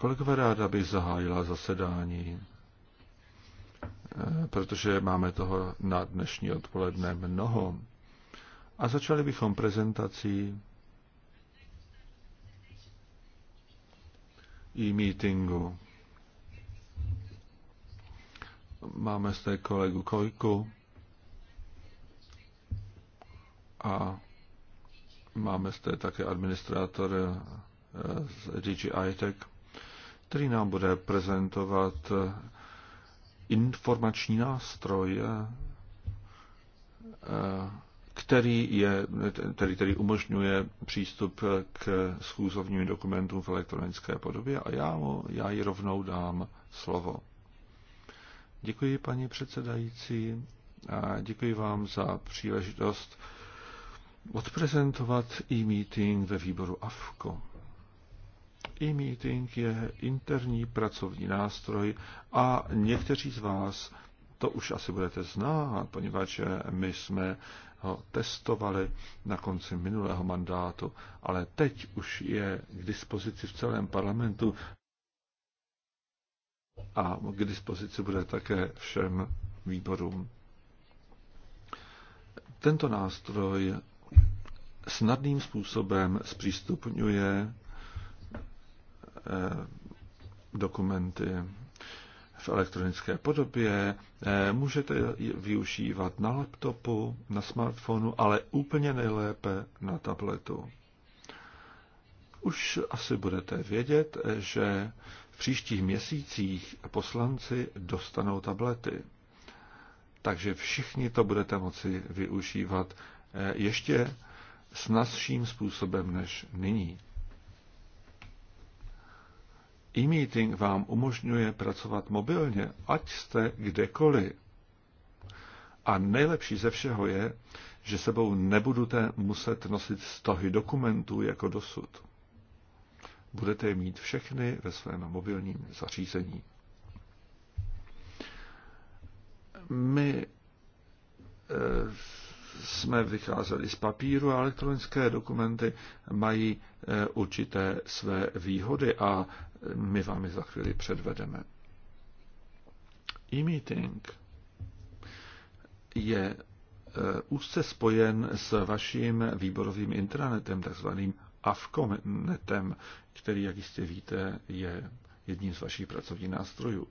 Kolegové, ráda bych zahájila zasedání, eh, protože máme toho na dnešní odpoledne mnoho. A začali bychom prezentací e-meetingu. Máme zde kolegu Kojku a Máme zde také administrátor eh, z DJI Tech, který nám bude prezentovat eh, informační nástroj, eh, který, je, který, který umožňuje přístup k schůzovním dokumentům v elektronické podobě a já, mu, já ji rovnou dám slovo. Děkuji, paní předsedající, a děkuji vám za příležitost odprezentovat e-meeting ve výboru AFKO. E-meeting je interní pracovní nástroj a někteří z vás to už asi budete znát, poněvadž my jsme ho testovali na konci minulého mandátu, ale teď už je k dispozici v celém parlamentu a k dispozici bude také všem výborům. Tento nástroj snadným způsobem zpřístupňuje eh, dokumenty v elektronické podobě, eh, můžete využívat na laptopu, na smartphonu, ale úplně nejlépe na tabletu. Už asi budete vědět, že v příštích měsících poslanci dostanou tablety. Takže všichni to budete moci využívat eh, ještě snazším způsobem než nyní. E-meeting vám umožňuje pracovat mobilně, ať jste kdekoliv. A nejlepší ze všeho je, že sebou nebudete muset nosit stohy dokumentů jako dosud. Budete je mít všechny ve svém mobilním zařízení. My eh, jsme vycházeli z papíru a elektronické dokumenty mají e, určité své výhody a my vám je za chvíli předvedeme. E-meeting je e, úzce spojen s vaším výborovým intranetem, takzvaným Avcomnetem, který, jak jistě víte, je jedním z vašich pracovních nástrojů.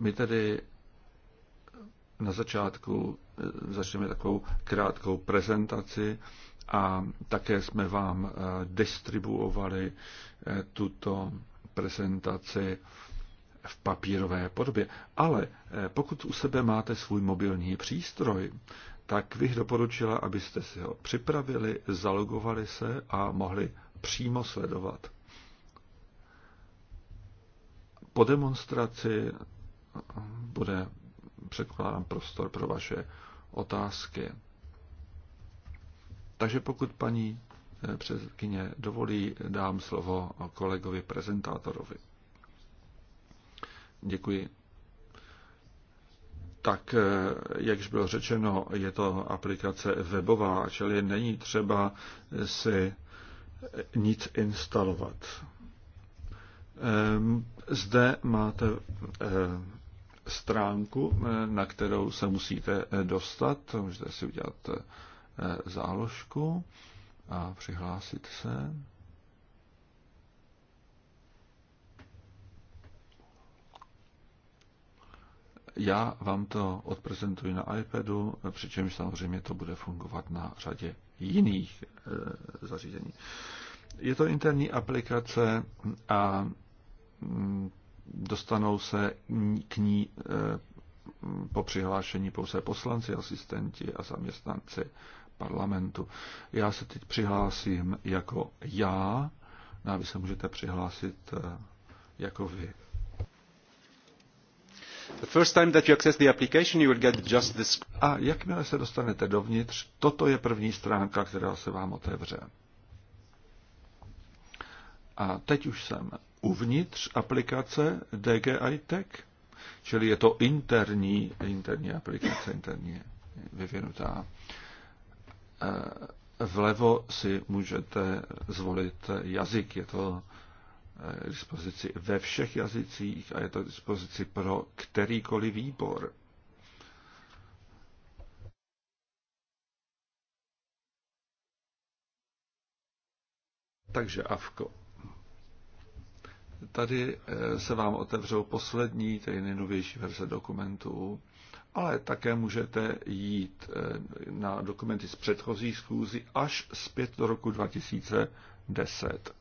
My tedy na začátku eh, začneme takovou krátkou prezentaci a také jsme vám eh, distribuovali eh, tuto prezentaci v papírové podobě. Ale pokud u sebe máte svůj mobilní přístroj, tak bych doporučila, abyste si ho připravili, zalogovali se a mohli přímo sledovat. Po demonstraci bude předkládám prostor pro vaše otázky. Takže pokud paní eh, předsedkyně dovolí, dám slovo kolegovi prezentátorovi. Děkuji. Tak, eh, jakž bylo řečeno, je to aplikace webová, čili není třeba si eh, nic instalovat. Ehm, zde máte stránku, eh, na kterou se musíte eh, dostat. Můžete si udělat eh, záložku a přihlásit se. Já vám to odprezentuji na iPadu, přičemž samozřejmě to bude fungovat na řadě jiných zařízení. Je to interní aplikace a mm, dostanou se k ní eh, po přihlášení pouze poslanci, asistenti a zaměstnanci parlamentu. Já se teď přihlásím jako já, no a vy se můžete přihlásit eh, jako vy. A jakmile se dostanete dovnitř, toto je první stránka, která se vám otevře. A teď už jsem uvnitř aplikace DGI Tech, čili je to interní, interní aplikace, interní vyvinutá. E, vlevo si můžete zvolit jazyk, je to e, k dispozici ve všech jazycích a je to k dispozici pro kterýkoliv výbor. Takže AVKO Tady eh, se vám otevřou poslední, tedy nejnovější verze dokumentů, ale také můžete jít eh, na dokumenty z předchozí schůzy až zpět do roku 2010.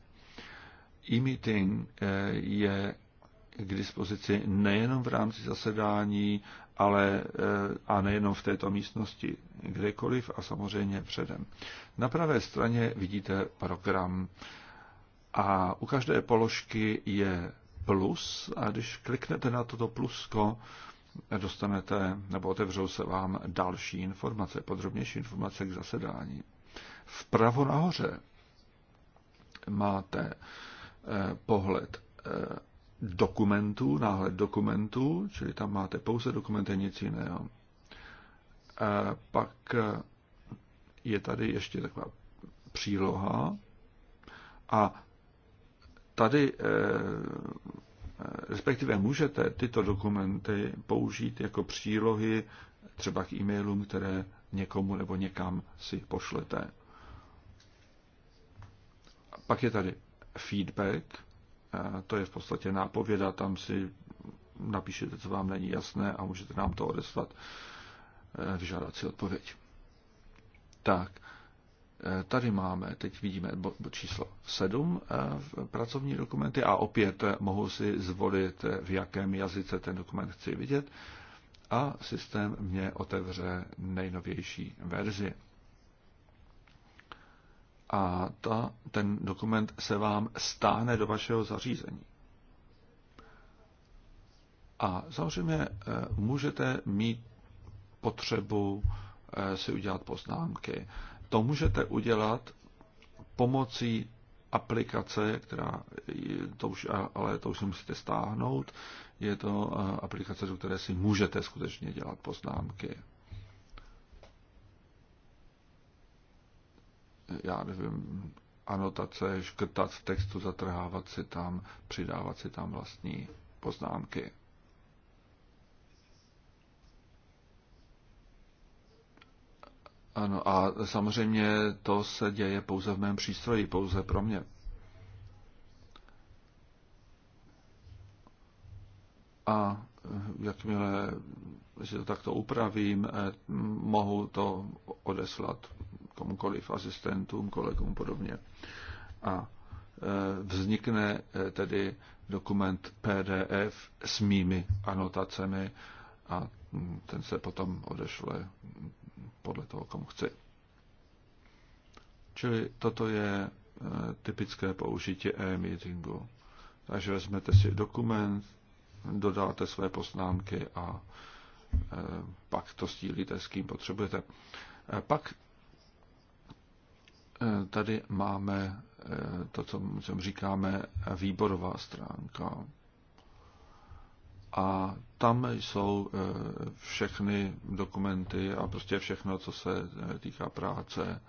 E-meeting eh, je k dispozici nejenom v rámci zasedání, ale a nejenom v této místnosti, kdekoliv a samozřejmě předem. Na pravé straně vidíte program a u každé položky je plus a když kliknete na toto plusko, dostanete nebo otevřou se vám další informace, podrobnější informace k zasedání. Vpravo nahoře máte eh, pohled eh, dokumentů, náhled dokumentů, čili tam máte pouze dokumenty, nic jiného. Eh, pak je tady ještě taková příloha a tady eh, respektive můžete tyto dokumenty použít jako přílohy třeba k e-mailům, které někomu nebo někam si pošlete. Pak je tady feedback, to je v podstatě nápověda, tam si napíšete, co vám není jasné a můžete nám to odeslat, eh, vyžádat si odpověď. Tak, Eh, tady máme, teď vidíme číslo 7 eh, v pracovní dokumenty a opět eh, mohu si zvolit, v jakém jazyce ten dokument chci vidět a systém mě otevře nejnovější verzi. A ta, ten dokument se vám stáhne do vašeho zařízení. A samozřejmě můžete mít potřebu si udělat poznámky. To můžete udělat pomocí aplikace, která, to už, ale to už si musíte stáhnout, je to eh, aplikace, do které si můžete skutečně dělat poznámky. Já nevím, anotace, škrtat v textu, zatrhávat si tam, přidávat si tam vlastní poznámky. Ano, a samozřejmě to se děje pouze v mém přístroji, pouze pro mě. A jakmile si to takto upravím, eh, mohu to odeslat komukoliv, asistentům, kolegům podobně. A eh, vznikne eh, tedy dokument PDF s mými anotacemi a hm, ten se potom odešle podle toho, komu chci. Čili toto je e, typické použití e-meetingu. Takže vezmete si dokument, dodáte své poznámky a e, pak to sdílíte s kým potřebujete. E, pak tady máme to, co říkáme, výborová stránka a tam jsou e, všechny dokumenty a prostě všechno, co se e, týká práce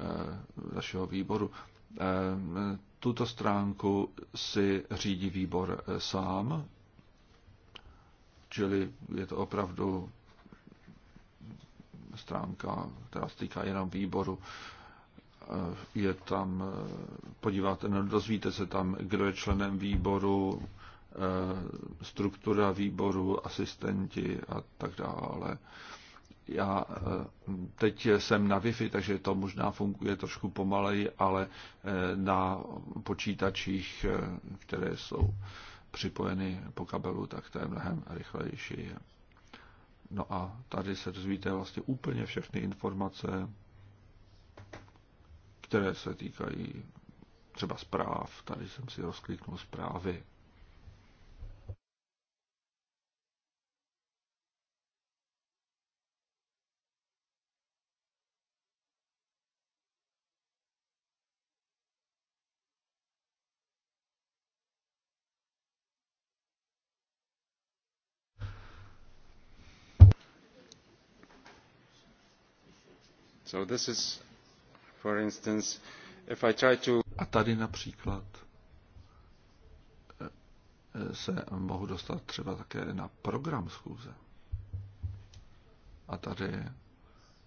e, našeho výboru. Tuto stránku si řídí výbor sám, čili je to opravdu stránka, která se týká jenom výboru. Je tam, podíváte, no, dozvíte se tam, kdo je členem výboru, Eh, struktura výboru, asistenti a tak dále. Já eh, teď jsem na Wi-Fi, takže to možná funguje trošku pomaleji, ale eh, na počítačích, které jsou připojeny po kabelu, tak to je mnohem rychlejší. No a tady se dozvíte vlastně úplně všechny informace, které se týkají třeba zpráv. Tady jsem si rozkliknul zprávy. A tady například eh, eh, se mohu dostat třeba také na program schůze. A tady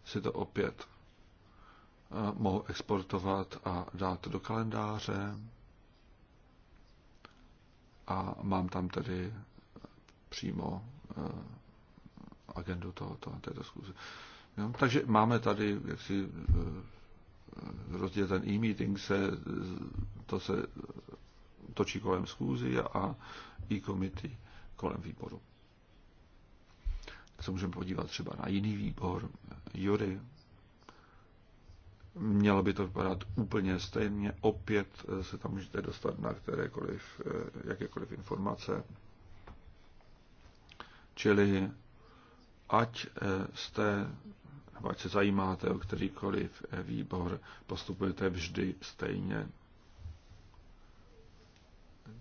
si to opět eh, mohu exportovat a dát do kalendáře. A mám tam tedy přímo agendu tohoto, této schůze. Jo? takže máme tady jaksi eh, rozdíl ten e-meeting se, to se točí kolem schůzy a e-committee kolem výboru. Co se můžeme podívat třeba na jiný výbor, jury. Mělo by to vypadat úplně stejně. Opět eh, se tam můžete dostat na kterékoliv, eh, jakékoliv informace. Čili ať jste nebo ať se zajímáte o kterýkoliv eh, výbor, postupujete vždy stejně.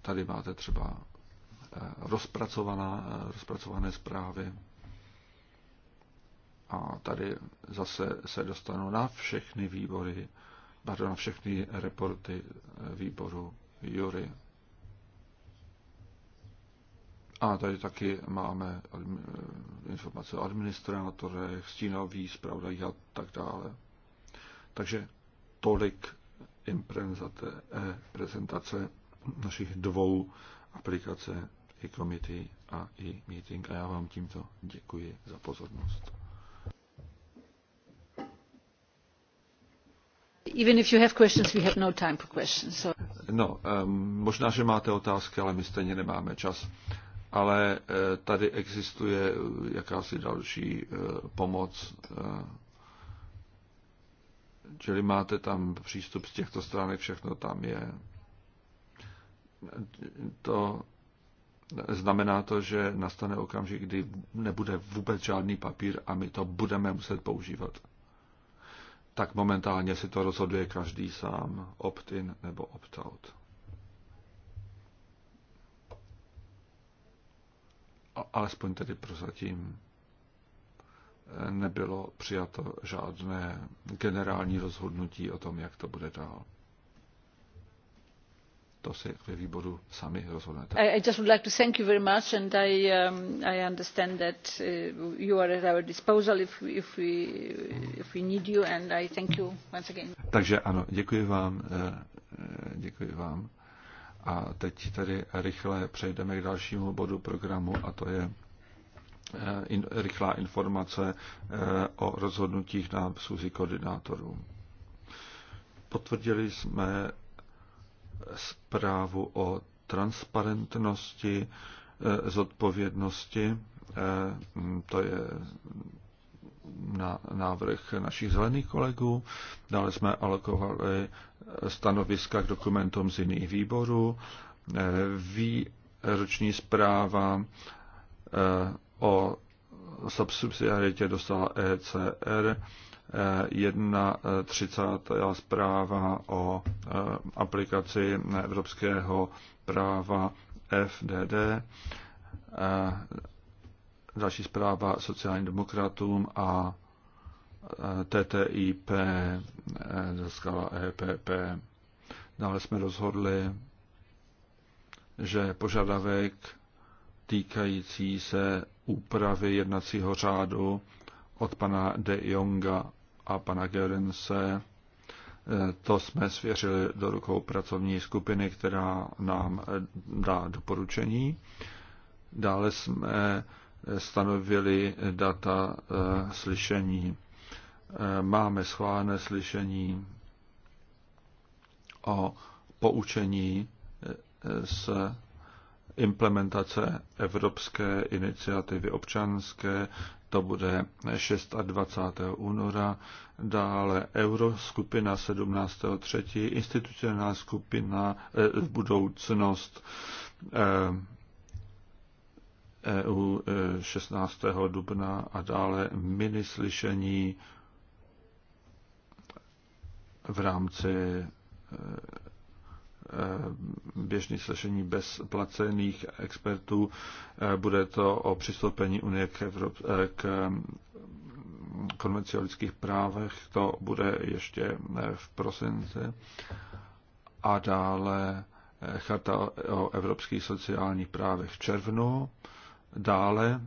Tady máte třeba eh, rozpracovaná, eh, rozpracované zprávy. A tady zase se dostanu na všechny výbory, pardon, na všechny reporty výboru Jury. A tady taky máme eh, informace o administrátorech, stínový zpravodají a tak dále. Takže tolik prezentace našich dvou aplikace i komity a i meeting. A já vám tímto děkuji za pozornost. Even if you have questions, we have no time for questions. So... No, um, možná, že máte otázky, ale my stejně nemáme čas ale eh, tady existuje eh, jakási další eh, pomoc. Čili máte tam přístup z těchto stránek, všechno tam je. To znamená to, že nastane okamžik, kdy nebude vůbec žádný papír a my to budeme muset používat. Tak momentálně si to rozhoduje každý sám, opt-in nebo opt-out. alespoň tedy prozatím, eh, nebylo přijato žádné generální rozhodnutí o tom, jak to bude dál. To si ve výboru sami rozhodnete. I just would like to thank you very much and I, um, I understand that uh, you are at our disposal if, if, we, if we need you and I thank you once again. Takže ano, děkuji vám, eh, eh, děkuji vám a teď tedy rychle přejdeme k dalšímu bodu programu a to je eh, in, rychlá informace eh, o rozhodnutích na schůzi koordinátorů. Potvrdili jsme zprávu o transparentnosti, eh, zodpovědnosti, to je na návrh našich zelených kolegů. Dále jsme alokovali stanoviska k dokumentům z jiných výborů. Výroční zpráva eh, o subsidiaritě dostala ECR, 31. Eh, zpráva o eh, aplikaci evropského práva FDD, další zpráva sociálním demokratům a eh, TTIP, eh, získala EPP. Dále jsme rozhodli, že požadavek týkající se úpravy jednacího řádu od pana De Jonga a pana Gerense, eh, to jsme svěřili do rukou pracovní skupiny, která nám dá doporučení. Dále jsme stanovili data eh, slyšení. Eh, máme schválené slyšení o poučení eh, z implementace Evropské iniciativy občanské, to bude 26. února, dále Euroskupina 17.3., institucionální skupina v budoucnost EU 16. E, dubna a dále minislyšení v rámci e, e, běžných slyšení bez placených expertů. Bude to o přistoupení Unie k, Evrop- k konvenci o lidských právech. To bude ještě v prosinci. A dále Charta o evropských sociálních právech v červnu. Dále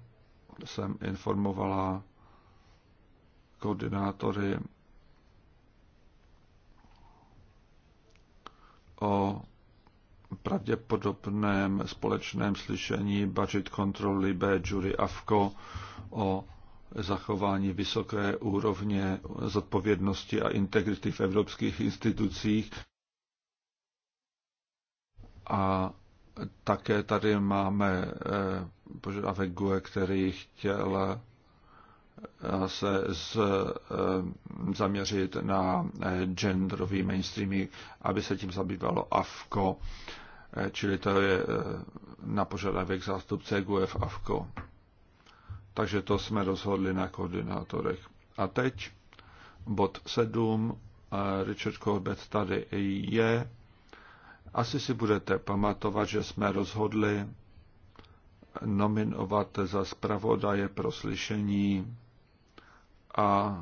jsem informovala koordinátory o pravděpodobném společném slyšení budget control Libe, jury AFCO o zachování vysoké úrovně zodpovědnosti a integrity v evropských institucích. A také tady máme eh, požadavek GUE, který chtěl eh, se z, eh, zaměřit na eh, genderový mainstreamy, aby se tím zabývalo AFKO, čili to je na požadavek zástupce GUE v AFKO. Takže to jsme rozhodli na koordinátorech. A teď bod 7, Richard Corbett tady je. Asi si budete pamatovat, že jsme rozhodli, nominovat za zpravodaje pro slyšení a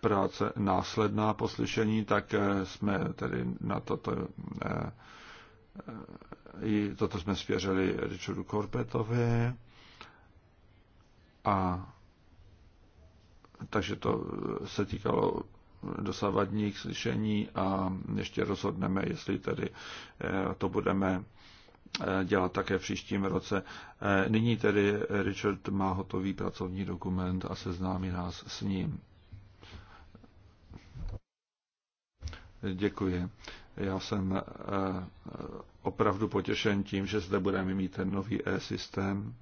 práce následná poslyšení, tak eh, jsme tedy na toto, eh, eh, toto jsme svěřili Richardu Korbetovi a takže to se týkalo dosavadních slyšení a ještě rozhodneme, jestli tedy to budeme Eh, dělat také v příštím roce. Eh, nyní tedy Richard má hotový pracovní dokument a seznámí nás s ním. Děkuji. Já jsem eh, opravdu potěšen tím, že zde budeme mít ten nový e-systém.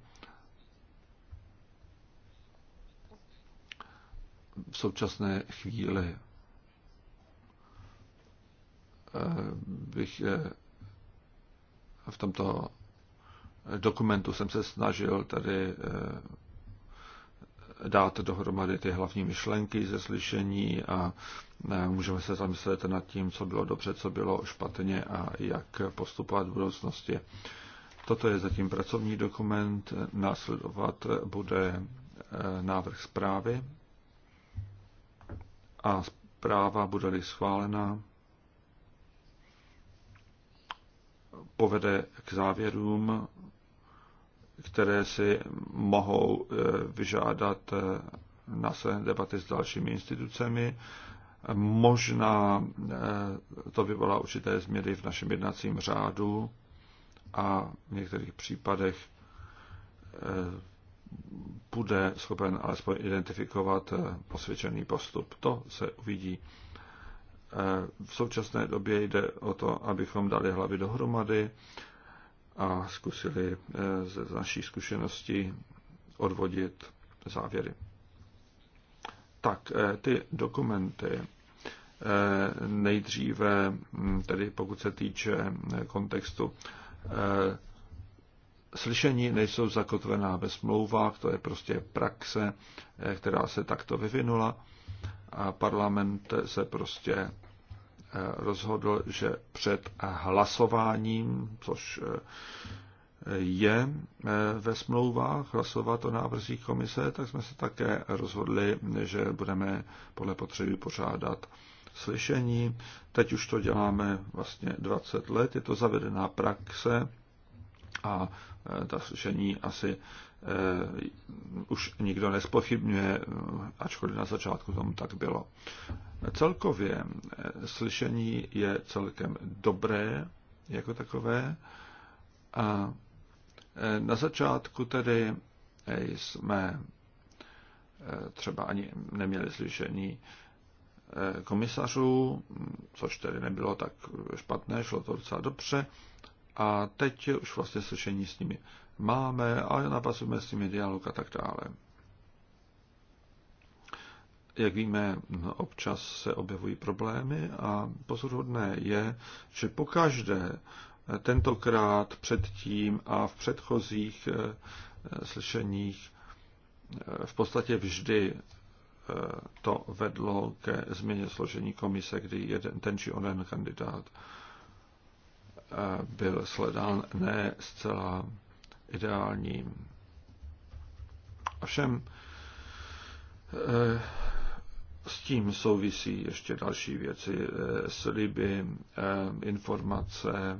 V současné chvíli bych v tomto dokumentu jsem se snažil tady eh, dát dohromady ty hlavní myšlenky ze slyšení a eh, můžeme se zamyslet nad tím, co bylo dobře, co bylo špatně a jak postupovat v budoucnosti. Toto je zatím pracovní dokument, následovat bude eh, návrh zprávy a zpráva bude-li schválená, povede k závěrům, které si mohou eh, vyžádat eh, své debaty s dalšími institucemi. Možná eh, to vyvolá určité změny v našem jednacím řádu a v některých případech bude schopen alespoň identifikovat posvědčený postup. To se uvidí. E, v současné době jde o to, abychom dali hlavy dohromady a zkusili e, ze naší zkušenosti odvodit závěry. Tak, e, ty dokumenty nejdříve, tedy pokud se týče kontextu, slyšení nejsou zakotvená ve smlouvách, to je prostě praxe, která se takto vyvinula a parlament se prostě eh, rozhodl, že před hlasováním, což eh, je eh, ve smlouvách hlasovat o návrzích komise, tak jsme se také rozhodli, že budeme podle potřeby pořádat slyšení. Teď už to děláme vlastně 20 let, je to zavedená praxe a ta slyšení asi Eh, už nikdo nespochybňuje, ačkoliv na začátku tomu tak bylo. Celkově eh, slyšení je celkem dobré jako takové a eh, na začátku tedy jsme třeba ani neměli slyšení komisařů, což tedy nebylo tak špatné, šlo to docela dobře. A teď už vlastně slyšení s nimi máme a napasujeme s nimi dialog a tak dále. Jak víme, občas se objevují problémy a pozoruhodné je, že pokaždé tentokrát předtím a v předchozích eh, slyšeních eh, v podstatě vždy eh, to vedlo ke změně složení komise, kdy jeden, ten či onen kandidát byl sledán ne zcela ideálním. Ovšem eh, s tím souvisí ještě další věci, eh, sliby, eh, informace,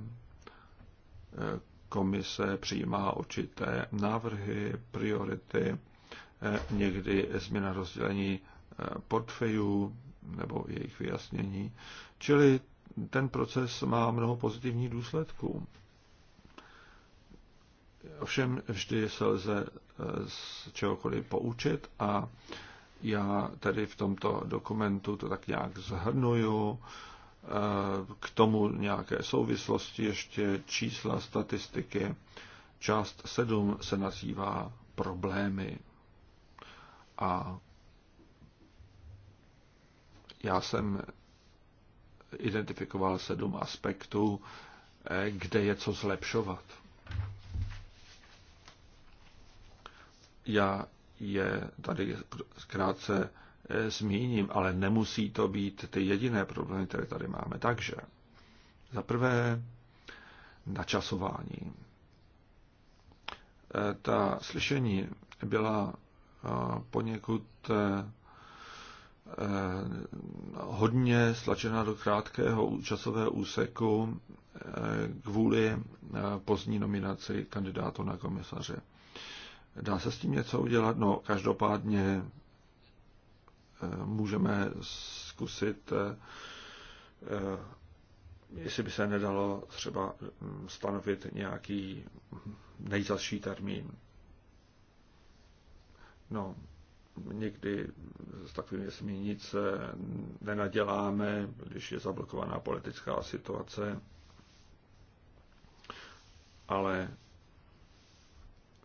komise přijímá určité návrhy, priority, někdy změna rozdělení portfejů nebo jejich vyjasnění. Čili ten proces má mnoho pozitivních důsledků. Ovšem vždy se lze eh, z čehokoliv poučit a já tady v tomto dokumentu to tak nějak zhrnuju, eh, k tomu nějaké souvislosti, ještě čísla, statistiky. Část 7 se nazývá problémy. A já jsem identifikoval sedm aspektů, eh, kde je co zlepšovat. Já je tady krátce eh, zmíním, ale nemusí to být ty jediné problémy, které tady máme. Takže za prvé načasování. Eh, ta slyšení byla eh, poněkud hodně slačena do krátkého časového úseku kvůli pozdní nominaci kandidátu na komisaře. Dá se s tím něco udělat? No, každopádně eh, můžeme zkusit, eh, eh, jestli by se nedalo třeba hm, stanovit nějaký nejzasší termín. No, někdy s takovými věcmi nic nenaděláme, když je zablokovaná politická situace, ale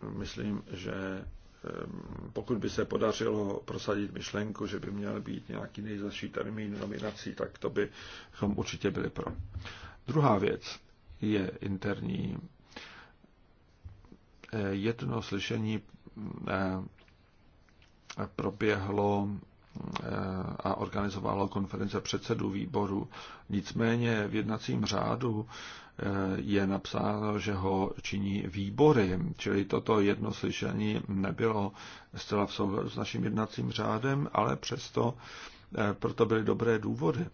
myslím, že pokud by se podařilo prosadit myšlenku, že by měl být nějaký nejzaší termín nominací, tak to bychom určitě byli pro. Druhá věc je interní. Eh, jedno slyšení eh, proběhlo eh, a organizovalo konference předsedů výboru. Nicméně v jednacím řádu Eh, je napsáno, že ho činí výbory, čili toto jedno slyšení nebylo zcela v souladu s naším jednacím řádem, ale přesto eh, proto byly dobré důvody.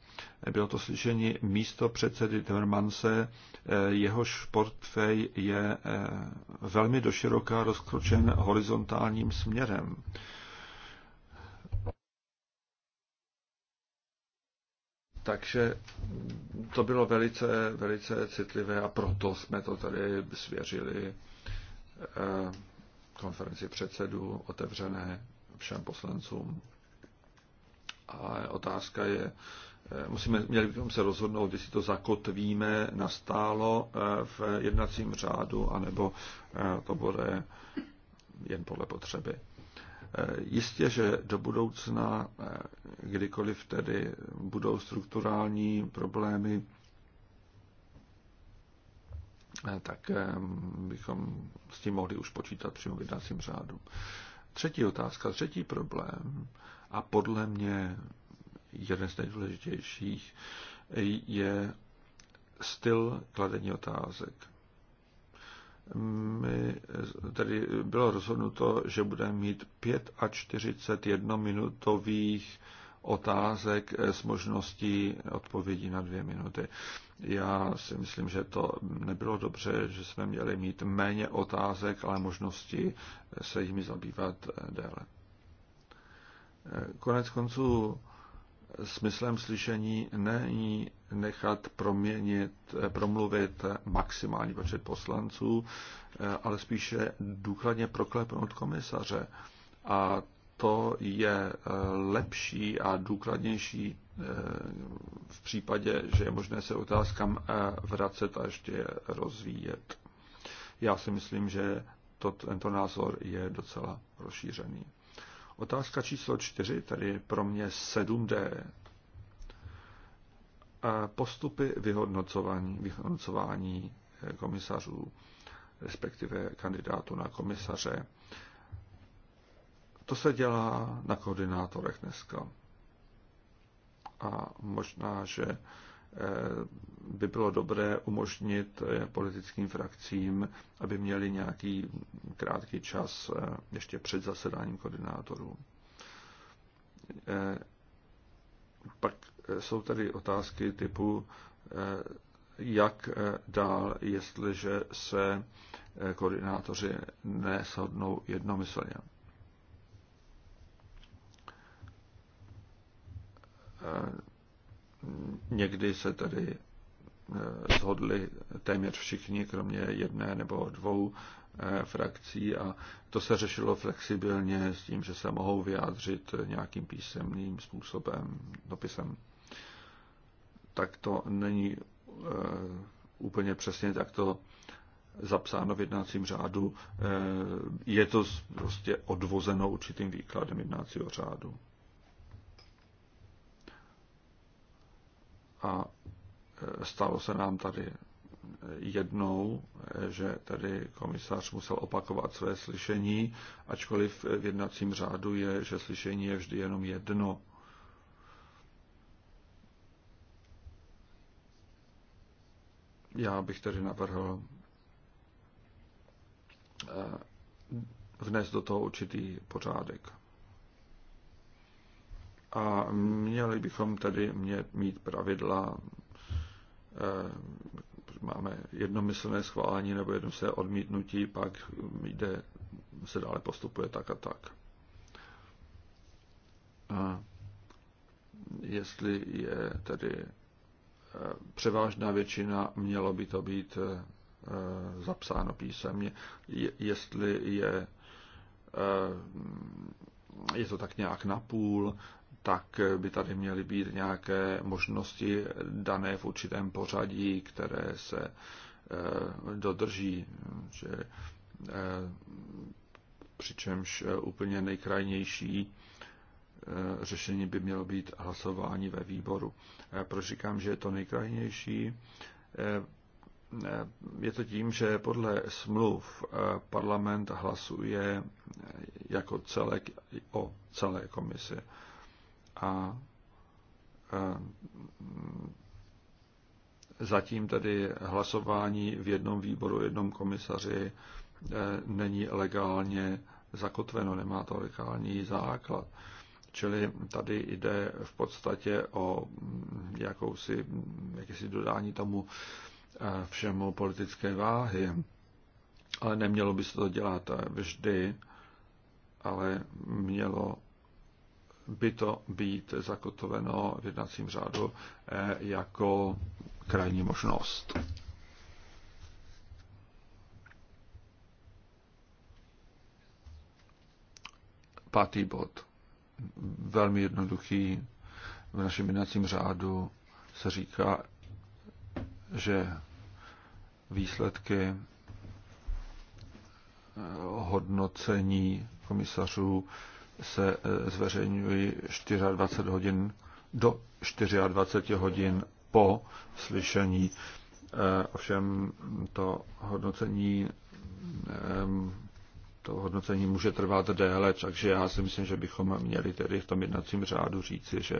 Bylo to slyšení místo předsedy Timmermanse, eh, jehož portfej je velmi doširoka rozkročen horizontálním směrem. Takže to bylo velice, velice citlivé a proto jsme to tady svěřili eh, konferenci předsedů otevřené všem poslancům. A otázka je, eh, musíme, měli bychom se rozhodnout, jestli to zakotvíme nastálo eh, v jednacím řádu, anebo to bude jen podle potřeby. Eh, jistě, že do budoucna, eh, kdykoliv tedy budou strukturální problémy, eh, tak bychom s tím mohli už počítat přímo v jednacím řádu. Třetí otázka, třetí problém a podle mě jeden z nejdůležitějších je styl kladení otázek my, tedy bylo rozhodnuto, že budeme mít 41 minutových otázek s možností odpovědí na dvě minuty. Já si myslím, že to nebylo dobře, že jsme měli mít méně otázek, ale možnosti se jimi zabývat déle. Konec konců smyslem slyšení není nechat proměnit, promluvit maximální počet poslanců, eh, ale spíše důkladně proklepnout komisaře. A to je eh, lepší a důkladnější eh, v případě, že je možné se otázkám vracet a ještě je rozvíjet. Já si myslím, že to, tento názor je docela rozšířený. Otázka číslo čtyři, tady je pro mě 7D. Postupy vyhodnocování, vyhodnocování eh, komisařů, respektive kandidátu na komisaře. To se dělá na koordinátorech dneska. A možná, že by bylo dobré umožnit eh, politickým frakcím, aby měli nějaký krátký čas eh, ještě před zasedáním koordinátorů. Eh, pak jsou tady otázky typu, jak dál, jestliže se koordinátoři neshodnou jednomyslně. Někdy se tedy eh, shodli téměř všichni, kromě jedné nebo dvou eh, frakcí a to se řešilo flexibilně s tím, že se mohou vyjádřit nějakým písemným způsobem, dopisem. Tak to není eh, úplně přesně takto zapsáno v jednacím řádu. Je to prostě odvozeno určitým výkladem jednacího řádu. A e, stalo se nám tady jednou, e, že tedy komisař musel opakovat své slyšení, ačkoliv v jednacím řádu je, že slyšení je vždy jenom jedno. Já bych tedy navrhl e, vnes do toho určitý pořádek a měli bychom tedy mít pravidla, eh, máme jednomyslné schválení nebo jednomyslné odmítnutí, pak jde, se dále postupuje tak a tak. A jestli je tedy eh, převážná většina, mělo by to být eh, zapsáno písemně, jestli je je to tak nějak napůl, tak by tady měly být nějaké možnosti dané v určitém pořadí, které se eh, dodrží. Že, eh, přičemž eh, úplně nejkrajnější řešení by mělo být hlasování ve výboru. Proč říkám, že je to nejkrajnější? Je to tím, že podle smluv parlament hlasuje jako celek o celé komisi a e, zatím tedy hlasování v jednom výboru, jednom komisaři e, není legálně zakotveno, nemá to legální základ. Čili tady jde v podstatě o mm, jakousi, jakési dodání tomu e, všemu politické váhy. Ale nemělo by se to dělat vždy, ale mělo by to být zakotveno v jednacím řádu eh, jako krajní možnost. Pátý bod. Velmi jednoduchý. V našem jednacím řádu se říká, že výsledky eh, hodnocení komisařů se eh, zveřejňují 24 hodin do 24 hodin po slyšení. Eh, ovšem to hodnocení ehm, to hodnocení může trvat déle, takže já si myslím, že bychom měli tedy v tom jednacím řádu říci, že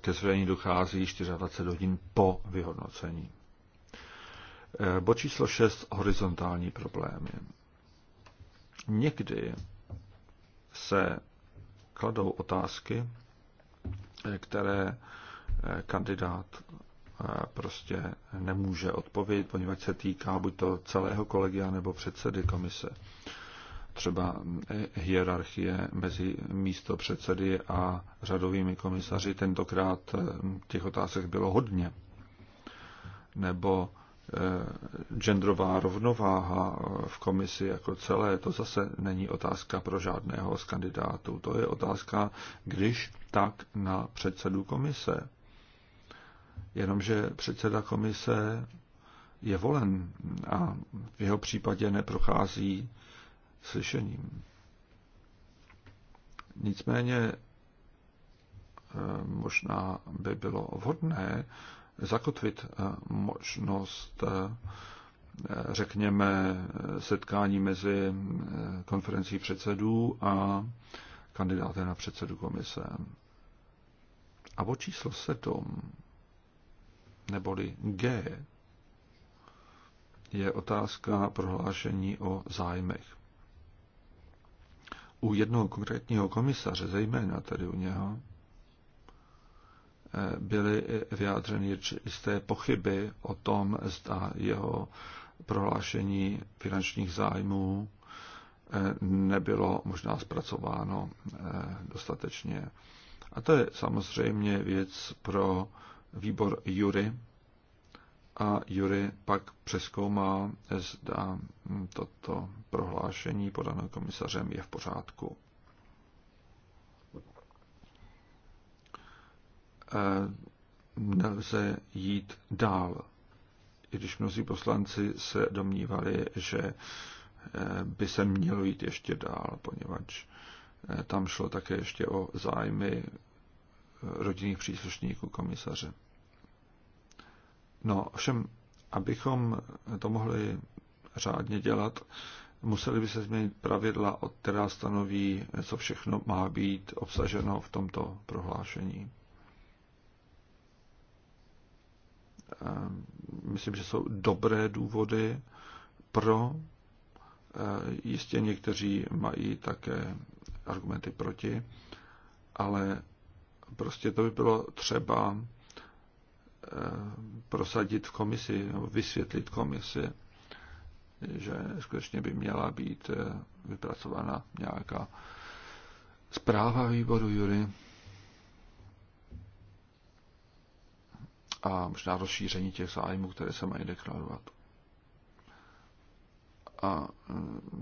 ke zveřejnění dochází 24 hodin po vyhodnocení. Eh, Bo číslo 6. Horizontální problémy. Někdy se kladou otázky, které eh, kandidát eh, prostě nemůže odpovědět, poněvadž se týká buď to celého kolegia nebo předsedy komise. Třeba eh, hierarchie mezi místo předsedy a řadovými komisaři. Tentokrát těch otázek bylo hodně. Nebo genderová rovnováha v komisi jako celé, to zase není otázka pro žádného z kandidátů. To je otázka, když tak na předsedu komise. Jenomže předseda komise je volen a v jeho případě neprochází slyšením. Nicméně eh, možná by bylo vhodné, zakotvit eh, možnost, eh, eh, řekněme, setkání mezi konferencí předsedů a kandidáty na předsedu komise. A o číslo 7, neboli G, je otázka prohlášení o zájmech. U jednoho konkrétního komisaře, zejména tedy u něho, byly vyjádřeny jisté pochyby o tom, zda jeho prohlášení finančních zájmů eh, nebylo možná zpracováno eh, dostatečně. A to je samozřejmě věc pro výbor Jury. A Jury pak přeskoumá, zda toto prohlášení podané komisařem je v pořádku. nelze jít dál. I když mnozí poslanci se domnívali, že eh, by se mělo jít ještě dál, poněvadž eh, tam šlo také ještě o zájmy eh, rodinných příslušníků komisaře. No, všem, abychom to mohli řádně dělat, museli by se změnit pravidla, která stanoví, co všechno má být obsaženo v tomto prohlášení. Eh, myslím, že jsou dobré důvody pro. Eh, jistě někteří mají také argumenty proti, ale prostě to by bylo třeba eh, prosadit v komisi, nebo vysvětlit komisi, že skutečně by měla být vypracována nějaká zpráva výboru Jury. a možná rozšíření těch zájmů, které se mají deklarovat. A e,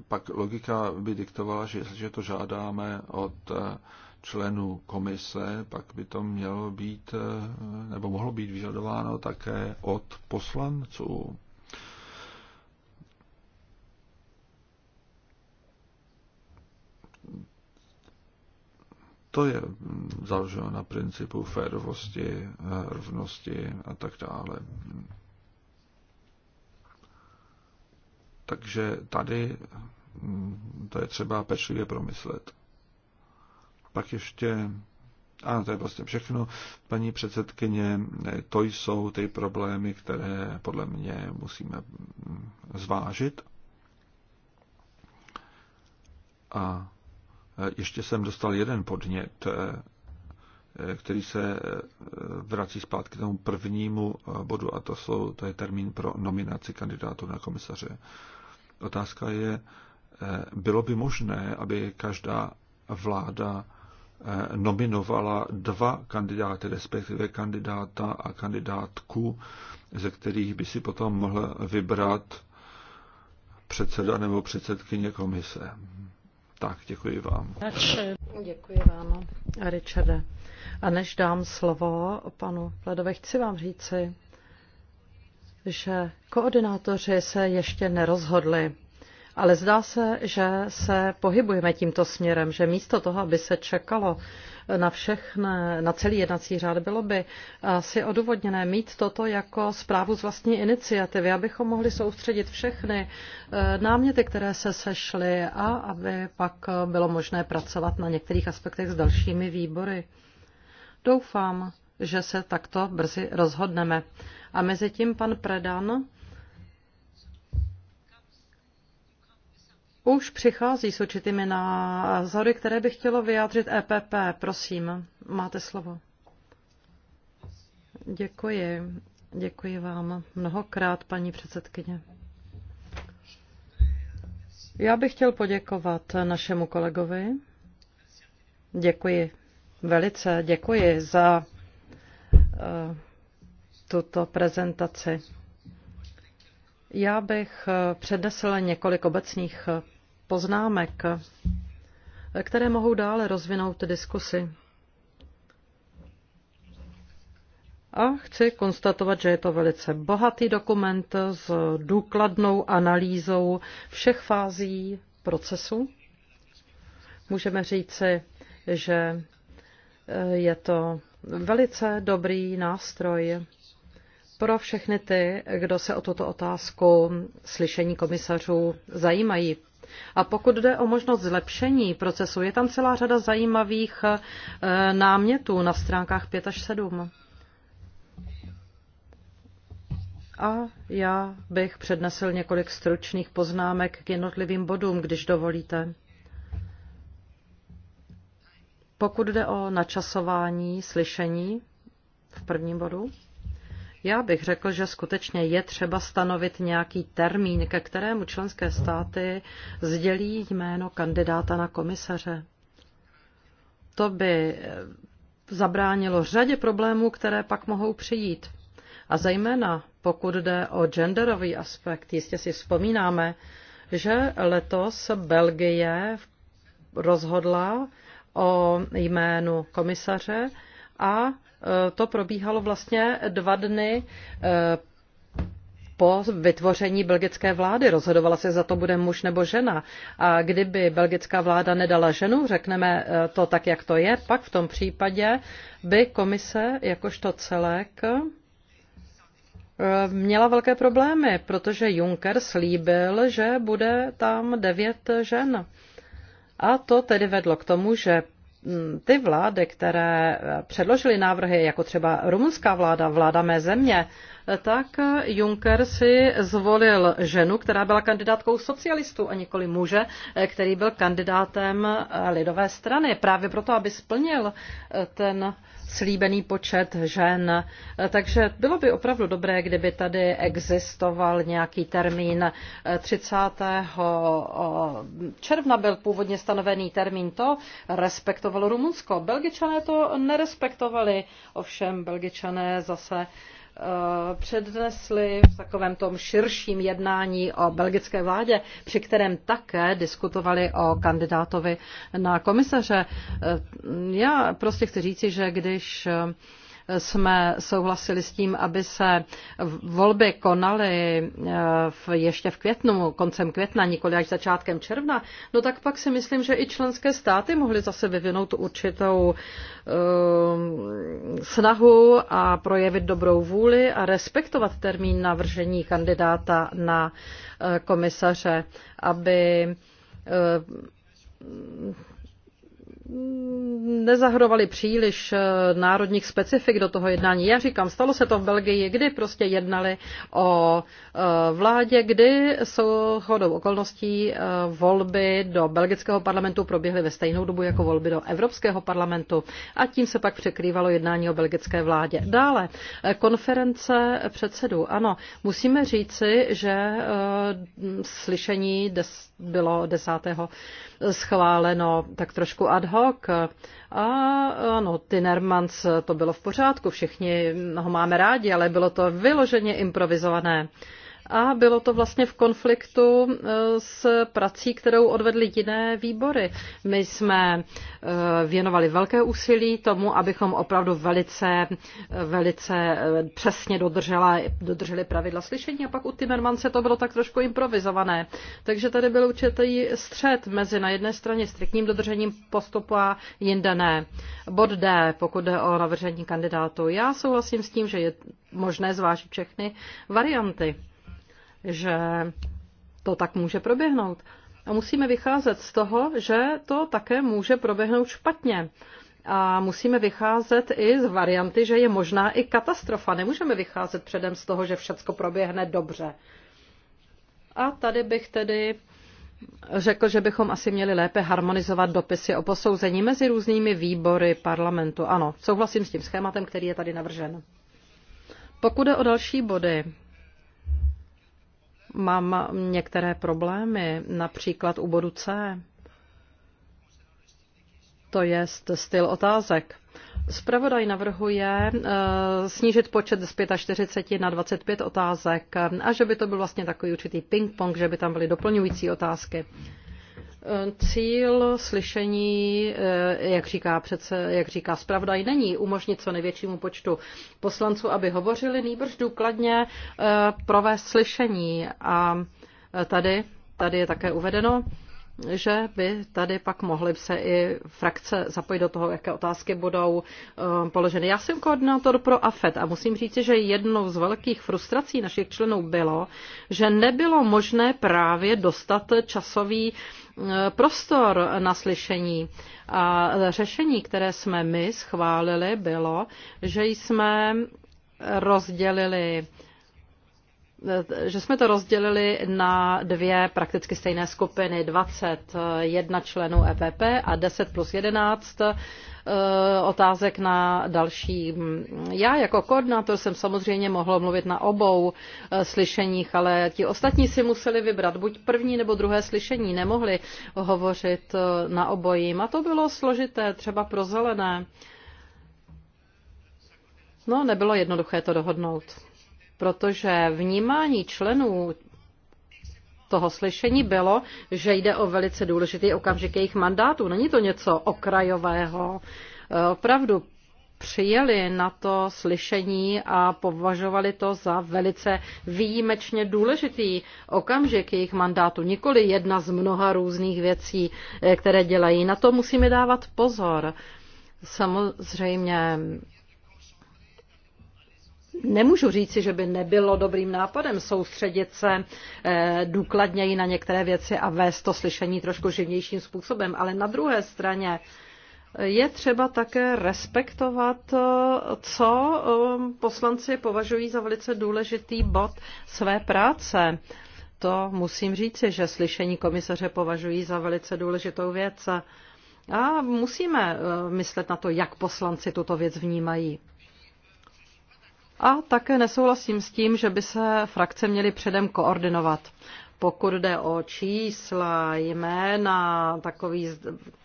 pak logika by diktovala, že jestliže to žádáme od e, členů komise, pak by to mělo být, e, nebo mohlo být vyžadováno také od poslanců. to je mm, založeno na principu férovosti, eh, rovnosti a tak dále. Takže tady mm, to je třeba pečlivě promyslet. Pak ještě, a to je vlastně všechno, paní předsedkyně, to jsou ty problémy, které podle mě musíme mm, zvážit. A ještě jsem dostal jeden podnět, eh, který se eh, vrací zpátky k tomu prvnímu eh, bodu, a to, jsou, to je termín pro nominaci kandidátů na komisaře. Otázka je, bylo by možné, aby každá vláda nominovala dva kandidáty, respektive kandidáta a kandidátku, ze kterých by si potom mohl vybrat předseda nebo předsedkyně komise. Tak, děkuji vám. Děkuji vám, Richarde. A než dám slovo panu Pledovi, chci vám říci, že koordinátoři se ještě nerozhodli, ale zdá se, že se pohybujeme tímto směrem, že místo toho, aby se čekalo na, všechne, na celý jednací řád. Bylo by asi odůvodněné mít toto jako zprávu z vlastní iniciativy, abychom mohli soustředit všechny eh, náměty, které se sešly a aby pak bylo možné pracovat na některých aspektech s dalšími výbory. Doufám, že se takto brzy rozhodneme. A mezi tím pan Predan už přichází s určitými názory, které by chtělo vyjádřit EPP. Prosím, máte slovo. Děkuji. Děkuji vám mnohokrát, paní předsedkyně. Já bych chtěl poděkovat našemu kolegovi. Děkuji. Velice děkuji za eh, tuto prezentaci. Já bych eh, přednesl několik obecných poznámek, které mohou dále rozvinout diskusy. A chci konstatovat, že je to velice bohatý dokument s důkladnou analýzou všech fází procesu. Můžeme říci, že eh, je to velice dobrý nástroj pro všechny ty, kdo se o tuto otázku slyšení komisařů zajímají. A pokud jde o možnost zlepšení procesu, je tam celá řada zajímavých eh, námětů na stránkách 5 až 7. A já bych přednesl několik stručných poznámek k jednotlivým bodům, když dovolíte. Pokud jde o načasování slyšení v prvním bodu, já bych řekl, že skutečně je třeba stanovit nějaký termín, ke kterému členské státy sdělí jméno kandidáta na komisaře. To by eh, zabránilo řadě problémů, které pak mohou přijít. A zejména pokud jde o genderový aspekt, jistě si vzpomínáme, že letos Belgie rozhodla o jménu komisaře a Eh, to probíhalo vlastně dva dny eh, po vytvoření belgické vlády. Rozhodovala se, za to bude muž nebo žena. A kdyby belgická vláda nedala ženu, řekneme eh, to tak, jak to je, pak v tom případě by komise jakožto celek měla velké problémy, protože Juncker slíbil, že bude tam devět žen. A to tedy vedlo k tomu, že Mm, ty vlády, které eh, předložily návrhy, jako třeba rumunská vláda, vláda mé země, eh, tak eh, Juncker si zvolil ženu, která byla kandidátkou socialistů a nikoli muže, který byl kandidátem lidové strany. Právě proto, aby splnil ten slíbený počet žen. Takže bylo by opravdu dobré, kdyby tady existoval nějaký termín 30. června byl původně stanovený termín. To respektovalo Rumunsko. Belgičané to nerespektovali, ovšem Belgičané zase Eh, přednesli v takovém tom širším jednání o belgické vládě, při kterém také diskutovali o kandidátovi na komisaře. Eh, já prostě chci říci, že když eh, jsme souhlasili s tím, aby se volby konaly eh, v, ještě v květnu, koncem května, nikoli až začátkem června, no tak pak si myslím, že i členské státy mohly zase vyvinout určitou uh, snahu a projevit dobrou vůli a respektovat termín navržení kandidáta na uh, komisaře, aby uh, Mm, nezahrovali příliš eh, národních specifik do toho jednání. Já říkám, stalo se to v Belgii, kdy prostě jednali o eh, vládě, kdy jsou chodou okolností eh, volby do belgického parlamentu proběhly ve stejnou dobu jako volby do Evropského parlamentu a tím se pak překrývalo jednání o belgické vládě. Dále, konference předsedů. Ano, musíme říci, že slyšení bylo 10 schváleno tak trošku ad hoc. A ano, Tinermans to bylo v pořádku, všichni ho máme rádi, ale bylo to vyloženě improvizované a bylo to vlastně v konfliktu eh, s prací, kterou odvedly jiné výbory. My jsme eh, věnovali velké úsilí tomu, abychom opravdu velice, eh, velice přesně dodržela, dodrželi pravidla slyšení a pak u Timmermanse to bylo tak trošku improvizované. Takže tady byl určitý střed mezi na jedné straně striktním dodržením postupu a jinde ne. Bod D, pokud jde o navržení kandidátu. Já souhlasím s tím, že je možné zvážit všechny varianty že to tak může proběhnout. A musíme vycházet z toho, že to také může proběhnout špatně. A musíme vycházet i z varianty, že je možná i katastrofa. Nemůžeme vycházet předem z toho, že všechno proběhne dobře. A tady bych tedy řekl, že bychom asi měli lépe harmonizovat dopisy o posouzení mezi různými výbory parlamentu. Ano, souhlasím s tím schématem, který je tady navržen. Pokud je o další body, mám některé problémy, například u bodu C. To je styl otázek. Spravodaj navrhuje eh, snížit počet z 45 na 25 otázek a že by to byl vlastně takový určitý ping-pong, že by tam byly doplňující otázky. Cíl slyšení, eh, jak říká, přece, jak říká spravdaj, není umožnit co největšímu počtu poslanců, aby hovořili, nýbrž důkladně eh, provést slyšení. A eh, tady, tady je také uvedeno, že by tady pak mohly se i frakce zapojit do toho, jaké otázky budou položeny. Já jsem koordinátor pro AFET a musím říct, že jednou z velkých frustrací našich členů bylo, že nebylo možné právě dostat časový prostor na slyšení. A řešení, které jsme my schválili, bylo, že jsme rozdělili že jsme to rozdělili na dvě prakticky stejné skupiny, 21 členů EPP a 10 plus 11 eh, otázek na další. Já jako koordinátor jsem samozřejmě mohl mluvit na obou eh, slyšeních, ale ti ostatní si museli vybrat buď první nebo druhé slyšení, nemohli hovořit eh, na obojím a to bylo složité, třeba pro zelené. No, nebylo jednoduché to dohodnout protože vnímání členů toho slyšení bylo, že jde o velice důležitý okamžik jejich mandátu. Není to něco okrajového. Eh, opravdu přijeli na to slyšení a považovali to za velice výjimečně důležitý okamžik jejich mandátu, nikoli jedna z mnoha různých věcí, eh, které dělají. Na to musíme dávat pozor. Samozřejmě nemůžu říci, že by nebylo dobrým nápadem soustředit se eh, důkladněji na některé věci a vést to slyšení trošku živnějším způsobem, ale na druhé straně eh, je třeba také respektovat, eh, co poslanci považují za velice důležitý bod své práce. To musím říci, že slyšení komisaře považují za velice důležitou věc. A musíme myslet na to, jak poslanci tuto věc vnímají. A také nesouhlasím s tím, že by se frakce měly předem koordinovat. Pokud jde o čísla, jména, takový,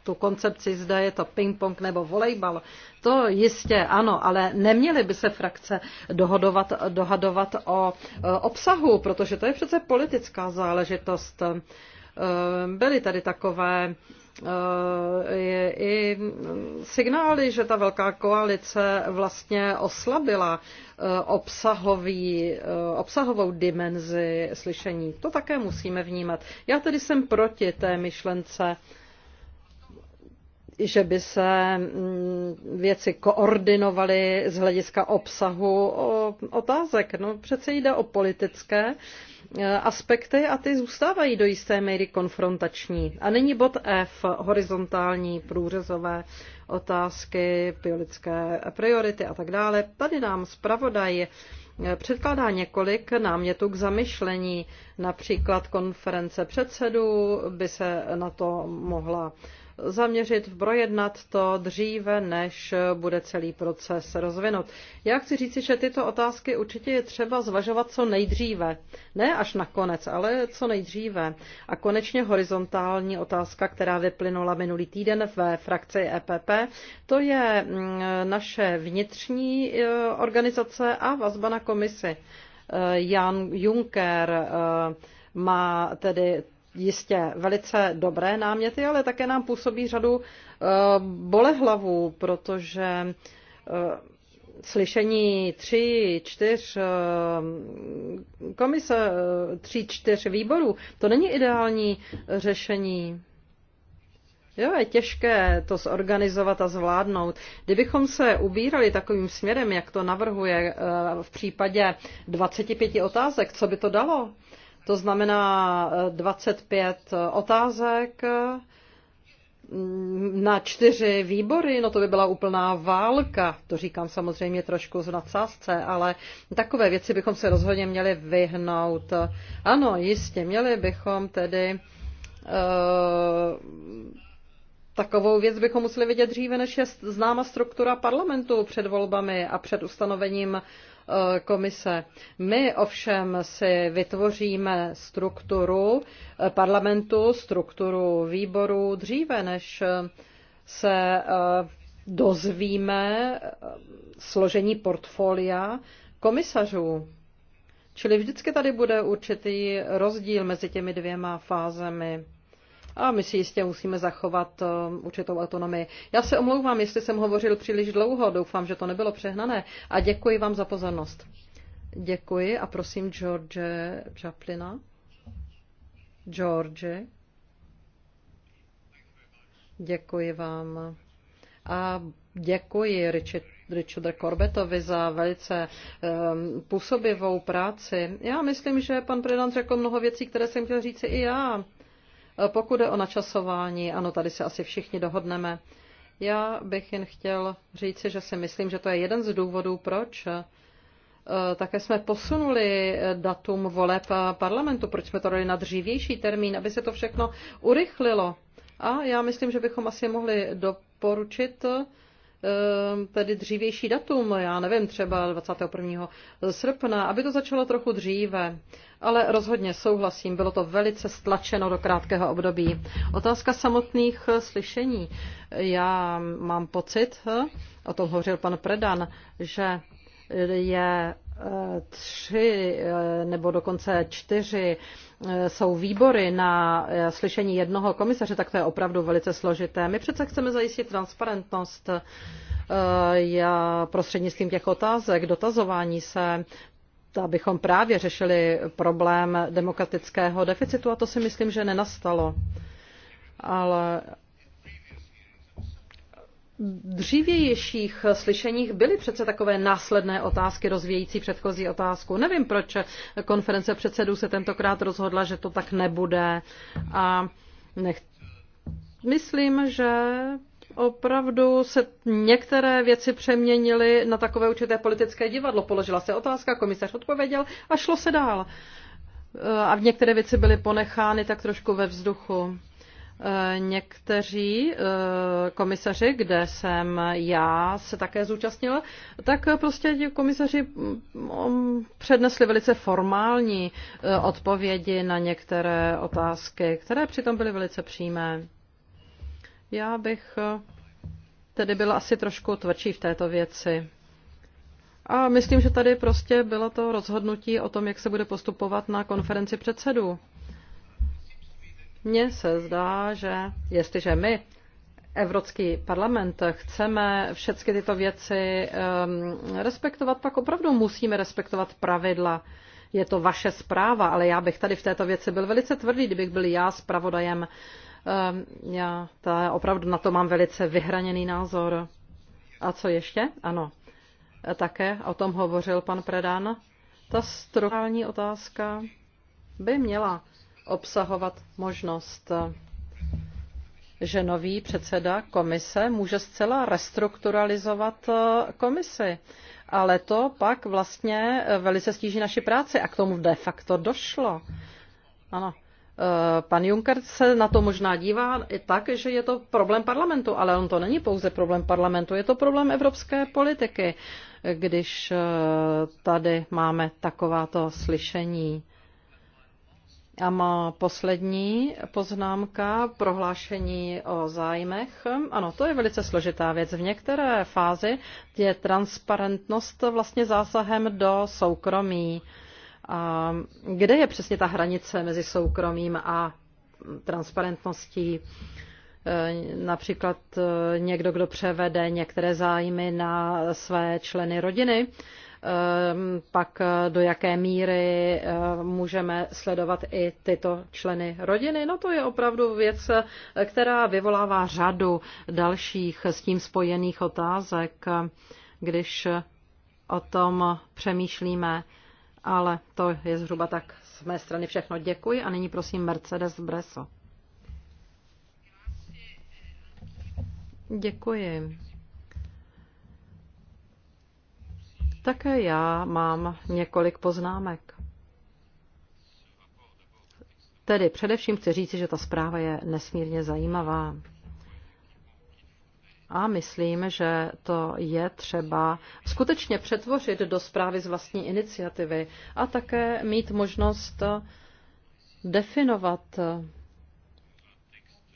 tu koncepci zda je to ping-pong nebo volejbal, to jistě ano, ale neměly by se frakce dohodovat, dohadovat o e, obsahu, protože to je přece politická záležitost. E, byly tady takové Eh, je i signály, že ta velká koalice vlastně oslabila eh, obsahový, eh, obsahovou dimenzi slyšení. To také musíme vnímat. Já tedy jsem proti té myšlence že by se mm, věci koordinovaly z hlediska obsahu otázek. No přece jde o politické E, aspekty a ty zůstávají do jisté míry konfrontační. A není bod F, horizontální, průřezové otázky, biologické priority a tak dále. Tady nám zpravodaj e, předkládá několik námětů k zamyšlení. Například konference předsedů by se na to mohla zaměřit, projednat to dříve, než bude celý proces rozvinut. Já chci říci, že tyto otázky určitě je třeba zvažovat co nejdříve. Ne až nakonec, ale co nejdříve. A konečně horizontální otázka, která vyplynula minulý týden ve frakci EPP, to je mm, naše vnitřní e, organizace a vazba na komisi. E, Jan Juncker e, má tedy jistě velice dobré náměty, ale také nám působí řadu eh, bolehlavů, protože eh, slyšení tři, čtyř eh, komise, tři, čtyř výborů, to není ideální řešení. Jo, je těžké to zorganizovat a zvládnout. Kdybychom se ubírali takovým směrem, jak to navrhuje v případě 25 otázek, co by to dalo? To znamená 25 eh, eh, otázek eh, na čtyři výbory, no to by byla úplná válka. To říkám samozřejmě trošku z nadsázce, ale takové věci bychom se rozhodně měli vyhnout. Ano, jistě, měli bychom tedy uh, Takovou věc bychom museli vidět dříve, než je známa struktura parlamentu před volbami a před ustanovením Eh, komise. My ovšem si vytvoříme strukturu eh, parlamentu, strukturu výboru dříve, než eh, se dozvíme složení portfolia komisařů. Čili vždycky tady bude určitý rozdíl mezi těmi dvěma fázemi a my si jistě musíme zachovat eh, určitou autonomii. Já se omlouvám, jestli jsem hovořil příliš dlouho, doufám, že to nebylo přehnané a děkuji vám za pozornost. Děkuji a prosím George Chaplina. George. Děkuji vám. A děkuji Richard, Richard Corbettovi za velice um, působivou práci. Já myslím, že pan prezident řekl mnoho věcí, které jsem chtěl říct i já. E, pokud je o načasování, ano, tady se asi všichni dohodneme. Já bych jen chtěl říci, že si myslím, že to je jeden z důvodů, proč e, také jsme posunuli e, datum voleb parlamentu, proč jsme to dali na dřívější termín, aby se to všechno urychlilo. A já myslím, že bychom asi mohli doporučit Ehm, tedy dřívější datum, já nevím, třeba 21. srpna, aby to začalo trochu dříve. Ale rozhodně souhlasím, bylo to velice stlačeno do krátkého období. Otázka samotných eh, slyšení. Já mám pocit, eh, o tom hovořil pan Predan, že je tři eh, nebo dokonce čtyři eh, jsou výbory na eh, slyšení jednoho komisaře, tak to je opravdu velice složité. My přece chceme zajistit transparentnost já prostřednictvím těch otázek, dotazování se, abychom právě řešili problém demokratického deficitu a to si myslím, že nenastalo. Ale dřívějších slyšeních byly přece takové následné otázky rozvějící předchozí otázku. Nevím, proč konference předsedů se tentokrát rozhodla, že to tak nebude. A nech... myslím, že opravdu se některé věci přeměnily na takové určité politické divadlo. Položila se otázka, komisař odpověděl a šlo se dál. A v některé věci byly ponechány tak trošku ve vzduchu. Eh, někteří eh, komisaři, kde jsem já se také zúčastnila, tak prostě ti komisaři mm, mm, přednesli velice formální eh, odpovědi na některé otázky, které přitom byly velice přímé. Já bych tedy byla asi trošku tvrdší v této věci. A myslím, že tady prostě bylo to rozhodnutí o tom, jak se bude postupovat na konferenci předsedů. Mně se zdá, že jestliže my, Evropský parlament, chceme všechny tyto věci um, respektovat, pak opravdu musíme respektovat pravidla. Je to vaše zpráva, ale já bych tady v této věci byl velice tvrdý, kdybych byl já zpravodajem. Um, já ta, opravdu na to mám velice vyhraněný názor. A co ještě? Ano. E, také o tom hovořil pan Predán. Ta strukturální otázka by měla obsahovat možnost, eh, že nový předseda komise může zcela restrukturalizovat eh, komisi. Ale to pak vlastně eh, velice stíží naši práci a k tomu de facto došlo. Ano, Pan Juncker se na to možná dívá i tak, že je to problém parlamentu, ale on to není pouze problém parlamentu, je to problém evropské politiky, když tady máme takováto slyšení. A má poslední poznámka, prohlášení o zájmech. Ano, to je velice složitá věc. V některé fázi je transparentnost vlastně zásahem do soukromí. A kde je přesně ta hranice mezi soukromím a transparentností? Eh, například eh, někdo, kdo převede některé zájmy na své členy rodiny, Ehm, pak eh, do jaké míry eh, můžeme sledovat i tyto členy rodiny. No to je opravdu věc, eh, která vyvolává řadu dalších s tím spojených otázek, když o tom přemýšlíme. Ale to je zhruba tak z mé strany všechno. Děkuji a nyní prosím Mercedes Breso. Děkuji. Také já mám několik poznámek. Tedy především chci říci, že ta zpráva je nesmírně zajímavá. A myslím, že to je třeba skutečně přetvořit do zprávy z vlastní iniciativy a také mít možnost definovat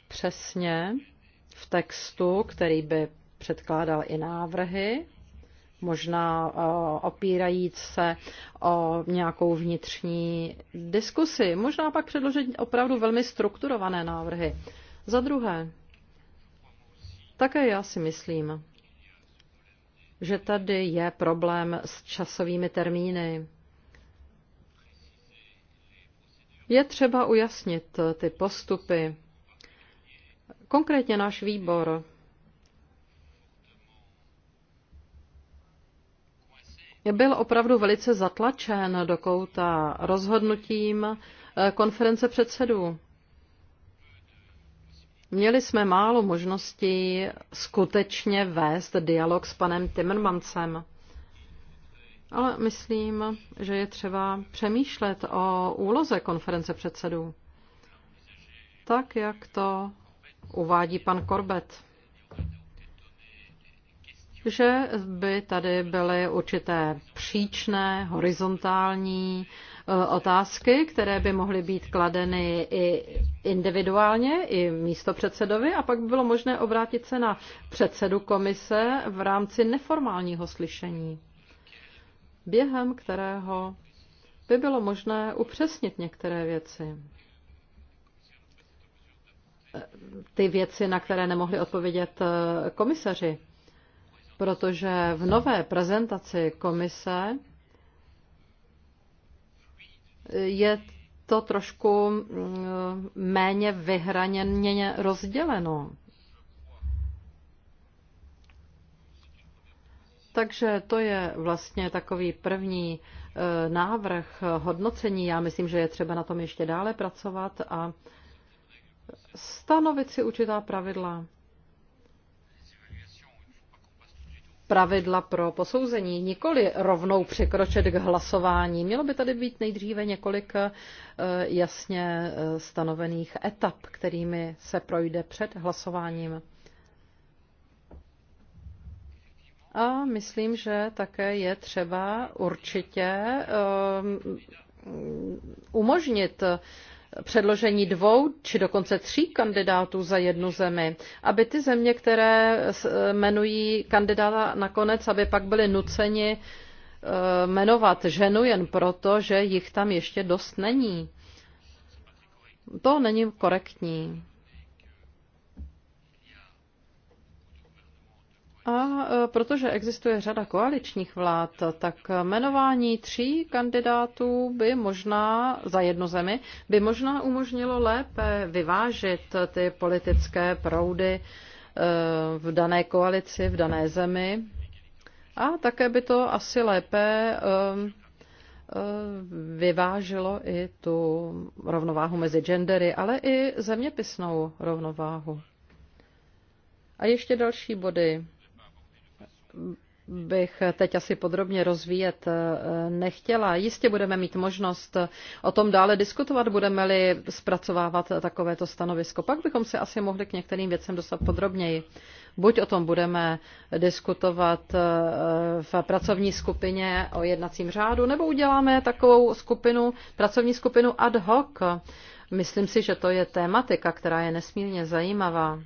přesně v textu, který by předkládal i návrhy, možná eh, opírajíc se o nějakou vnitřní diskusi. Možná pak předložit opravdu velmi strukturované návrhy. Za druhé, také já si myslím, že tady je problém s časovými termíny. Je třeba ujasnit ty postupy. Konkrétně náš výbor byl opravdu velice zatlačen do kouta rozhodnutím eh, konference předsedů. Měli jsme málo možností skutečně vést dialog s panem Timmermansem. Ale myslím, že je třeba přemýšlet o úloze konference předsedů. Tak, jak to uvádí pan Korbet že by tady byly určité příčné, horizontální eh, otázky, které by mohly být kladeny i individuálně, i místo předsedovi, a pak by bylo možné obrátit se na předsedu komise v rámci neformálního slyšení, během kterého by bylo možné upřesnit některé věci eh, ty věci, na které nemohli odpovědět eh, komisaři protože v nové prezentaci komise je to trošku mm, méně vyhraněně rozděleno. Takže to je vlastně takový první e, návrh hodnocení. Já myslím, že je třeba na tom ještě dále pracovat a stanovit si určitá pravidla. pravidla pro posouzení, nikoli rovnou překročit k hlasování. Mělo by tady být nejdříve několik eh, jasně eh, stanovených etap, kterými se projde před hlasováním. A myslím, že také je třeba určitě eh, umožnit předložení dvou či dokonce tří kandidátů za jednu zemi, aby ty země, které e, jmenují kandidáta nakonec, aby pak byly nuceni e, jmenovat ženu jen proto, že jich tam ještě dost není. To není korektní. A e, protože existuje řada koaličních vlád, tak jmenování tří kandidátů by možná za jednu zemi by možná umožnilo lépe vyvážit ty politické proudy e, v dané koalici, v dané zemi. A také by to asi lépe e, vyvážilo i tu rovnováhu mezi gendery, ale i zeměpisnou rovnováhu. A ještě další body bych teď asi podrobně rozvíjet eh, nechtěla. Jistě budeme mít možnost eh, o tom dále diskutovat, budeme-li zpracovávat eh, takovéto stanovisko. Pak bychom se asi mohli k některým věcem dostat podrobněji. Buď o tom budeme diskutovat v pracovní skupině o jednacím řádu, nebo uděláme takovou skupinu, pracovní skupinu ad hoc. Myslím si, že to je tématika, která je nesmírně zajímavá.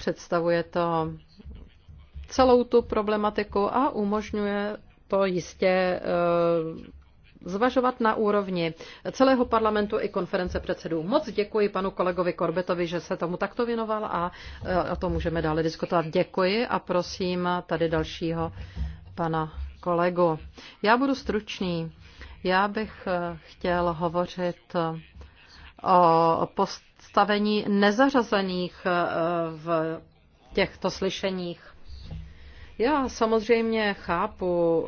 Představuje to celou tu problematiku a umožňuje to jistě eh, zvažovat na úrovni celého parlamentu i konference předsedů. Moc děkuji panu kolegovi Korbetovi, že se tomu takto věnoval a eh, o tom můžeme dále diskutovat. Děkuji a prosím tady dalšího pana kolegu. Já budu stručný. Já bych eh, chtěl hovořit o postavení nezařazených e, v těchto slyšeních. Já samozřejmě chápu,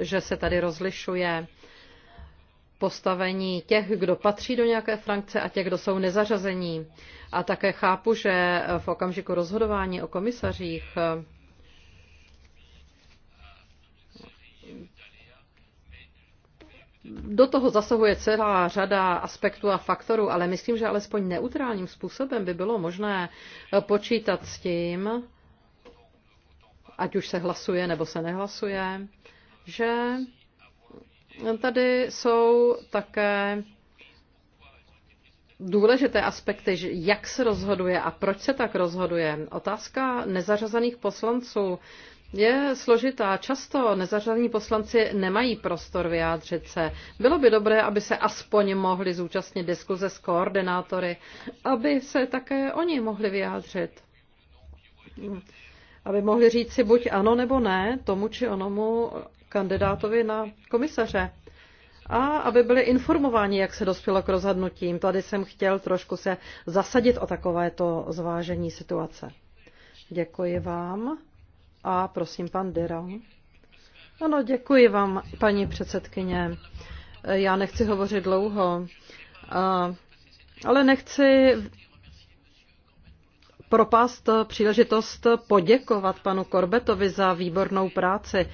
e, že se tady rozlišuje postavení těch, kdo patří do nějaké frankce a těch, kdo jsou nezařazení. A také chápu, že v okamžiku rozhodování o komisařích e, do toho zasahuje celá řada aspektů a faktorů, ale myslím, že alespoň neutrálním způsobem by bylo možné eh, počítat s tím, ať už se hlasuje nebo se nehlasuje, že tady jsou také důležité aspekty, jak se rozhoduje a proč se tak rozhoduje. Otázka nezařazených poslanců je složitá. Často nezařazení poslanci nemají prostor vyjádřit se. Bylo by dobré, aby se aspoň mohli zúčastnit diskuze s koordinátory, aby se také oni mohli vyjádřit. Aby mohli říct si buď ano nebo ne tomu či onomu kandidátovi na komisaře. A aby byli informováni, jak se dospělo k rozhodnutím. Tady jsem chtěl trošku se zasadit o takovéto zvážení situace. Děkuji vám. A prosím, pan Dera. Ano, děkuji vám, paní předsedkyně. Já nechci hovořit dlouho, ale nechci propást příležitost poděkovat panu Korbetovi za výbornou práci.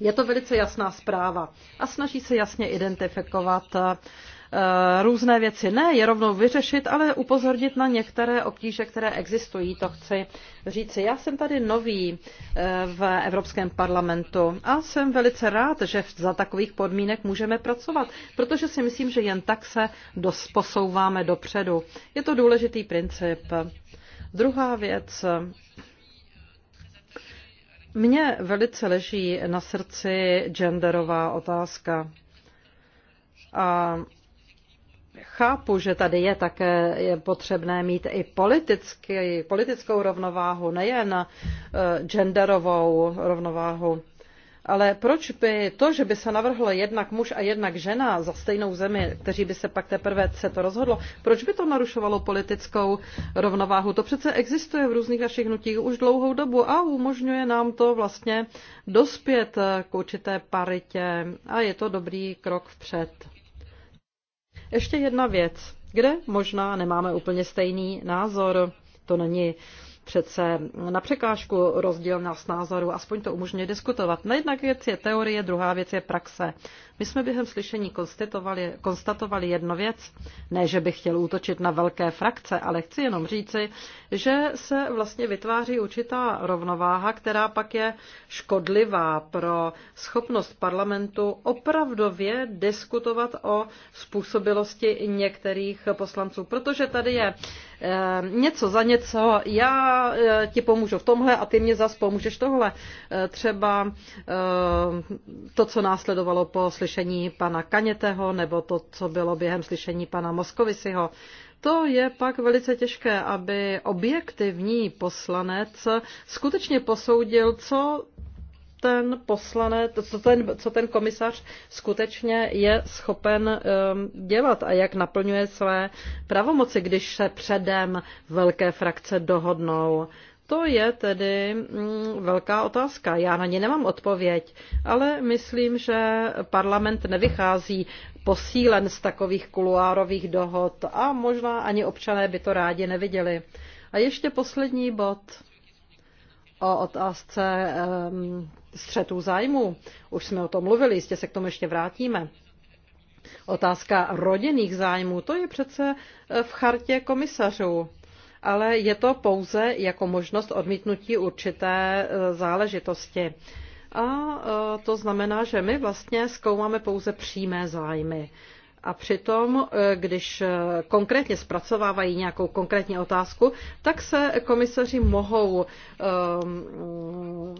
Je to velice jasná zpráva a snaží se jasně identifikovat Eh, různé věci ne, je rovnou vyřešit, ale upozornit na některé obtíže, které existují, to chci říci. Já jsem tady nový eh, v Evropském parlamentu a jsem velice rád, že za takových podmínek můžeme pracovat, protože si myslím, že jen tak se posouváme dopředu. Je to důležitý princip. Druhá věc, mně velice leží na srdci genderová otázka. A Chápu, že tady je také je potřebné mít i politický, politickou rovnováhu, nejen eh, genderovou rovnováhu. Ale proč by to, že by se navrhlo jednak muž a jednak žena za stejnou zemi, kteří by se pak teprve se to rozhodlo, proč by to narušovalo politickou rovnováhu? To přece existuje v různých našich hnutích už dlouhou dobu a umožňuje nám to vlastně dospět eh, k určité paritě a je to dobrý krok vpřed. Ještě jedna věc, kde možná nemáme úplně stejný názor. To není přece na překážku rozdíl nás názoru, aspoň to umožňuje diskutovat. Na jedna věc je teorie, druhá věc je praxe. My jsme během slyšení konstatovali, konstatovali jednu věc, ne, že bych chtěl útočit na velké frakce, ale chci jenom říci, že se vlastně vytváří určitá rovnováha, která pak je škodlivá pro schopnost parlamentu opravdově diskutovat o způsobilosti některých poslanců, protože tady je eh, něco za něco, já eh, ti pomůžu v tomhle a ty mě zas pomůžeš tohle. Eh, třeba to, co následovalo po slyšení slyšení pana Kaněteho nebo to, co bylo během slyšení pana Moskovisiho. To je pak velice těžké, aby objektivní poslanec skutečně posoudil, co ten poslanec, co ten, co ten komisař skutečně je schopen um, dělat a jak naplňuje své pravomoci, když se předem velké frakce dohodnou. To je tedy mm, velká otázka. Já na ně nemám odpověď, ale myslím, že parlament nevychází posílen z takových kuluárových dohod a možná ani občané by to rádi neviděli. A ještě poslední bod o otázce um, střetů zájmu. Už jsme o tom mluvili, jistě se k tomu ještě vrátíme. Otázka rodinných zájmů, to je přece v chartě komisařů ale je to pouze jako možnost odmítnutí určité e, záležitosti. A e, to znamená, že my vlastně zkoumáme pouze přímé zájmy. A přitom, e, když konkrétně zpracovávají nějakou konkrétní otázku, tak se komisaři mohou um,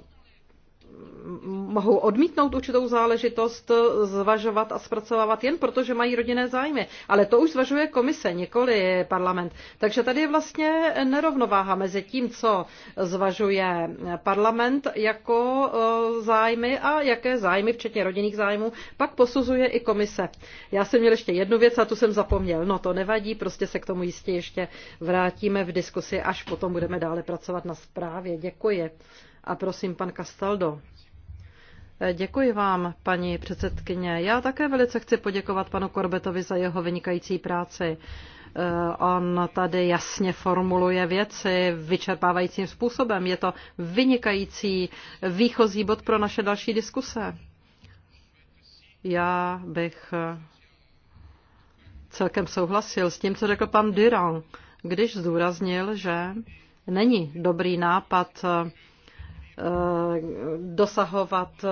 mohou odmítnout určitou záležitost, zvažovat a zpracovávat jen proto, že mají rodinné zájmy. Ale to už zvažuje komise, nikoli parlament. Takže tady je vlastně nerovnováha mezi tím, co zvažuje parlament jako eh, zájmy a jaké zájmy, včetně rodinných zájmů, pak posuzuje i komise. Já jsem měl ještě jednu věc a tu jsem zapomněl. No to nevadí, prostě se k tomu jistě ještě vrátíme v diskusi, až potom budeme dále pracovat na zprávě. Děkuji. A prosím, pan Castaldo. Eh, děkuji vám, paní předsedkyně. Já také velice chci poděkovat panu Korbetovi za jeho vynikající práci. Eh, on tady jasně formuluje věci vyčerpávajícím způsobem. Je to vynikající výchozí bod pro naše další diskuse. Já bych eh, celkem souhlasil s tím, co řekl pan Durand, když zdůraznil, že není dobrý nápad Eh, dosahovat eh,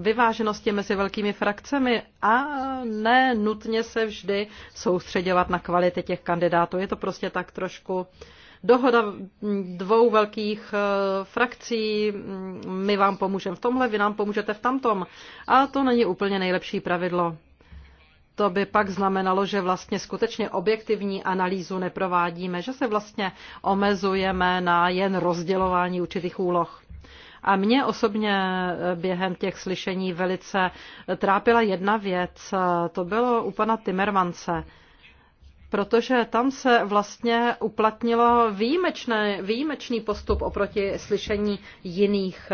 vyváženosti mezi velkými frakcemi a ne nutně se vždy soustředěvat na kvality těch kandidátů. Je to prostě tak trošku dohoda dvou velkých eh, frakcí, my vám pomůžeme v tomhle, vy nám pomůžete v tamtom. A to není úplně nejlepší pravidlo. To by pak znamenalo, že vlastně skutečně objektivní analýzu neprovádíme, že se vlastně omezujeme na jen rozdělování určitých úloh. A mě osobně eh, během těch slyšení velice eh, trápila jedna věc. Eh, to bylo u pana Timmermance protože tam se vlastně uplatnilo výjimečné, výjimečný postup oproti slyšení jiných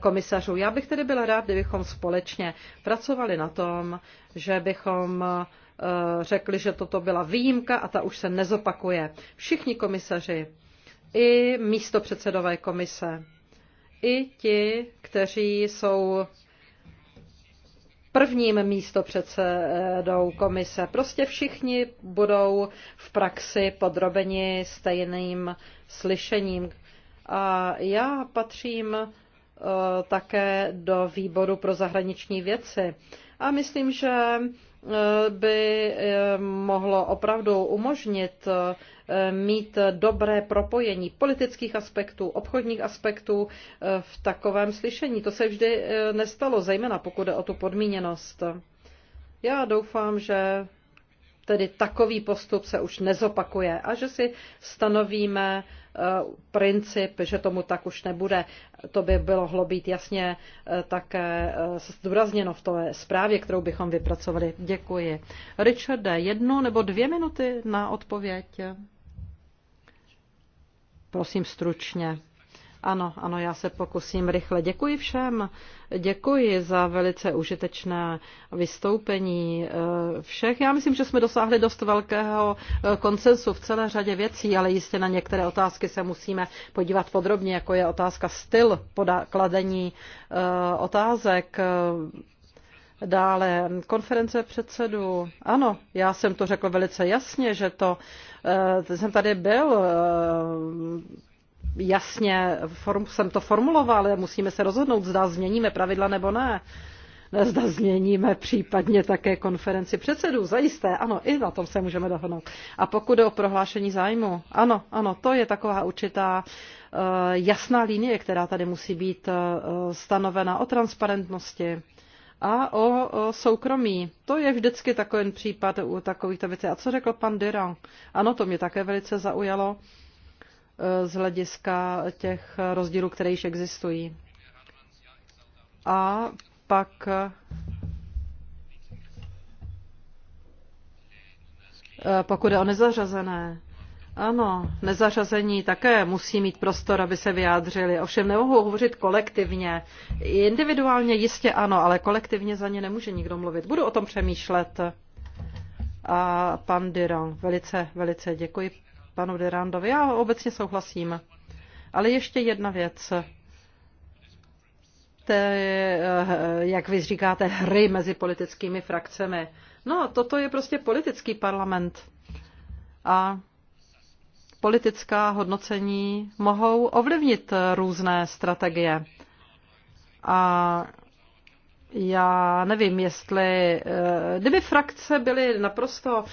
komisařů. Já bych tedy byla rád, kdybychom společně pracovali na tom, že bychom řekli, že toto byla výjimka a ta už se nezopakuje. Všichni komisaři, i místo předsedové komise, i ti, kteří jsou prvním místo předsedou komise. Prostě všichni budou v praxi podrobeni stejným slyšením. A já patřím eh, také do výboru pro zahraniční věci. A myslím, že by eh, mohlo opravdu umožnit eh, mít dobré propojení politických aspektů, obchodních aspektů eh, v takovém slyšení. To se vždy nestalo, zejména pokud jde o tu podmíněnost. Já doufám, že tedy takový postup se už nezopakuje a že si stanovíme Eh, princip, že tomu tak už nebude. To by bylo hlo být jasně eh, také eh, zdůrazněno v té zprávě, kterou bychom vypracovali. Děkuji. Richarde, jednu nebo dvě minuty na odpověď. Prosím stručně. Ano, ano, já se pokusím rychle. Děkuji všem. Děkuji za velice užitečné vystoupení eh, všech. Já myslím, že jsme dosáhli dost velkého eh, konsensu v celé řadě věcí, ale jistě na některé otázky se musíme podívat podrobně, jako je otázka styl kladení eh, otázek. Dále konference předsedů. Ano, já jsem to řekl velice jasně, že to, jsem tady byl jasně form, jsem to formuloval, ale musíme se rozhodnout, zda změníme pravidla nebo ne. Zda změníme případně také konferenci předsedů, zajisté, ano, i na tom se můžeme dohodnout. A pokud jde o prohlášení zájmu, ano, ano, to je taková určitá eh, jasná linie, která tady musí být eh, stanovena o transparentnosti a o, o soukromí. To je vždycky takový případ u takovýchto věcí. A co řekl pan Dyran? Ano, to mě také velice zaujalo. Uh, Eh, z hlediska těch rozdílů, které již existují. A pak eh, pokud je o nezařazené, ano, nezařazení také musí mít prostor, aby se vyjádřili. Ovšem nemohu hovořit kolektivně. Individuálně jistě ano, ale kolektivně za ně nemůže nikdo mluvit. Budu o tom přemýšlet. A pan Diron, velice, velice děkuji, panu Derandovi. Já obecně souhlasím. Ale ještě jedna věc. Te, eh, jak vy říkáte, hry mezi politickými frakcemi. No, toto je prostě politický parlament. A politická hodnocení mohou ovlivnit různé strategie. A já nevím, jestli, eh, kdyby frakce byly naprosto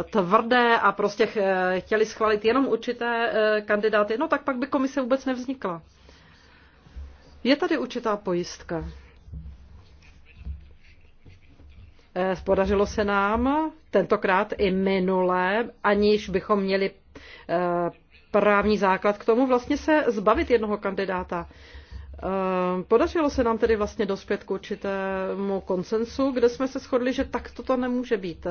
eh, tvrdé a prostě eh, chtěli schválit jenom určité kandidáty, no tak pak by komise vůbec nevznikla. Je tady určitá pojistka. Podařilo se nám tentokrát i minule, aniž bychom měli právní základ k tomu vlastně se zbavit jednoho kandidáta. Ehm, podařilo se nám tedy vlastně dospět k určitému konsensu, kde jsme se shodli, že tak toto nemůže být.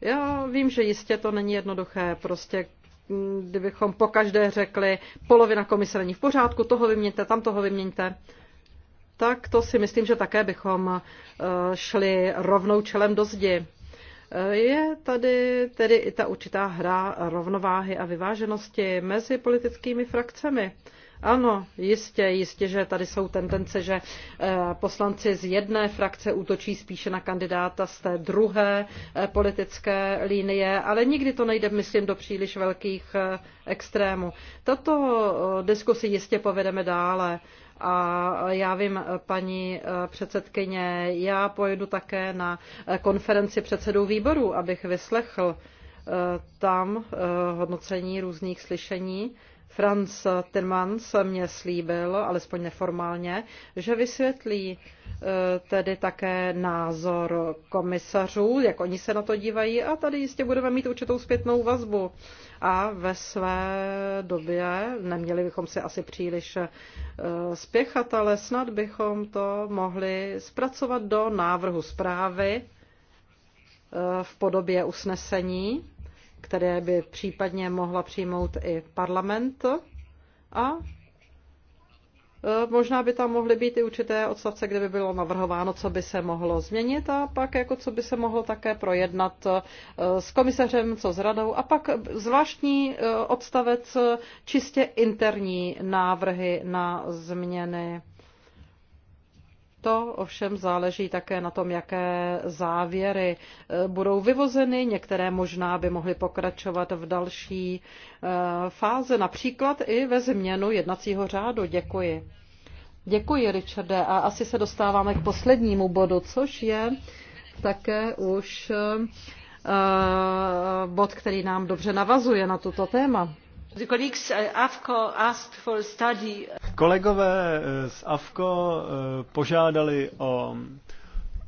Já vím, že jistě to není jednoduché, prostě hm, kdybychom po každé řekli, polovina komise není v pořádku, toho vyměňte, tam toho vyměňte, tak to si myslím, že také bychom eh, šli rovnou čelem do zdi. Eh, je tady tedy i ta určitá hra rovnováhy a vyváženosti mezi politickými frakcemi. Ano, jistě, jistě, že tady jsou tendence, že eh, poslanci z jedné frakce útočí spíše na kandidáta z té druhé eh, politické linie, ale nikdy to nejde, myslím, do příliš velkých eh, extrémů. Tato diskusi jistě povedeme dále. A já vím, paní předsedkyně, já pojedu také na konferenci předsedů výborů, abych vyslechl tam hodnocení různých slyšení Franz Timmans mě slíbil, alespoň neformálně, že vysvětlí eh, tedy také názor komisařů, jak oni se na to dívají a tady jistě budeme mít určitou zpětnou vazbu. A ve své době, neměli bychom si asi příliš eh, spěchat, ale snad bychom to mohli zpracovat do návrhu zprávy eh, v podobě usnesení které by případně mohla přijmout i parlament a e, Možná by tam mohly být i určité odstavce, kde by bylo navrhováno, co by se mohlo změnit a pak jako co by se mohlo také projednat e, s komisařem, co s radou a pak zvláštní e, odstavec čistě interní návrhy na změny to ovšem záleží také na tom, jaké závěry eh, budou vyvozeny. Některé možná by mohly pokračovat v další eh, fáze, například i ve změnu jednacího řádu. Děkuji. Děkuji, Richarde. A asi se dostáváme k poslednímu bodu, což je také už eh, bod, který nám dobře navazuje na tuto téma. Uh, Kolegové eh, z AFCO eh, požádali o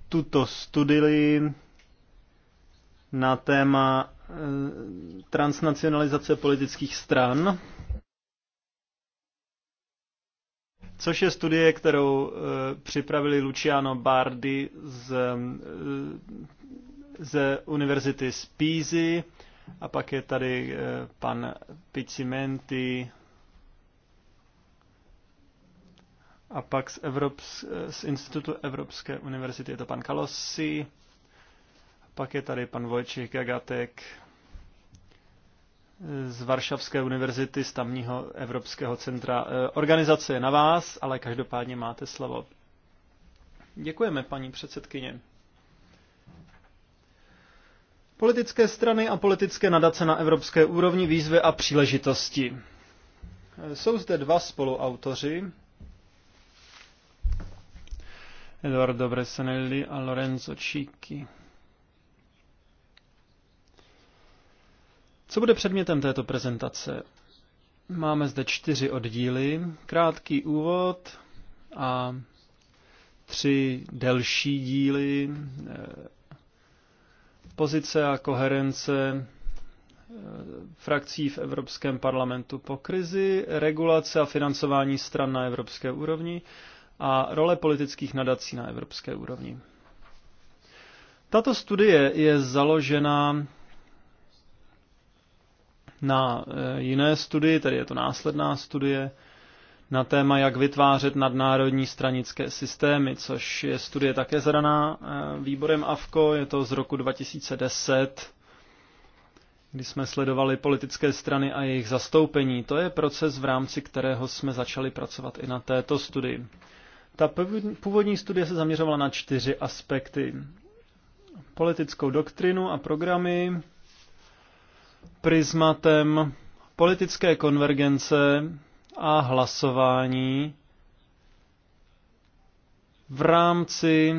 tuto studii na téma eh, transnacionalizace politických stran, což je studie, kterou připravili Luciano Bardi z, ze univerzity z Pízy, a pak je tady eh, pan Picimenti. A pak z, Evrops, z Institutu Evropské univerzity je to pan Kalosi, A pak je tady pan Vojčich Gagatek z Varšavské univerzity, z tamního Evropského centra. Eh, organizace je na vás, ale každopádně máte slovo. Děkujeme, paní předsedkyně. Politické strany a politické nadace na evropské úrovni výzvy a příležitosti. Jsou zde dva spoluautoři, Eduardo Bresanelli a Lorenzo Cicchi. Co bude předmětem této prezentace? Máme zde čtyři oddíly, krátký úvod a tři delší díly pozice a koherence eh, frakcí v Evropském parlamentu po krizi, regulace a financování stran na evropské úrovni a role politických nadací na evropské úrovni. Tato studie je založena na eh, jiné studii, tedy je to následná studie, na téma, jak vytvářet nadnárodní stranické systémy, což je studie také zadaná eh, výborem AFKO, je to z roku 2010, kdy jsme sledovali politické strany a jejich zastoupení. To je proces, v rámci kterého jsme začali pracovat i na této studii. Ta původní studie se zaměřovala na čtyři aspekty. Politickou doktrinu a programy, prismatem politické konvergence, a hlasování v rámci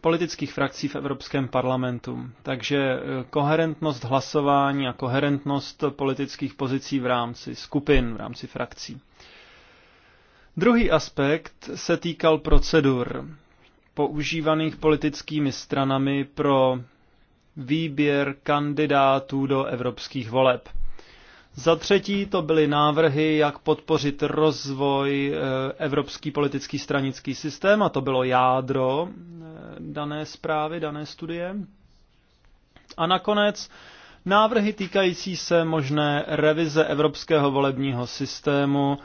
politických frakcí v Evropském parlamentu. Takže eh, koherentnost hlasování a koherentnost politických pozicí v rámci skupin, v rámci frakcí. Druhý aspekt se týkal procedur používaných politickými stranami pro výběr kandidátů do evropských voleb. Za třetí to byly návrhy, jak podpořit rozvoj eh, evropský politický stranický systém, a to bylo jádro eh, dané zprávy, dané studie. A nakonec návrhy týkající se možné revize evropského volebního systému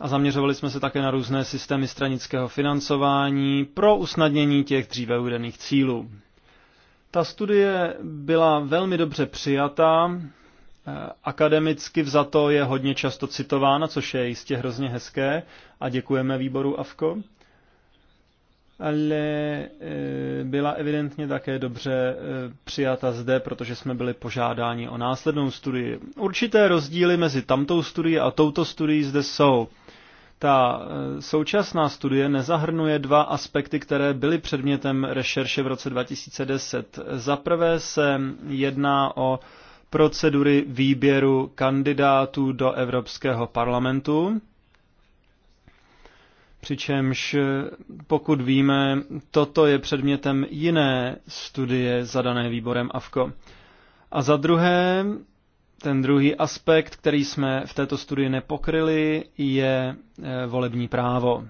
a zaměřovali jsme se také na různé systémy stranického financování pro usnadnění těch dříve uvedených cílů. Ta studie byla velmi dobře přijata, Eh, akademicky vzato je hodně často citována, což je jistě hrozně hezké a děkujeme výboru AVKO. Ale eh, byla evidentně také dobře eh, přijata zde, protože jsme byli požádáni o následnou studii. Určité rozdíly mezi tamtou studií a touto studií zde jsou. Ta současná studie nezahrnuje dva aspekty, které byly předmětem rešerše v roce 2010. Za prvé se jedná o procedury výběru kandidátů do Evropského parlamentu. Přičemž, pokud víme, toto je předmětem jiné studie zadané výborem AFKO. A za druhé, ten druhý aspekt, který jsme v této studii nepokryli, je eh, volební právo.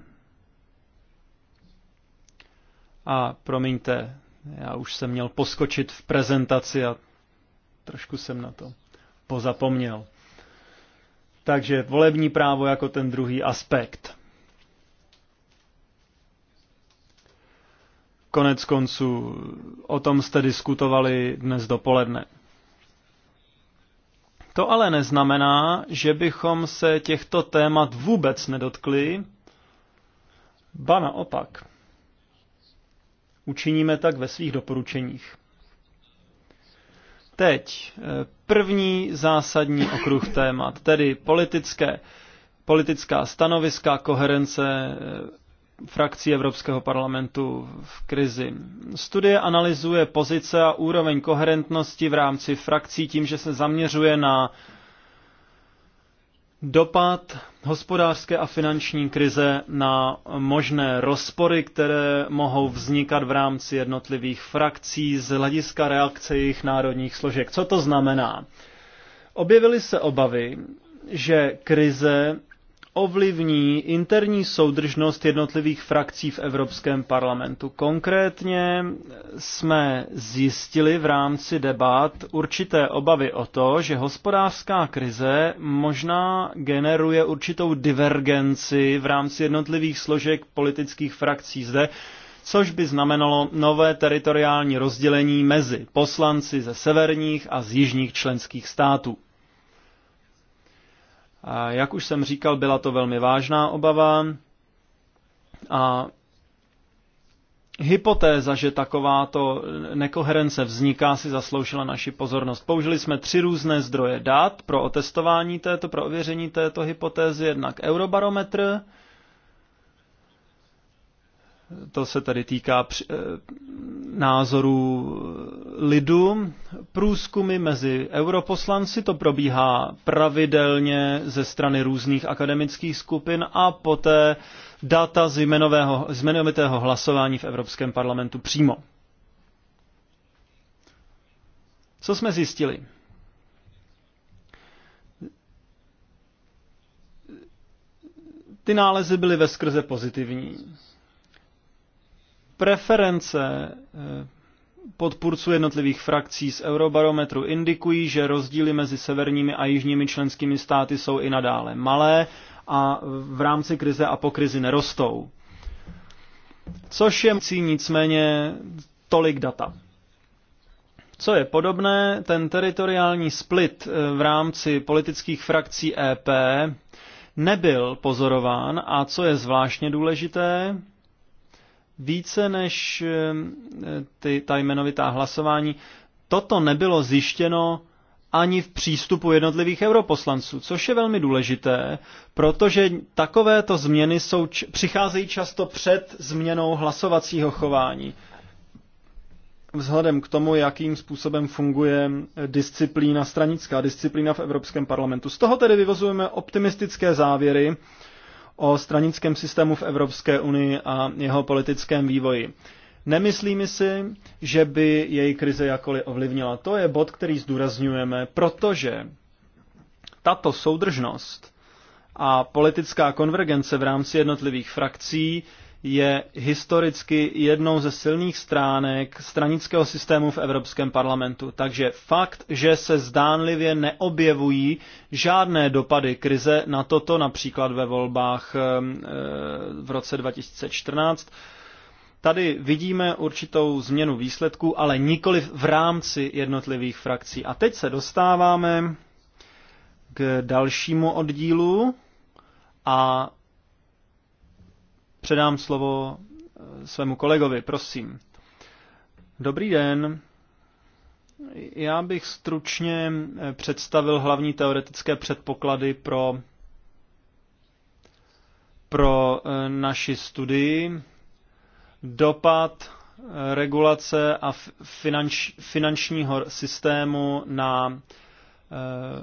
A promiňte, já už jsem měl poskočit v prezentaci a trošku jsem na to pozapomněl. Takže volební právo jako ten druhý aspekt. Konec konců o tom jste diskutovali dnes dopoledne. To ale neznamená, že bychom se těchto témat vůbec nedotkli, ba naopak. Učiníme tak ve svých doporučeních. Teď eh, první zásadní okruh témat, tedy politické, politická stanoviska, koherence eh, frakcí Evropského parlamentu v krizi. Studie analyzuje pozice a úroveň koherentnosti v rámci frakcí tím, že se zaměřuje na dopad hospodářské a finanční krize na možné rozpory, které mohou vznikat v rámci jednotlivých frakcí z hlediska reakce jejich národních složek. Co to znamená? Objevily se obavy, že krize ovlivní interní soudržnost jednotlivých frakcí v Evropském parlamentu. Konkrétně jsme zjistili v rámci debat určité obavy o to, že hospodářská krize možná generuje určitou divergenci v rámci jednotlivých složek politických frakcí zde, což by znamenalo nové teritoriální rozdělení mezi poslanci ze severních a z jižních členských států. A jak už jsem říkal, byla to velmi vážná obava a hypotéza, že takováto nekoherence vzniká, si zasloužila naši pozornost. Použili jsme tři různé zdroje dat pro otestování této, pro ověření této hypotézy, jednak eurobarometr, to se tady týká eh, názorů lidu. Průzkumy mezi europoslanci, to probíhá pravidelně ze strany různých akademických skupin a poté data z, jmenového, z jmenovitého hlasování v Evropském parlamentu přímo. Co jsme zjistili? Ty nálezy byly ve skrze pozitivní Preference eh, podpůrců jednotlivých frakcí z Eurobarometru indikují, že rozdíly mezi severními a jižními členskými státy jsou i nadále malé a v rámci krize a po krizi nerostou. Což je nicméně tolik data. Co je podobné, ten teritoriální split eh, v rámci politických frakcí EP nebyl pozorován a co je zvláštně důležité, více než eh, ty, ta jmenovitá hlasování, toto nebylo zjištěno ani v přístupu jednotlivých europoslanců, což je velmi důležité, protože takovéto změny jsou, přicházejí často před změnou hlasovacího chování. Vzhledem k tomu, jakým způsobem funguje disciplína stranická, disciplína v Evropském parlamentu. Z toho tedy vyvozujeme optimistické závěry, o stranickém systému v Evropské unii a jeho politickém vývoji. Nemyslíme si, že by její krize jakkoliv ovlivnila. To je bod, který zdůrazňujeme, protože tato soudržnost a politická konvergence v rámci jednotlivých frakcí je historicky jednou ze silných stránek stranického systému v Evropském parlamentu. Takže fakt, že se zdánlivě neobjevují žádné dopady krize na toto, například ve volbách eh, v roce 2014, Tady vidíme určitou změnu výsledků, ale nikoli v rámci jednotlivých frakcí. A teď se dostáváme k dalšímu oddílu a předám slovo eh, svému kolegovi, prosím. Dobrý den. Já bych stručně eh, představil hlavní teoretické předpoklady pro, pro eh, naši studii. Dopad regulace a finanč, finančního systému na Eh,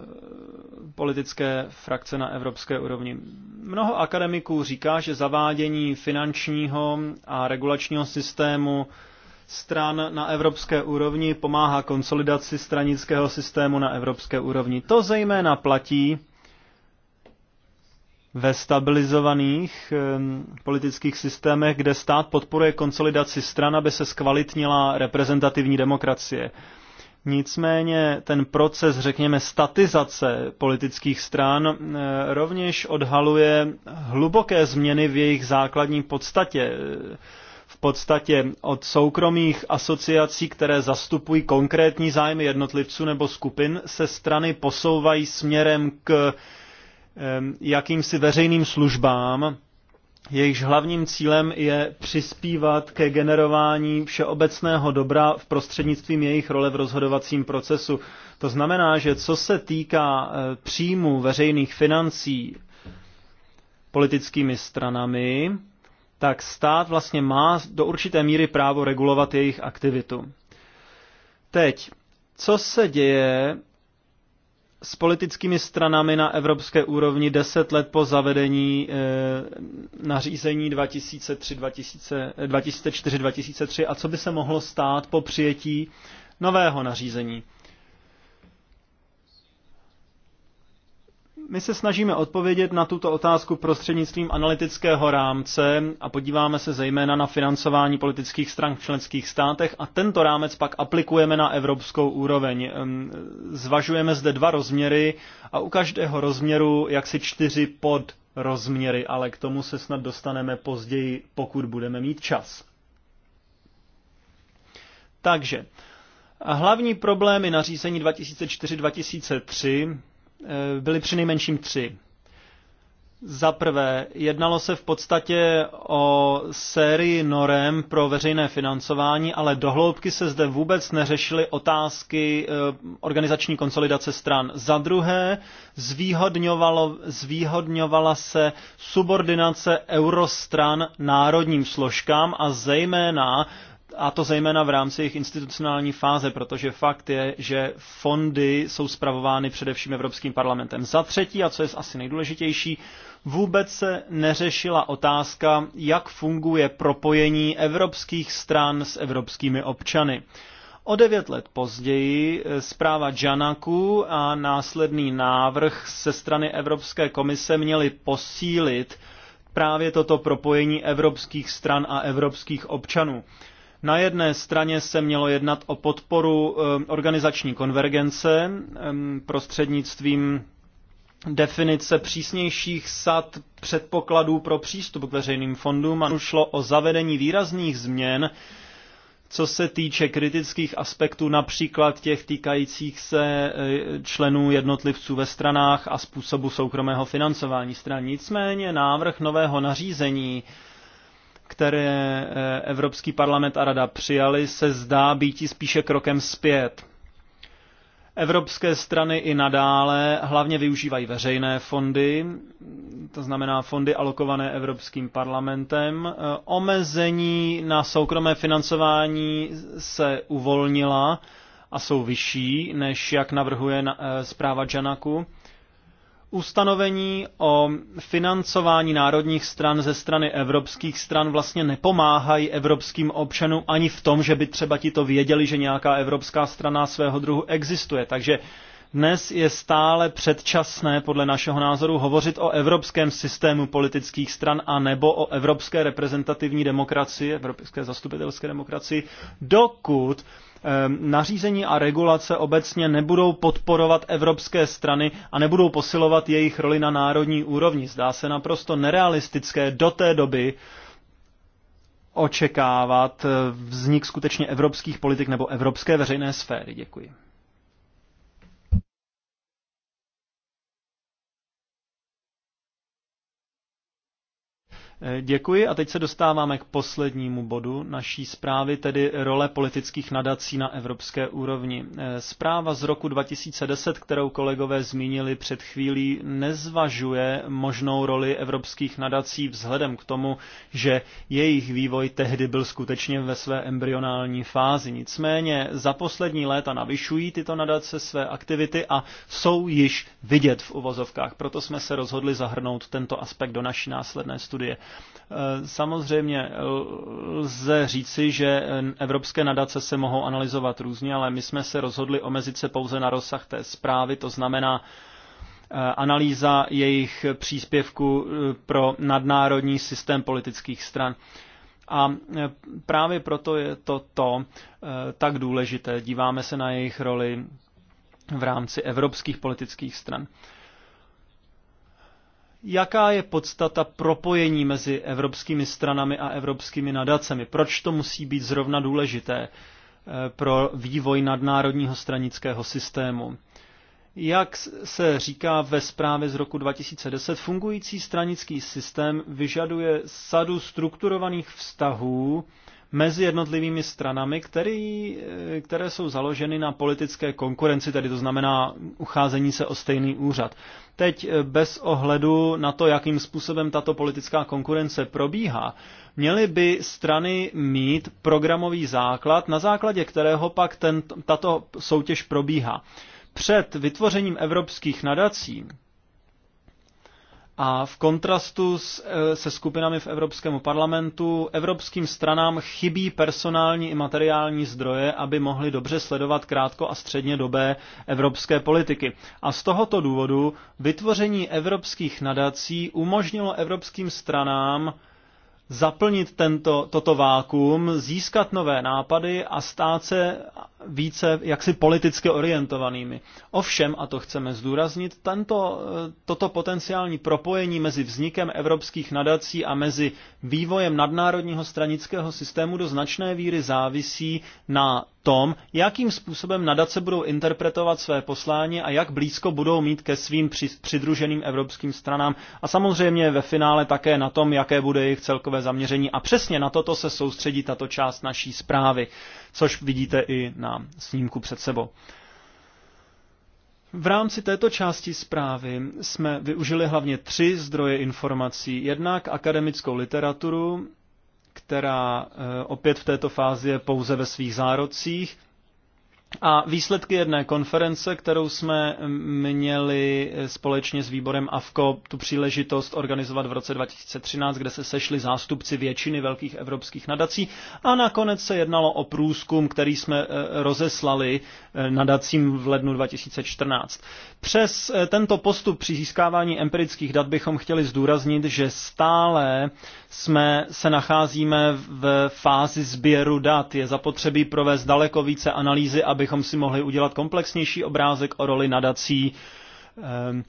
politické frakce na evropské úrovni. Mnoho akademiků říká, že zavádění finančního a regulačního systému stran na evropské úrovni pomáhá konsolidaci stranického systému na evropské úrovni. To zejména platí ve stabilizovaných eh, politických systémech, kde stát podporuje konsolidaci stran, aby se zkvalitnila reprezentativní demokracie. Nicméně ten proces, řekněme, statizace politických stran eh, rovněž odhaluje hluboké změny v jejich základní podstatě. V podstatě od soukromých asociací, které zastupují konkrétní zájmy jednotlivců nebo skupin, se strany posouvají směrem k eh, jakýmsi veřejným službám, jejichž hlavním cílem je přispívat ke generování všeobecného dobra v prostřednictvím jejich role v rozhodovacím procesu. To znamená, že co se týká eh, příjmu veřejných financí politickými stranami, tak stát vlastně má do určité míry právo regulovat jejich aktivitu. Teď, co se děje, s politickými stranami na evropské úrovni 10 let po zavedení e, nařízení 2004-2003 eh, a co by se mohlo stát po přijetí nového nařízení. My se snažíme odpovědět na tuto otázku prostřednictvím analytického rámce a podíváme se zejména na financování politických stran v členských státech a tento rámec pak aplikujeme na evropskou úroveň. Zvažujeme zde dva rozměry a u každého rozměru jaksi čtyři pod rozměry, ale k tomu se snad dostaneme později, pokud budeme mít čas. Takže, hlavní problémy nařízení 2004-2003 Eh, byly přinejmenším tři. Za prvé, jednalo se v podstatě o sérii norem pro veřejné financování, ale dohloubky se zde vůbec neřešily otázky eh, organizační konsolidace stran. Za druhé, zvýhodňovala se subordinace eurostran národním složkám a zejména a to zejména v rámci jejich institucionální fáze, protože fakt je, že fondy jsou spravovány především Evropským parlamentem. Za třetí, a co je asi nejdůležitější, vůbec se neřešila otázka, jak funguje propojení evropských stran s evropskými občany. O devět let později eh, zpráva Janaku a následný návrh ze strany Evropské komise měly posílit právě toto propojení evropských stran a evropských občanů. Na jedné straně se mělo jednat o podporu ehm, organizační konvergence ehm, prostřednictvím definice přísnějších sad předpokladů pro přístup k veřejným fondům a ušlo o zavedení výrazných změn, co se týče kritických aspektů, například těch týkajících se eh, členů jednotlivců ve stranách a způsobu soukromého financování stran. Nicméně návrh nového nařízení které eh, Evropský parlament a Rada přijali, se zdá býti spíše krokem zpět. Evropské strany i nadále hlavně využívají veřejné fondy, to znamená fondy alokované Evropským parlamentem. Eh, omezení na soukromé financování se uvolnila a jsou vyšší, než jak navrhuje eh, zpráva Janaku ustanovení o financování národních stran ze strany evropských stran vlastně nepomáhají evropským občanům ani v tom, že by třeba ti to věděli, že nějaká evropská strana svého druhu existuje. Takže dnes je stále předčasné, podle našeho názoru, hovořit o evropském systému politických stran a nebo o evropské reprezentativní demokracii, evropské zastupitelské demokracii, dokud ehm, nařízení a regulace obecně nebudou podporovat evropské strany a nebudou posilovat jejich roli na národní úrovni. Zdá se naprosto nerealistické do té doby očekávat eh, vznik skutečně evropských politik nebo evropské veřejné sféry. Děkuji. Eh, děkuji a teď se dostáváme k poslednímu bodu naší zprávy, tedy role politických nadací na evropské úrovni. Eh, zpráva z roku 2010, kterou kolegové zmínili před chvílí, nezvažuje možnou roli evropských nadací vzhledem k tomu, že jejich vývoj tehdy byl skutečně ve své embryonální fázi. Nicméně za poslední léta navyšují tyto nadace své aktivity a jsou již vidět v uvozovkách. Proto jsme se rozhodli zahrnout tento aspekt do naší následné studie. Eh, samozřejmě eh, lze říci, že evropské nadace se mohou analyzovat různě, ale my jsme se rozhodli omezit se pouze na rozsah té zprávy, to znamená eh, analýza jejich příspěvku pro nadnárodní systém politických stran. A právě proto je to to tak důležité. Díváme se na jejich roli v rámci evropských politických stran jaká je podstata propojení mezi evropskými stranami a evropskými nadacemi. Proč to musí být zrovna důležité eh, pro vývoj nadnárodního stranického systému? Jak se říká ve zprávě z roku 2010, fungující stranický systém vyžaduje sadu strukturovaných vztahů mezi jednotlivými stranami, který, eh, které jsou založeny na politické konkurenci, tedy to znamená ucházení se o stejný úřad. Teď eh, bez ohledu na to, jakým způsobem tato politická konkurence probíhá, měly by strany mít programový základ, na základě kterého pak ten, tato soutěž probíhá. Před vytvořením evropských nadací a v kontrastu s, e, se skupinami v Evropském parlamentu, evropským stranám chybí personální i materiální zdroje, aby mohli dobře sledovat krátko a středně dobé evropské politiky. A z tohoto důvodu vytvoření evropských nadací umožnilo evropským stranám zaplnit tento, toto vákuum, získat nové nápady a stát se více jaksi politicky orientovanými. Ovšem, a to chceme zdůraznit, tento, eh, toto potenciální propojení mezi vznikem evropských nadací a mezi vývojem nadnárodního stranického systému do značné víry závisí na tom, jakým způsobem nadace budou interpretovat své poslání a jak blízko budou mít ke svým přidruženým evropským stranám a samozřejmě ve finále také na tom, jaké bude jejich celkové zaměření a přesně na toto se soustředí tato část naší zprávy, což vidíte i na snímku před sebou. V rámci této části zprávy jsme využili hlavně tři zdroje informací. Jednak akademickou literaturu, která eh, opět v této fázi je pouze ve svých zárodcích a výsledky jedné konference, kterou jsme měli společně s výborem AFKO tu příležitost organizovat v roce 2013, kde se sešli zástupci většiny velkých evropských nadací a nakonec se jednalo o průzkum, který jsme eh, rozeslali eh, nadacím v lednu 2014. Přes eh, tento postup při získávání empirických dat bychom chtěli zdůraznit, že stále jsme se nacházíme v fázi sběru dat. Je zapotřebí provést daleko více analýzy, aby abychom si mohli udělat komplexnější obrázek o roli nadací ehm,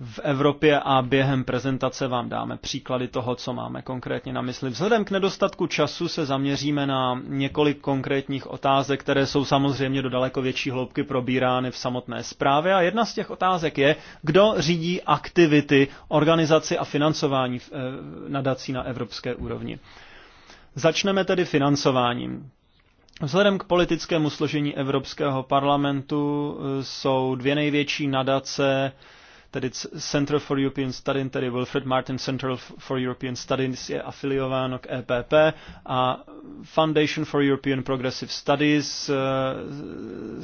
v Evropě a během prezentace vám dáme příklady toho, co máme konkrétně na mysli. Vzhledem k nedostatku času se zaměříme na několik konkrétních otázek, které jsou samozřejmě do daleko větší hloubky probírány v samotné zprávě a jedna z těch otázek je, kdo řídí aktivity, organizaci a financování eh, nadací na evropské úrovni. Začneme tedy financováním. Vzhledem k politickému složení Evropského parlamentu eh, jsou dvě největší nadace it's Center for European Studies, tedy Wilfred Martin Center for European Studies je afiliováno k EPP a Foundation for European Progressive Studies eh,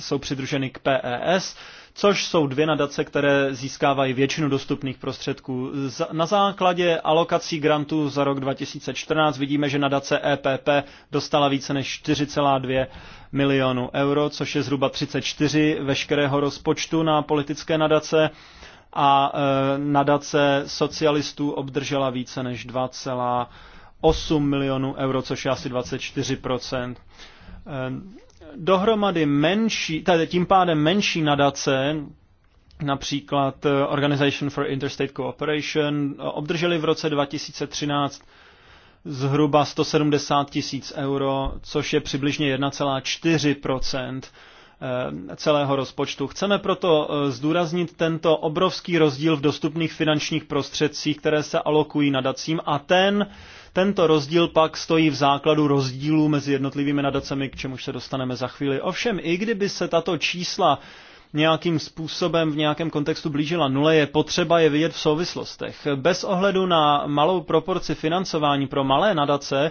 jsou přidruženy k PES, což jsou dvě nadace, které získávají většinu dostupných prostředků. Na základě alokací grantů za rok 2014 vidíme, že nadace EPP dostala více než 4,2 milionu euro, což je zhruba 34 veškerého rozpočtu na politické nadace a e, nadace socialistů obdržela více než 2,8 milionů euro, což je asi 24%. E, dohromady menší, tady tím pádem menší nadace, například e, Organization for Interstate Cooperation, obdrželi v roce 2013 zhruba 170 tisíc euro, což je přibližně 1,4 Eh, celého rozpočtu. Chceme proto eh, zdůraznit tento obrovský rozdíl v dostupných finančních prostředcích, které se alokují nadacím a ten, tento rozdíl pak stojí v základu rozdílů mezi jednotlivými nadacemi, k čemuž se dostaneme za chvíli. Ovšem, i kdyby se tato čísla nějakým způsobem v nějakém kontextu blížila nule, je potřeba je vidět v souvislostech. Bez ohledu na malou proporci financování pro malé nadace,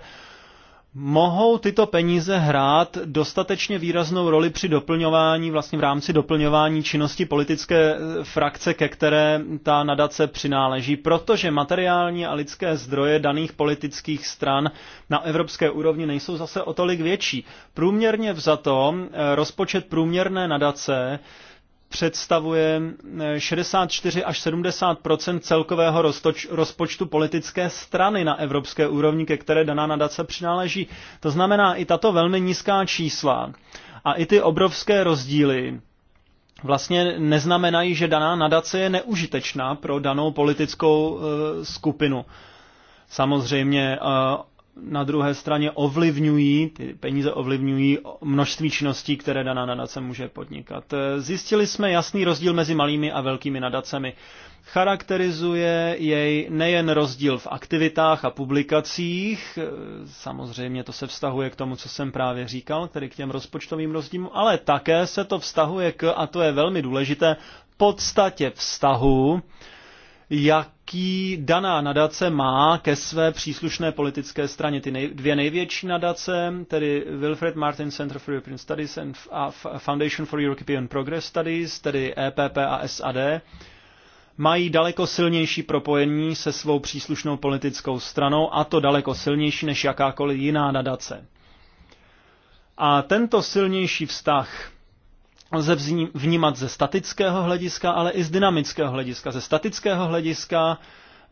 mohou tyto peníze hrát dostatečně výraznou roli při doplňování, vlastně v rámci doplňování činnosti politické eh, frakce, ke které ta nadace přináleží, protože materiální a lidské zdroje daných politických stran na evropské úrovni nejsou zase o tolik větší. Průměrně vzato eh, rozpočet průměrné nadace představuje 64 eh, až 70 celkového roztoč, rozpočtu politické strany na evropské úrovni, ke které daná nadace přináleží. To znamená, i tato velmi nízká čísla a i ty obrovské rozdíly vlastně neznamenají, že daná nadace je neužitečná pro danou politickou eh, skupinu. Samozřejmě eh, na druhé straně ovlivňují, ty peníze ovlivňují množství činností, které daná nadace může podnikat. Eh, zjistili jsme jasný rozdíl mezi malými a velkými nadacemi. Charakterizuje jej nejen rozdíl v aktivitách a publikacích, eh, samozřejmě to se vztahuje k tomu, co jsem právě říkal, tedy k těm rozpočtovým rozdílům, ale také se to vztahuje k, a to je velmi důležité, podstatě vztahu, jak jaký daná nadace má ke své příslušné politické straně. Ty nej, dvě největší nadace, tedy Wilfred Martin Center for European Studies a Foundation for European Progress Studies, tedy EPP a SAD, mají daleko silnější propojení se svou příslušnou politickou stranou a to daleko silnější než jakákoliv jiná nadace. A tento silnější vztah lze vnímat ze statického hlediska, ale i z dynamického hlediska. Ze statického hlediska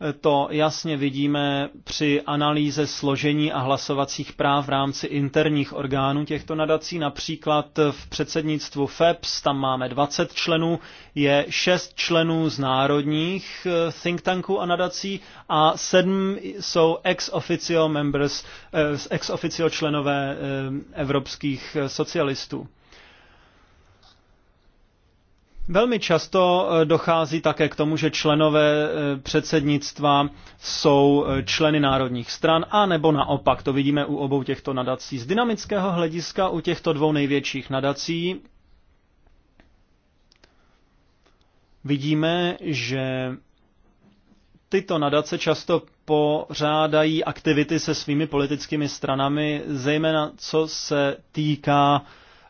eh, to jasně vidíme při analýze složení a hlasovacích práv v rámci interních orgánů těchto nadací. Například v předsednictvu FEPS, tam máme 20 členů, je 6 členů z národních eh, think tanků a nadací a 7 jsou ex officio members, eh, ex officio členové evropských socialistů. Velmi často eh, dochází také k tomu, že členové eh, předsednictva jsou eh, členy národních stran, a nebo naopak. To vidíme u obou těchto nadací. Z dynamického hlediska u těchto dvou největších nadací vidíme, že tyto nadace často pořádají aktivity se svými politickými stranami, zejména co se týká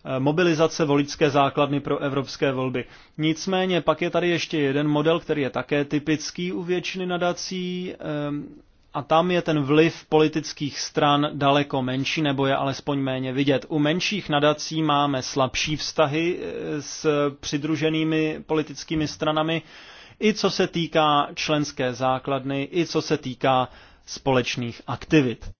Eh, mobilizace voličské základny pro evropské volby. Nicméně pak je tady ještě jeden model, který je také typický u většiny nadací eh, a tam je ten vliv politických stran daleko menší nebo je alespoň méně vidět. U menších nadací máme slabší vztahy eh, s přidruženými politickými stranami, i co se týká členské základny, i co se týká společných aktivit.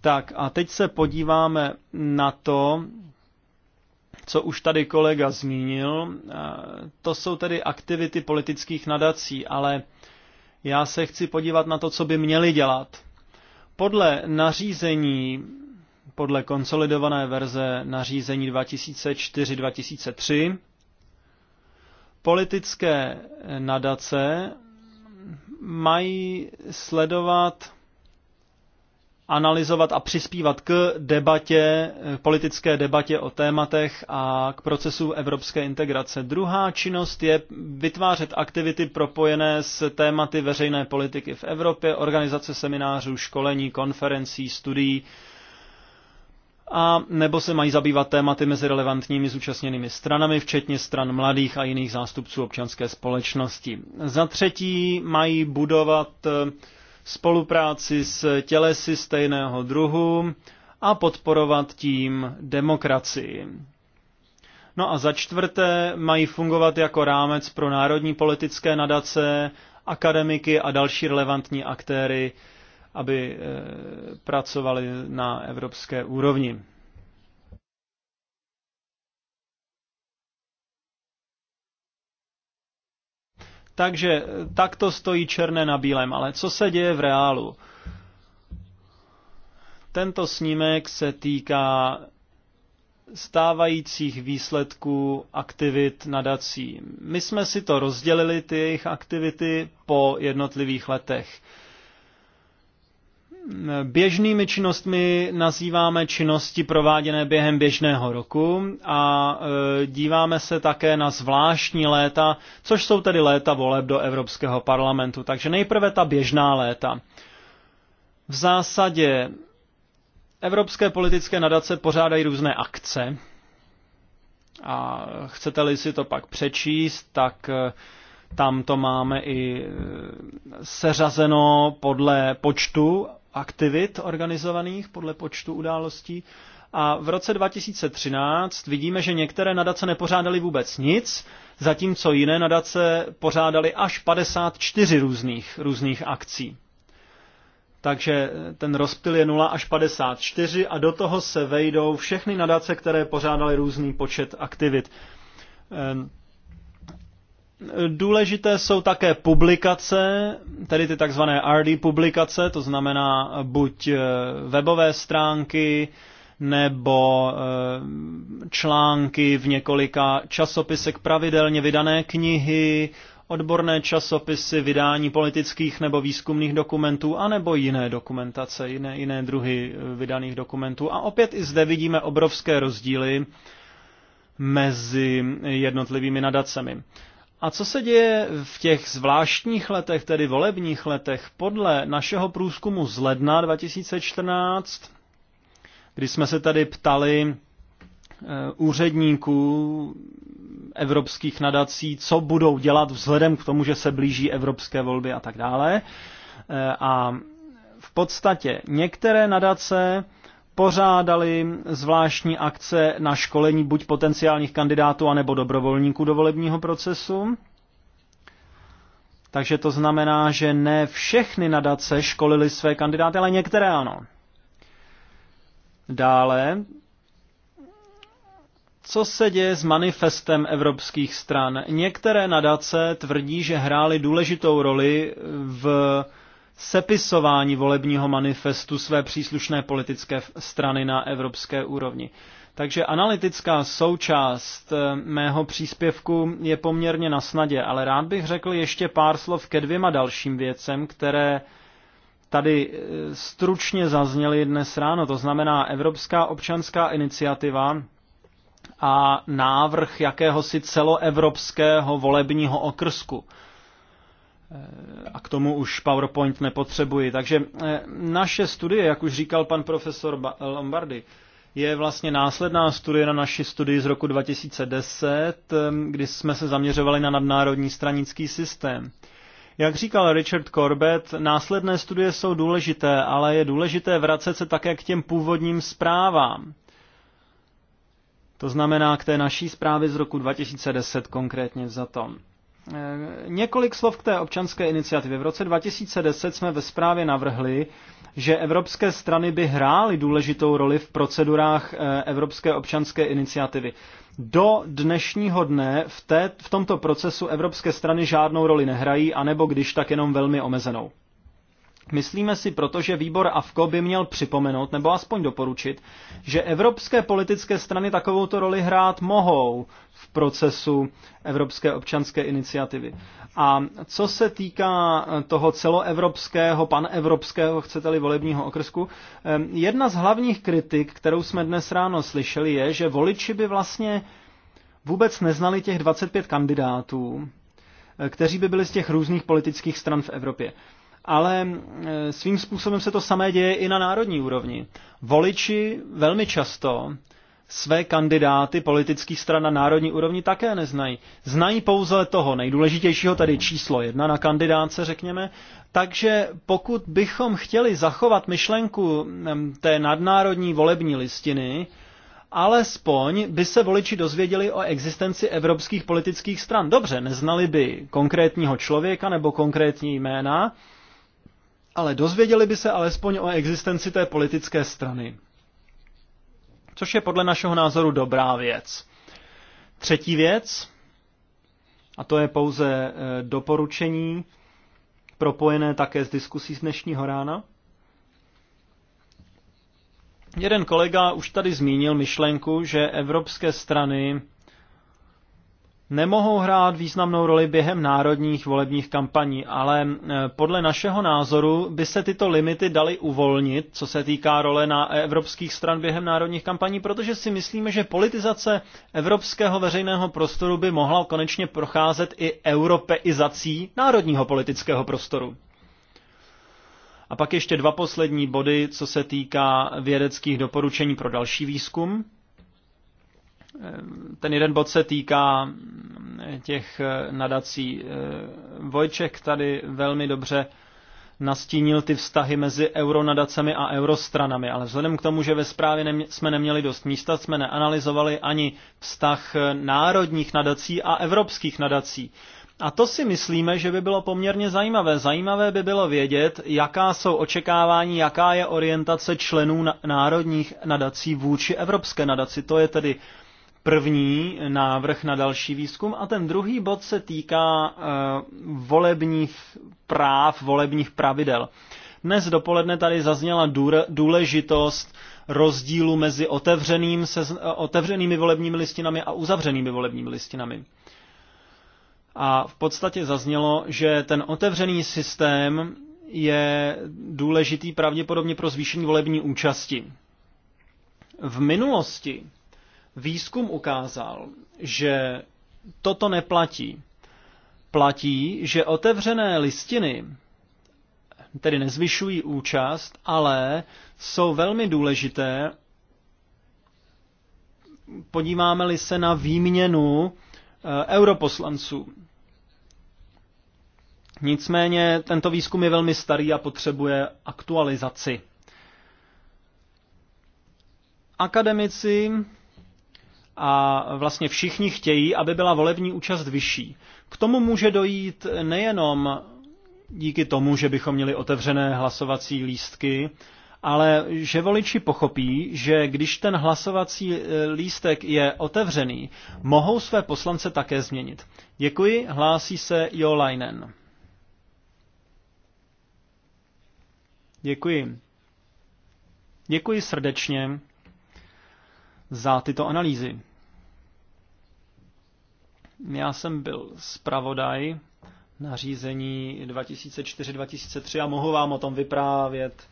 Tak a teď se podíváme na to, co už tady kolega zmínil. Eh, to jsou tedy aktivity politických nadací, ale já se chci podívat na to, co by měli dělat. Podle nařízení, podle konsolidované verze nařízení 2004-2003, politické nadace mají sledovat analyzovat a přispívat k debatě, politické debatě o tématech a k procesu evropské integrace. Druhá činnost je vytvářet aktivity propojené s tématy veřejné politiky v Evropě, organizace seminářů, školení, konferencí, studií, a nebo se mají zabývat tématy mezi relevantními zúčastněnými stranami, včetně stran mladých a jiných zástupců občanské společnosti. Za třetí mají budovat spolupráci s tělesy stejného druhu a podporovat tím demokracii. No a za čtvrté mají fungovat jako rámec pro národní politické nadace, akademiky a další relevantní aktéry, aby eh, pracovali na evropské úrovni. Takže eh, tak to stojí černé na bílém, ale co se děje v reálu? Tento snímek se týká stávajících výsledků aktivit nadací. My jsme si to rozdělili, ty jejich aktivity, po jednotlivých letech. Běžnými činnostmi nazýváme činnosti prováděné během běžného roku a e, díváme se také na zvláštní léta, což jsou tedy léta voleb do Evropského parlamentu. Takže nejprve ta běžná léta. V zásadě evropské politické nadace pořádají různé akce a chcete-li si to pak přečíst, tak e, tam to máme i e, seřazeno podle počtu aktivit organizovaných podle počtu událostí. A v roce 2013 vidíme, že některé nadace nepořádaly vůbec nic, zatímco jiné nadace pořádaly až 54 různých, různých akcí. Takže ten rozptyl je 0 až 54 a do toho se vejdou všechny nadace, které pořádaly různý počet aktivit. Ehm. Důležité jsou také publikace, tedy ty takzvané RD publikace, to znamená eh, buď eh, webové stránky nebo eh, články v několika časopisech, pravidelně vydané knihy, odborné časopisy, vydání politických nebo výzkumných dokumentů, anebo jiné dokumentace, jiné, jiné druhy vydaných dokumentů. A opět i zde vidíme obrovské rozdíly mezi jednotlivými nadacemi. A co se děje v těch zvláštních letech, tedy volebních letech? Podle našeho průzkumu z ledna 2014, kdy jsme se tady ptali eh, úředníků evropských nadací, co budou dělat vzhledem k tomu, že se blíží evropské volby a tak dále. Eh, a v podstatě některé nadace pořádali zvláštní akce na školení buď potenciálních kandidátů, anebo dobrovolníků do volebního procesu. Takže to znamená, že ne všechny nadace školili své kandidáty, ale některé ano. Dále, co se děje s manifestem evropských stran? Některé nadace tvrdí, že hrály důležitou roli v sepisování volebního manifestu své příslušné politické strany na evropské úrovni. Takže analytická součást eh, mého příspěvku je poměrně na snadě, ale rád bych řekl ještě pár slov ke dvěma dalším věcem, které tady eh, stručně zazněly dnes ráno. To znamená Evropská občanská iniciativa a návrh jakéhosi celoevropského volebního okrsku. A k tomu už PowerPoint nepotřebuji. Takže eh, naše studie, jak už říkal pan profesor Lombardi, je vlastně následná studie na naši studii z roku 2010, eh, kdy jsme se zaměřovali na nadnárodní stranický systém. Jak říkal Richard Corbett, následné studie jsou důležité, ale je důležité vracet se také k těm původním zprávám. To znamená k té naší zprávě z roku 2010 konkrétně za to. Eh, několik slov k té občanské iniciativě. V roce 2010 jsme ve zprávě navrhli, že evropské strany by hrály důležitou roli v procedurách eh, Evropské občanské iniciativy. Do dnešního dne v, té, v tomto procesu evropské strany žádnou roli nehrají, anebo když tak jenom velmi omezenou. Myslíme si proto, že výbor AFKO by měl připomenout nebo aspoň doporučit, že evropské politické strany takovouto roli hrát mohou v procesu Evropské občanské iniciativy. A co se týká eh, toho celoevropského, panevropského, chcete-li, volebního okrsku, eh, jedna z hlavních kritik, kterou jsme dnes ráno slyšeli, je, že voliči by vlastně vůbec neznali těch 25 kandidátů, eh, kteří by byli z těch různých politických stran v Evropě ale e, svým způsobem se to samé děje i na národní úrovni. Voliči velmi často své kandidáty politických stran na národní úrovni také neznají. Znají pouze toho nejdůležitějšího, tedy číslo jedna na kandidáce, řekněme. Takže pokud bychom chtěli zachovat myšlenku té nadnárodní volební listiny, alespoň by se voliči dozvěděli o existenci evropských politických stran. Dobře, neznali by konkrétního člověka nebo konkrétní jména, ale dozvěděli by se alespoň o existenci té politické strany. Což je podle našeho názoru dobrá věc. Třetí věc, a to je pouze e, doporučení, propojené také s diskusí z dnešního rána. Jeden kolega už tady zmínil myšlenku, že evropské strany nemohou hrát významnou roli během národních volebních kampaní, ale eh, podle našeho názoru by se tyto limity daly uvolnit, co se týká role na evropských stran během národních kampaní, protože si myslíme, že politizace evropského veřejného prostoru by mohla konečně procházet i europeizací národního politického prostoru. A pak ještě dva poslední body, co se týká vědeckých doporučení pro další výzkum ten jeden bod se týká mm, těch eh, nadací. Eh, Vojček tady velmi dobře nastínil ty vztahy mezi euronadacemi a eurostranami, ale vzhledem k tomu, že ve zprávě nemě, jsme neměli dost místa, jsme neanalyzovali ani vztah eh, národních nadací a evropských nadací. A to si myslíme, že by bylo poměrně zajímavé. Zajímavé by bylo vědět, jaká jsou očekávání, jaká je orientace členů národních nadací vůči evropské nadaci. To je tedy první návrh na další výzkum a ten druhý bod se týká eh, volebních práv, volebních pravidel. Dnes dopoledne tady zazněla důležitost rozdílu mezi otevřeným se, eh, otevřenými volebními listinami a uzavřenými volebními listinami. A v podstatě zaznělo, že ten otevřený systém je důležitý pravděpodobně pro zvýšení volební účasti. V minulosti Výzkum ukázal, že toto neplatí. Platí, že otevřené listiny tedy nezvyšují účast, ale jsou velmi důležité, podíváme-li se na výměnu eh, europoslanců. Nicméně tento výzkum je velmi starý a potřebuje aktualizaci. Akademici a vlastně všichni chtějí, aby byla volební účast vyšší. K tomu může dojít nejenom díky tomu, že bychom měli otevřené hlasovací lístky, ale že voliči pochopí, že když ten hlasovací eh, lístek je otevřený, mohou své poslance také změnit. Děkuji, hlásí se Jo Leinen. Děkuji. Děkuji srdečně za tyto analýzy. Já jsem byl zpravodaj na řízení 2004-2003 a mohu vám o tom vyprávět.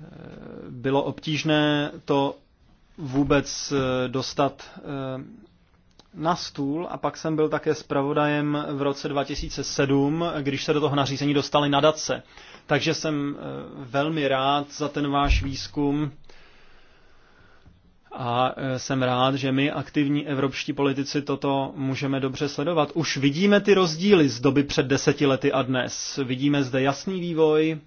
E, bylo obtížné to vůbec e, dostat e, na stůl a pak jsem byl také zpravodajem v roce 2007, když se do toho nařízení dostali nadace. Takže jsem velmi rád za ten váš výzkum a e, jsem rád, že my, aktivní evropští politici, toto můžeme dobře sledovat. Už vidíme ty rozdíly z doby před deseti lety a dnes. Vidíme zde jasný vývoj,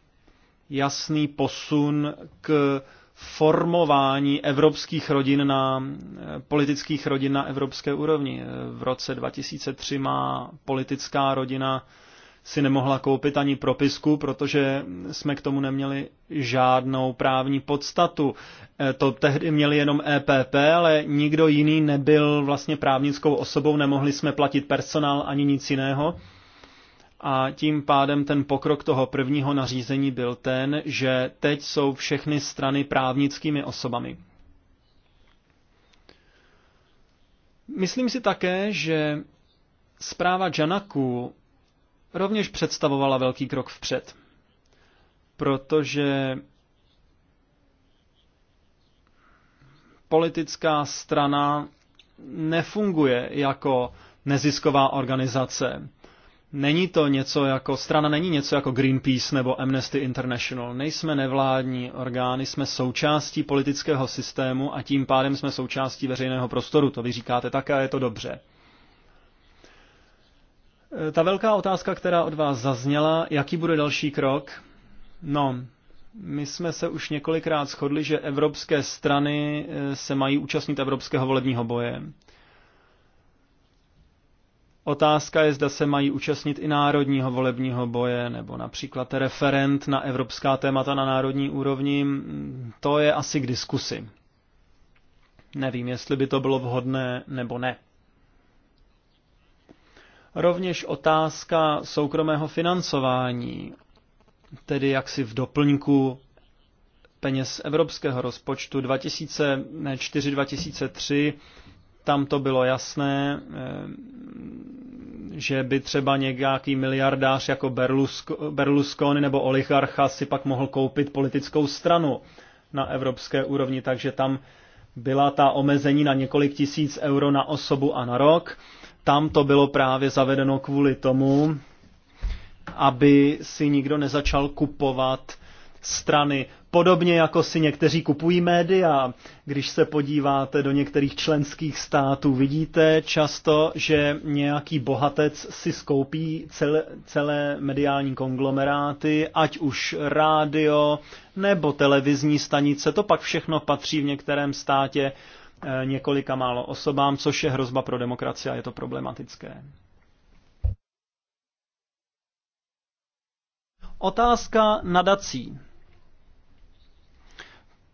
jasný posun k formování evropských rodin na e, politických rodin na evropské úrovni. E, v roce 2003 má politická rodina si nemohla koupit ani propisku, protože jsme k tomu neměli žádnou právní podstatu. E, to tehdy měli jenom EPP, ale nikdo jiný nebyl vlastně právnickou osobou, nemohli jsme platit personál ani nic jiného. A tím pádem ten pokrok toho prvního nařízení byl ten, že teď jsou všechny strany právnickými osobami. Myslím si také, že zpráva Janaku rovněž představovala velký krok vpřed, protože politická strana nefunguje jako nezisková organizace. Není to něco jako, strana není něco jako Greenpeace nebo Amnesty International. Nejsme nevládní orgány, jsme součástí politického systému a tím pádem jsme součástí veřejného prostoru. To vy říkáte také, je to dobře. Eh, ta velká otázka, která od vás zazněla, jaký bude další krok? No, my jsme se už několikrát shodli, že evropské strany eh, se mají účastnit evropského volebního boje. Otázka je, zda se mají účastnit i národního volebního boje, nebo například referent na evropská témata na národní úrovni. Mm, to je asi k diskusi. Nevím, jestli by to bylo vhodné nebo ne. Rovněž otázka soukromého financování, tedy jaksi v doplňku peněz evropského rozpočtu 2004-2003, tam to bylo jasné, eh, že by třeba nějaký miliardář jako Berlusconi nebo oligarcha si pak mohl koupit politickou stranu na evropské úrovni, takže tam byla ta omezení na několik tisíc euro na osobu a na rok tam to bylo právě zavedeno kvůli tomu, aby si nikdo nezačal kupovat strany. Podobně jako si někteří kupují média, když se podíváte do některých členských států, vidíte často, že nějaký bohatec si skoupí celé, celé mediální konglomeráty, ať už rádio nebo televizní stanice, to pak všechno patří v některém státě Eh, několika málo osobám, což je hrozba pro demokracii a je to problematické. Otázka nadací.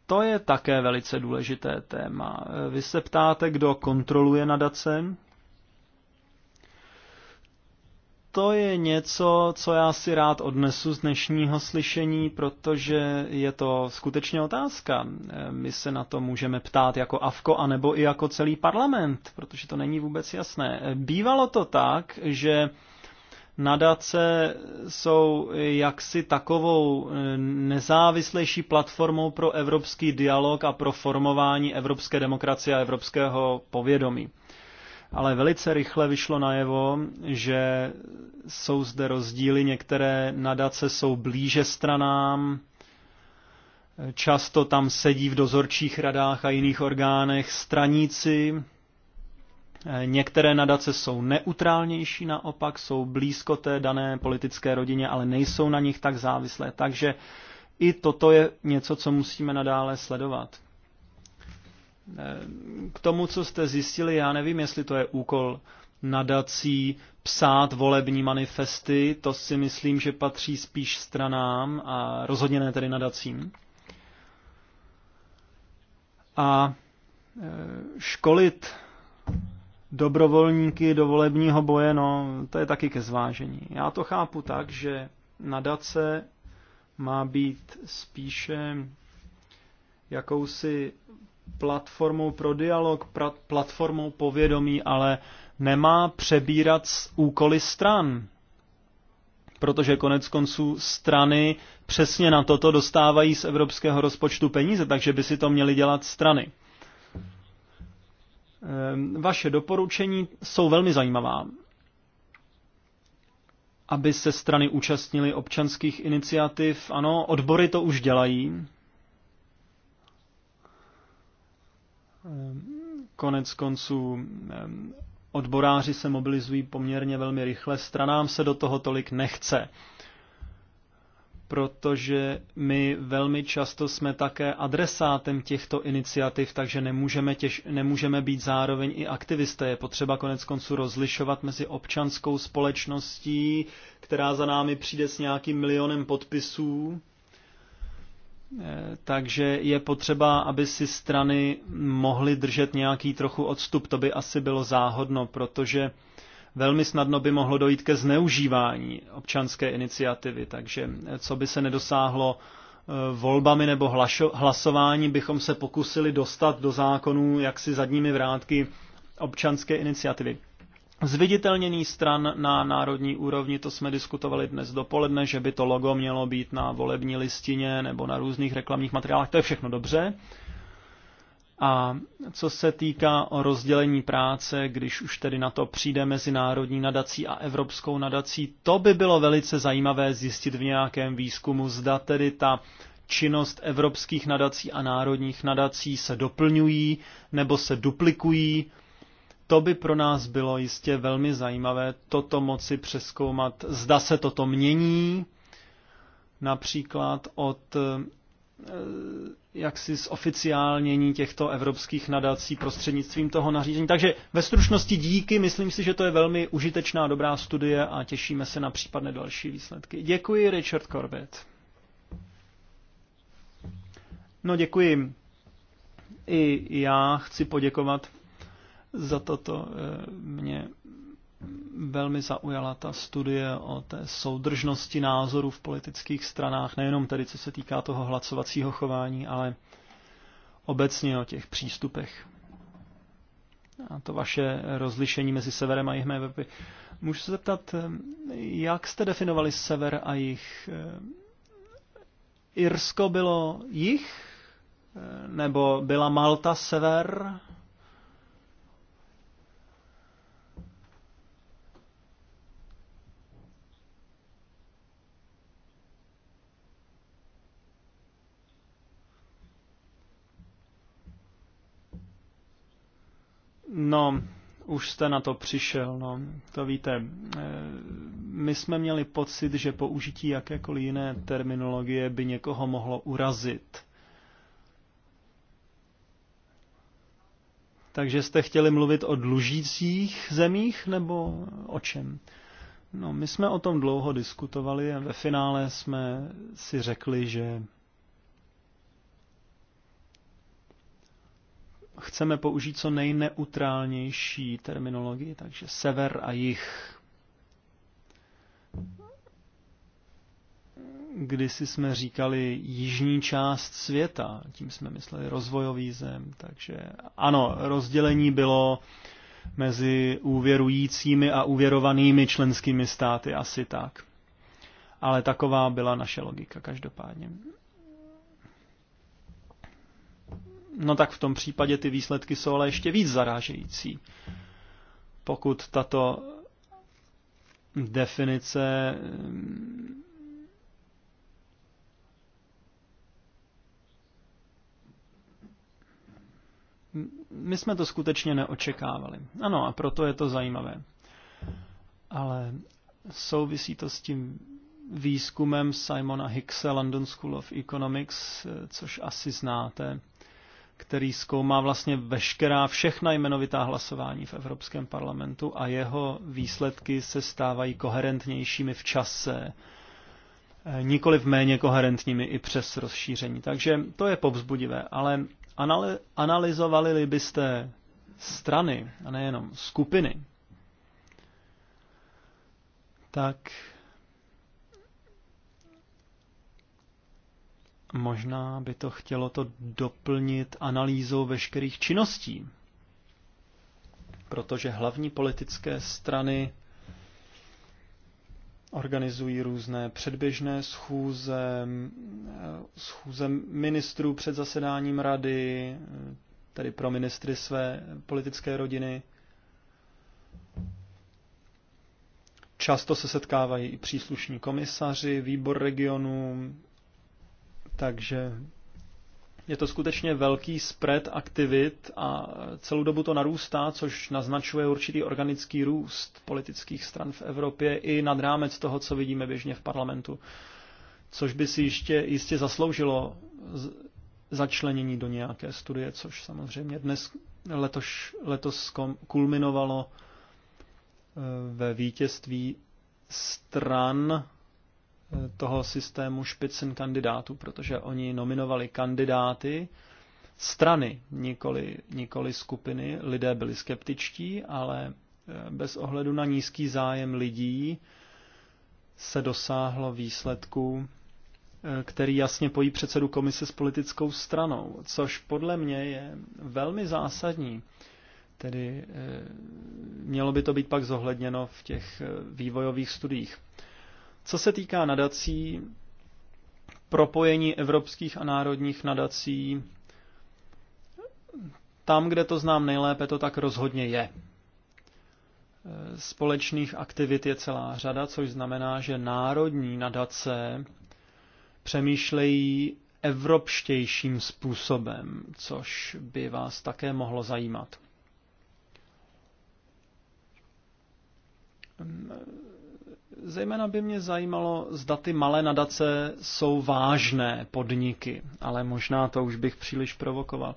To je také velice důležité téma. Eh, vy se ptáte, kdo kontroluje nadace. to je něco, co já si rád odnesu z dnešního slyšení, protože je to skutečně otázka. My se na to můžeme ptát jako AFKO, anebo i jako celý parlament, protože to není vůbec jasné. Bývalo to tak, že nadace jsou jaksi takovou nezávislejší platformou pro evropský dialog a pro formování evropské demokracie a evropského povědomí ale velice rychle vyšlo najevo, že jsou zde rozdíly. Některé nadace jsou blíže stranám, často tam sedí v dozorčích radách a jiných orgánech straníci, Některé nadace jsou neutrálnější, naopak jsou blízko té dané politické rodině, ale nejsou na nich tak závislé. Takže i toto je něco, co musíme nadále sledovat. K tomu, co jste zjistili, já nevím, jestli to je úkol nadací psát volební manifesty, to si myslím, že patří spíš stranám a rozhodně ne tedy nadacím. A e, školit dobrovolníky do volebního boje, no, to je taky ke zvážení. Já to chápu tak, že nadace má být spíše jakousi platformou pro dialog, platformou povědomí, ale nemá přebírat z úkoly stran. Protože konec konců strany přesně na toto dostávají z evropského rozpočtu peníze, takže by si to měly dělat strany. Ehm, vaše doporučení jsou velmi zajímavá. Aby se strany účastnily občanských iniciativ, ano, odbory to už dělají, Konec konců odboráři se mobilizují poměrně velmi rychle, stranám se do toho tolik nechce protože my velmi často jsme také adresátem těchto iniciativ, takže nemůžeme, těž, nemůžeme být zároveň i aktivisté. Je potřeba konec konců rozlišovat mezi občanskou společností, která za námi přijde s nějakým milionem podpisů, Eh, takže je potřeba, aby si strany mohly držet nějaký trochu odstup. To by asi bylo záhodno, protože velmi snadno by mohlo dojít ke zneužívání občanské iniciativy. Takže eh, co by se nedosáhlo eh, volbami nebo hlasování, bychom se pokusili dostat do zákonů jaksi zadními vrátky občanské iniciativy. Zviditelnění stran na národní úrovni, to jsme diskutovali dnes dopoledne, že by to logo mělo být na volební listině nebo na různých reklamních materiálech, to je všechno dobře. A co se týká o rozdělení práce, když už tedy na to přijde mezinárodní nadací a evropskou nadací, to by bylo velice zajímavé zjistit v nějakém výzkumu, zda tedy ta činnost evropských nadací a národních nadací se doplňují nebo se duplikují, to by pro nás bylo jistě velmi zajímavé toto moci přeskoumat. Zda se toto mění, například od eh, jaksi z oficiálnění těchto evropských nadací prostřednictvím toho nařízení. Takže ve stručnosti díky, myslím si, že to je velmi užitečná, dobrá studie a těšíme se na případné další výsledky. Děkuji, Richard Corbett. No děkuji. I já chci poděkovat za toto eh, mě velmi zaujala ta studie o té soudržnosti názorů v politických stranách, nejenom tedy co se týká toho hlacovacího chování, ale obecně o těch přístupech. A to vaše rozlišení mezi severem a jihem Evropy. Můžu se zeptat, eh, jak jste definovali sever a jich? Eh, Irsko bylo jich? Nebo byla Malta sever? No, už jste na to přišel, no, to víte. E, my jsme měli pocit, že použití jakékoliv jiné terminologie by někoho mohlo urazit. Takže jste chtěli mluvit o dlužících zemích nebo o čem? No, my jsme o tom dlouho diskutovali a ve finále jsme si řekli, že chceme použít co nejneutrálnější terminologii, takže sever a jich. Kdysi jsme říkali jižní část světa, tím jsme mysleli rozvojový zem, takže ano, rozdělení bylo mezi úvěrujícími a úvěrovanými členskými státy, asi tak. Ale taková byla naše logika každopádně. no tak v tom případě ty výsledky jsou ale ještě víc zarážející. Pokud tato definice mm, my jsme to skutečně neočekávali. Ano, a proto je to zajímavé. Ale souvisí to s tím výzkumem Simona Hicksa London School of Economics, což asi znáte který zkoumá vlastně veškerá všechna jmenovitá hlasování v Evropském parlamentu a jeho výsledky se stávají koherentnějšími v čase, eh, nikoliv méně koherentními i přes rozšíření. Takže to je povzbudivé, ale analyzovali byste strany, a nejenom skupiny, tak Možná by to chtělo to doplnit analýzou veškerých činností, protože hlavní politické strany organizují různé předběžné schůze, schůze ministrů před zasedáním rady, tedy pro ministry své politické rodiny. Často se setkávají i příslušní komisaři, výbor regionů, takže je to skutečně velký spread aktivit a celou dobu to narůstá, což naznačuje určitý organický růst politických stran v Evropě i nad rámec toho, co vidíme běžně v parlamentu, což by si ještě, jistě zasloužilo začlenění do nějaké studie, což samozřejmě dnes letoš, letos kulminovalo eh, ve vítězství stran toho systému špicen kandidátů, protože oni nominovali kandidáty strany, nikoli, nikoli skupiny. Lidé byli skeptičtí, ale e, bez ohledu na nízký zájem lidí se dosáhlo výsledku, e, který jasně pojí předsedu komise s politickou stranou, což podle mě je velmi zásadní. Tedy e, mělo by to být pak zohledněno v těch vývojových studiích. Co se týká nadací, propojení evropských a národních nadací, tam, kde to znám nejlépe, to tak rozhodně je. Společných aktivit je celá řada, což znamená, že národní nadace přemýšlejí evropštějším způsobem, což by vás také mohlo zajímat. Zejména by mě zajímalo, zda ty malé nadace jsou vážné podniky, ale možná to už bych příliš provokoval.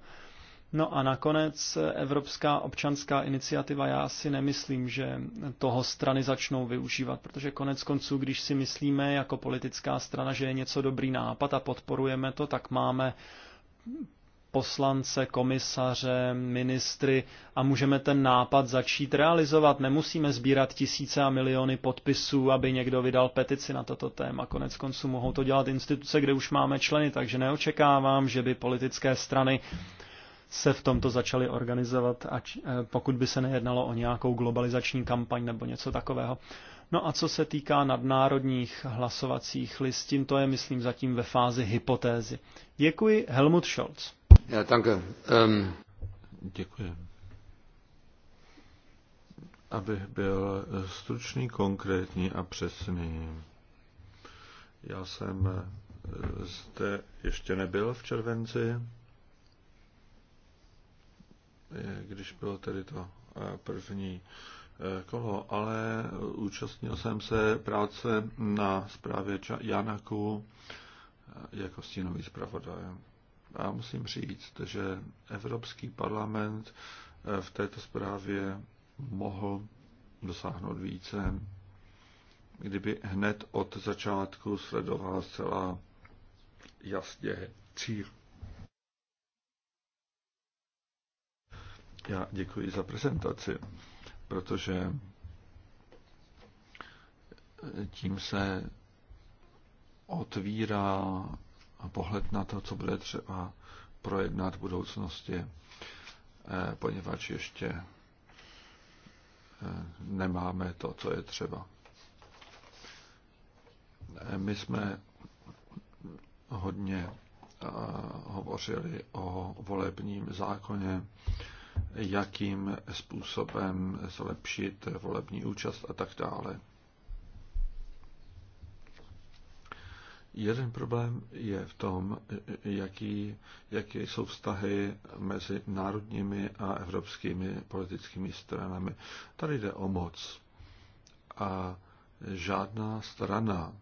No a nakonec eh, Evropská občanská iniciativa, já si nemyslím, že toho strany začnou využívat, protože konec konců, když si myslíme jako politická strana, že je něco dobrý nápad a podporujeme to, tak máme poslance, komisaře, ministry a můžeme ten nápad začít realizovat. Nemusíme sbírat tisíce a miliony podpisů, aby někdo vydal petici na toto téma. Konec konců mohou to dělat instituce, kde už máme členy, takže neočekávám, že by politické strany se v tomto začaly organizovat, ač, eh, pokud by se nejednalo o nějakou globalizační kampaň nebo něco takového. No a co se týká nadnárodních hlasovacích listin, to je, myslím, zatím ve fázi hypotézy. Děkuji, Helmut Scholz. Ja, danke. Ähm, Děkuji. Abych byl stručný, konkrétní a přesný. Já jsem eh, zde ještě nebyl v červenci, eh, když bylo tedy to eh, první kolo, ale účastnil jsem se práce na zprávě Janaku jako stínový zpravodaj a musím říct, že Evropský parlament eh, v této zprávě mohl dosáhnout více, kdyby hned od začátku sledoval zcela jasně cíl. Já děkuji za prezentaci, protože tím se otvírá a pohled na to, co bude třeba projednat v budoucnosti, eh, poněvadž ještě eh, nemáme to, co je třeba. Eh, my jsme hodně hovořili o volebním zákoně, jakým způsobem zlepšit volební účast a tak dále. Jeden problém je v tom, jaký, jaké jsou vztahy mezi národními a evropskými politickými stranami. Tady jde o moc. A žádná strana,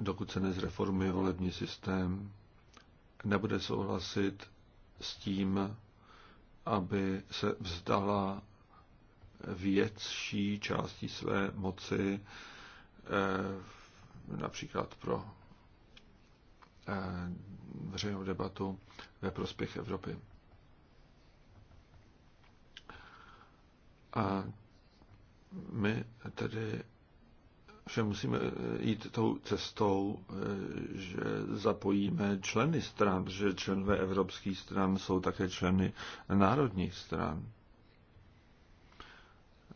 dokud se nezreformuje volební systém, nebude souhlasit s tím, aby se vzdala větší části své moci v eh, například pro eh, veřejnou debatu ve prospěch Evropy. A my tedy že musíme eh, jít tou cestou, eh, že zapojíme členy stran, že členové evropských stran jsou také členy národních stran.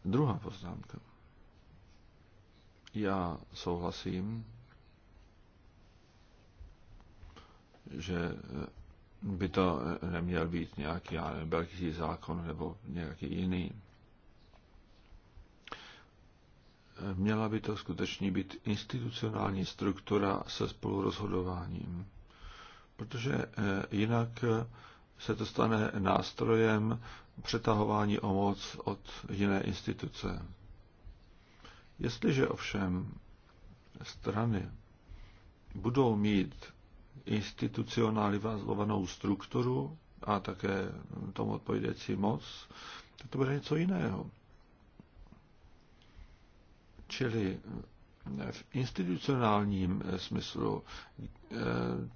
Druhá poznámka. Já souhlasím, že eh, by to eh, neměl být nějaký já belgický zákon nebo nějaký jiný. Měla by to skutečně být institucionální struktura se spolurozhodováním, protože eh, jinak se to stane nástrojem přetahování o moc od jiné instituce. Jestliže ovšem strany budou mít institucionalizovanou strukturu a také tomu odpovídající moc, tak to bude něco jiného. Čili v institucionálním smyslu eh,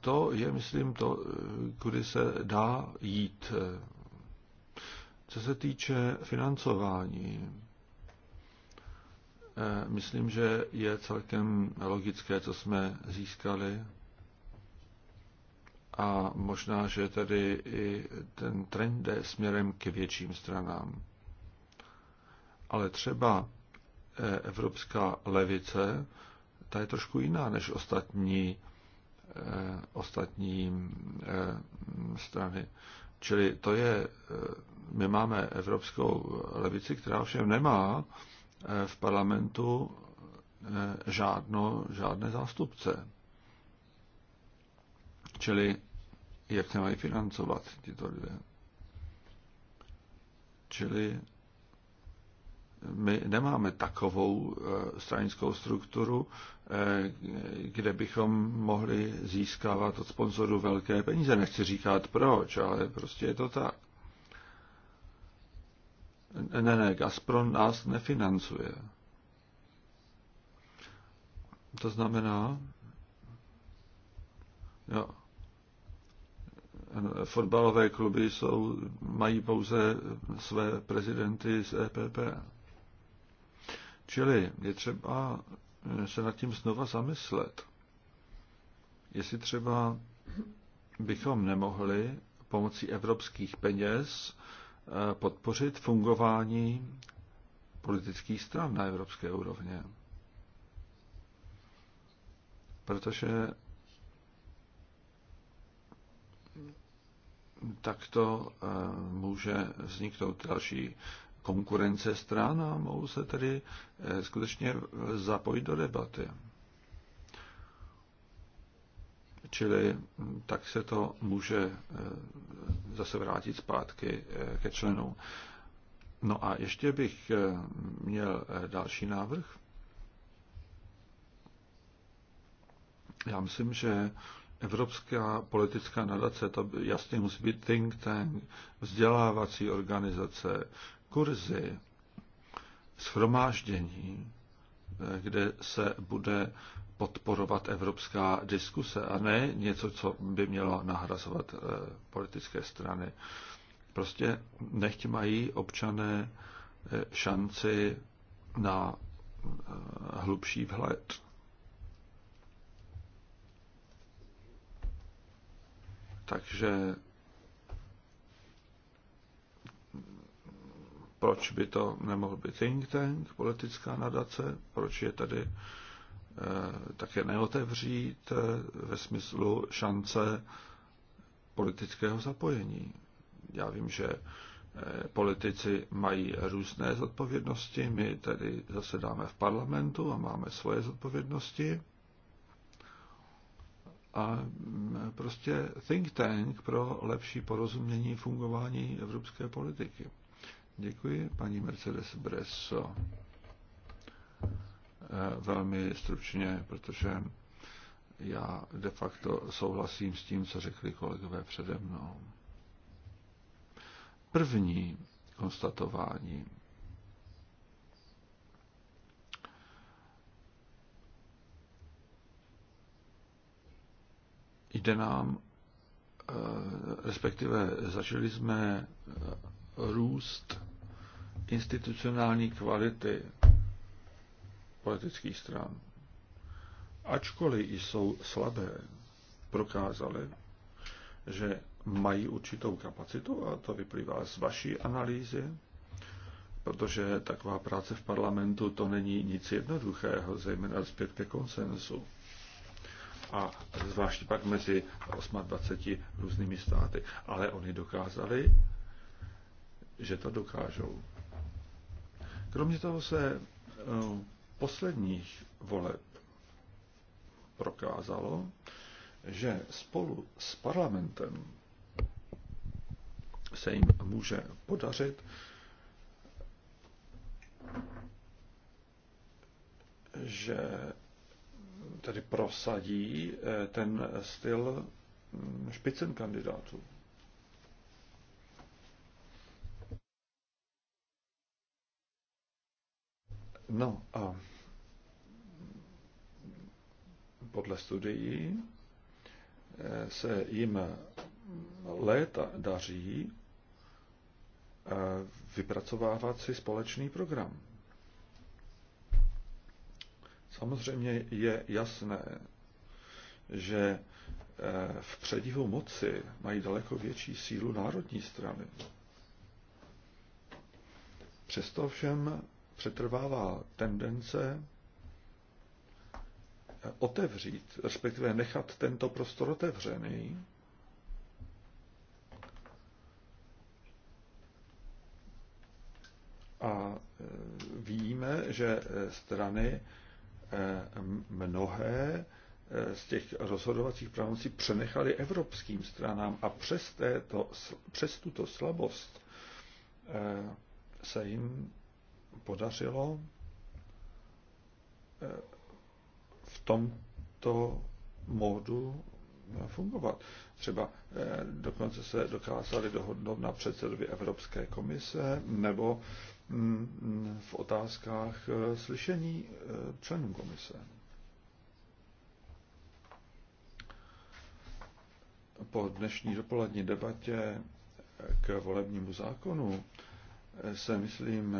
to je, myslím, to, eh, kudy se dá jít. Eh, co se týče financování, Eh, myslím, že je celkem logické, co jsme získali. A možná, že tedy i ten trend jde směrem k větším stranám. Ale třeba eh, evropská levice, ta je trošku jiná než ostatní, eh, ostatní strany. Čili to je, my máme evropskou levici, která ovšem nemá Eh, v parlamentu eh, žádno, žádné zástupce. Čili jak se mají financovat tyto lidé. Čili my nemáme takovou eh, stranickou strukturu, kde bychom mohli získávat od sponzorů velké peníze. Nechci říkat proč, ale prostě je to tak. Ne, ne, Gazprom nás nefinancuje. To znamená, jo, fotbalové kluby jsou, mají pouze své prezidenty z EPP. Čili je třeba se nad tím znova zamyslet. Jestli třeba bychom nemohli pomocí evropských peněz Eh, podpořit fungování politických stran na evropské úrovně. Protože takto eh, může vzniknout další konkurence stran a mohou se tedy eh, skutečně zapojit do debaty. Čili mm, tak se to může eh, zase vrátit zpátky eh, ke členům. No a ještě bych eh, měl další návrh. Já myslím, že Evropská politická nadace, to jasně musí být think tank, vzdělávací organizace, kurzy, schromáždění, kde se bude podporovat evropská diskuse a ne něco, co by mělo nahrazovat eh, politické strany. Prostě nechť mají občané eh, šanci na eh, hlubší vhled. Takže proč by to nemohl být think tank, politická nadace, proč je tady eh, také neotevřít eh, ve smyslu šance politického zapojení. Já vím, že eh, politici mají různé zodpovědnosti, my tedy zasedáme v parlamentu a máme svoje zodpovědnosti. A mm, prostě think tank pro lepší porozumění fungování evropské politiky. Děkuji, paní Mercedes Bresso. Eh, velmi stručně, protože já de facto souhlasím s tím, co řekli kolegové přede mnou. První konstatování. Jde nám, eh, respektive zažili jsme eh, růst institucionální kvality politických stran, ačkoliv jsou slabé, prokázali, že mají určitou kapacitu a to vyplývá z vaší analýzy, protože taková práce v parlamentu to není nic jednoduchého, zejména zpět ke konsensu. A zvláště pak mezi 28 různými státy. Ale oni dokázali že to dokážou. Kromě toho se eh, posledních voleb prokázalo, že spolu s parlamentem se jim může podařit že tedy prosadí eh, ten styl hm, špicen kandidátů. No a podle studií eh, se jim léta daří eh, vypracovávat si společný program. Samozřejmě je jasné, že eh, v předivu moci mají daleko větší sílu národní strany. Přesto všem přetrvává tendence eh, otevřít, respektive nechat tento prostor otevřený, A eh, víme, že eh, strany mnohé z těch rozhodovacích pravomocí přenechaly evropským stranám a přes, této, přes tuto slabost se jim podařilo eh, v tomto módu eh, fungovat. Třeba eh, dokonce se dokázali dohodnout na předsedovi Evropské komise nebo mm, v otázkách slyšení členů komise. Po dnešní dopolední debatě k volebnímu zákonu se, myslím,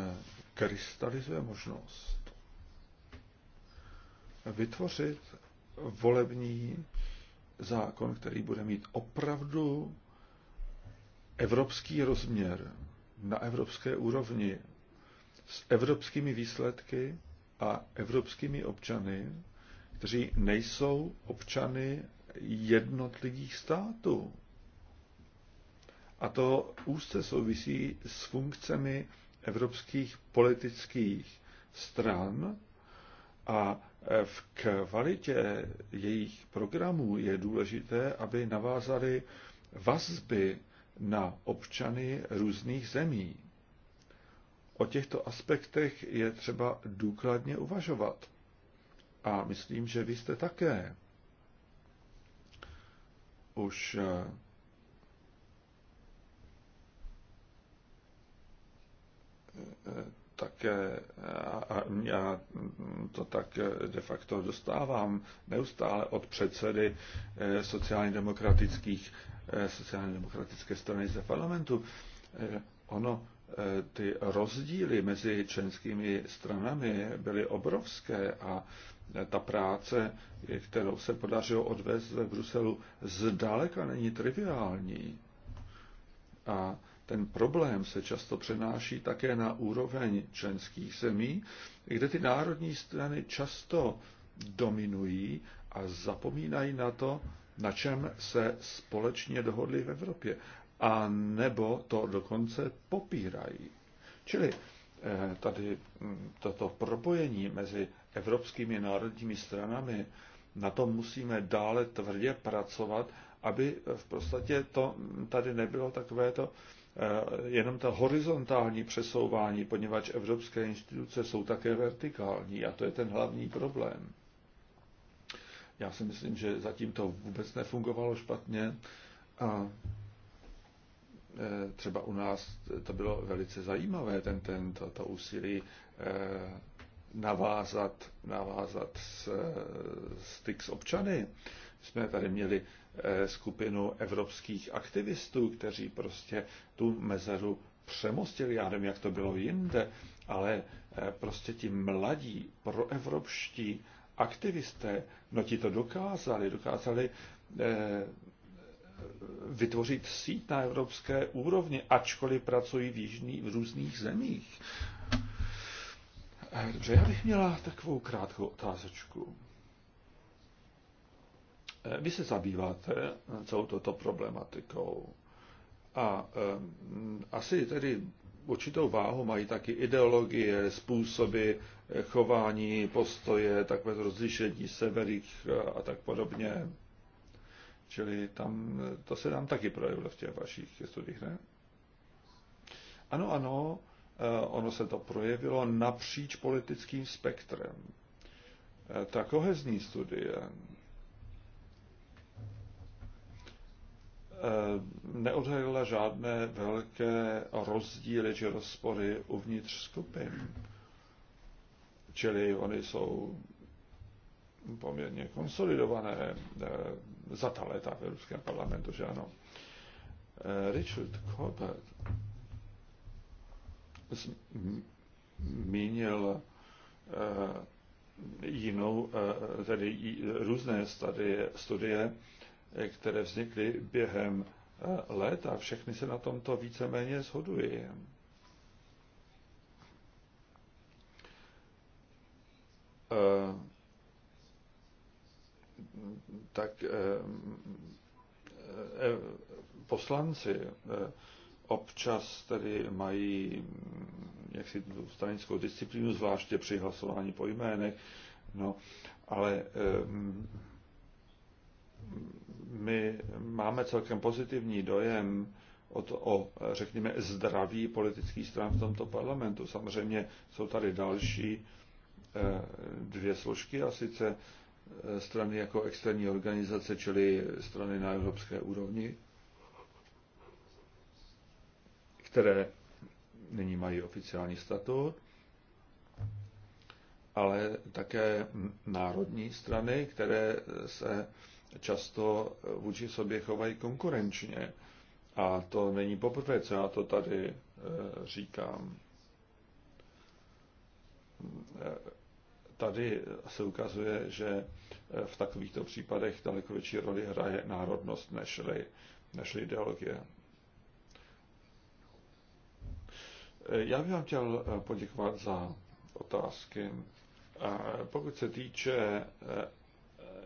krystalizuje možnost vytvořit volební zákon, který bude mít opravdu evropský rozměr na evropské úrovni s evropskými výsledky a evropskými občany, kteří nejsou občany jednotlivých států. A to úzce souvisí s funkcemi evropských politických stran a eh, v kvalitě jejich programů je důležité, aby navázali vazby na občany různých zemí. O těchto aspektech je třeba důkladně uvažovat. A myslím, že vy jste také už eh, Tak a já to tak de facto dostávám neustále od předsedy eh, sociálně demokratických eh, sociálně demokratické strany ze parlamentu. Eh, ono, ty rozdíly mezi členskými stranami byly obrovské a ta práce, kterou se podařilo odvést ve Bruselu, zdaleka není triviální. A ten problém se často přenáší také na úroveň členských zemí, kde ty národní strany často dominují a zapomínají na to, na čem se společně dohodli v Evropě. A nebo to dokonce popírají. Čili eh, tady hm, toto propojení mezi evropskými národními stranami, na tom musíme dále tvrdě pracovat, aby v podstatě to tady nebylo takové to Eh, jenom to horizontální přesouvání, poněvadž evropské instituce jsou také vertikální a to je ten hlavní problém. Já si myslím, že zatím to vůbec nefungovalo špatně a eh, třeba u nás to bylo velice zajímavé, ten, ten, to, to úsilí eh, navázat, navázat s, styk s občany jsme tady měli eh, skupinu evropských aktivistů, kteří prostě tu mezeru přemostili. Já nevím, jak to bylo jinde, ale eh, prostě ti mladí proevropští aktivisté, no ti to dokázali, dokázali eh, vytvořit síť na evropské úrovni, ačkoliv pracují v, jižní, v různých zemích. Dobře, já bych měla takovou krátkou otázečku. Eh, vy se zabýváte eh, celou toto problematikou a eh, asi tedy určitou váhu mají taky ideologie, způsoby chování, postoje, takové rozlišení severých a tak podobně. Čili tam, to se tam taky projevilo v těch vašich studiích, ne? Ano, ano, ono se to projevilo napříč politickým spektrem. Ta kohezní studie, Eh, neodhalila žádné velké rozdíly či rozpory uvnitř skupin. Čili oni jsou poměrně konsolidované eh, za ta léta v Evropském parlamentu, že ano. Eh, Richard Corbett zmínil jinou, tedy různé studie, studie které vznikly během eh, let a všechny se na tomto víceméně shodují. Eh, tak eh, poslanci občas tedy mají hm, jaksi tu stranickou disciplínu, zvláště při hlasování po jménech, no, ale hm, my máme celkem pozitivní dojem o, to, o řekněme, zdraví politických stran v tomto parlamentu. Samozřejmě jsou tady další eh, dvě složky a sice eh, strany jako externí organizace, čili strany na evropské úrovni, které nyní mají oficiální statut, ale také národní strany, které se často vůči sobě chovají konkurenčně. A to není poprvé, co já to tady eh, říkám. Eh, tady se ukazuje, že eh, v takovýchto případech daleko větší roli hraje národnost než, než ideologie. Já bych vám chtěl poděkovat za otázky. Pokud se týče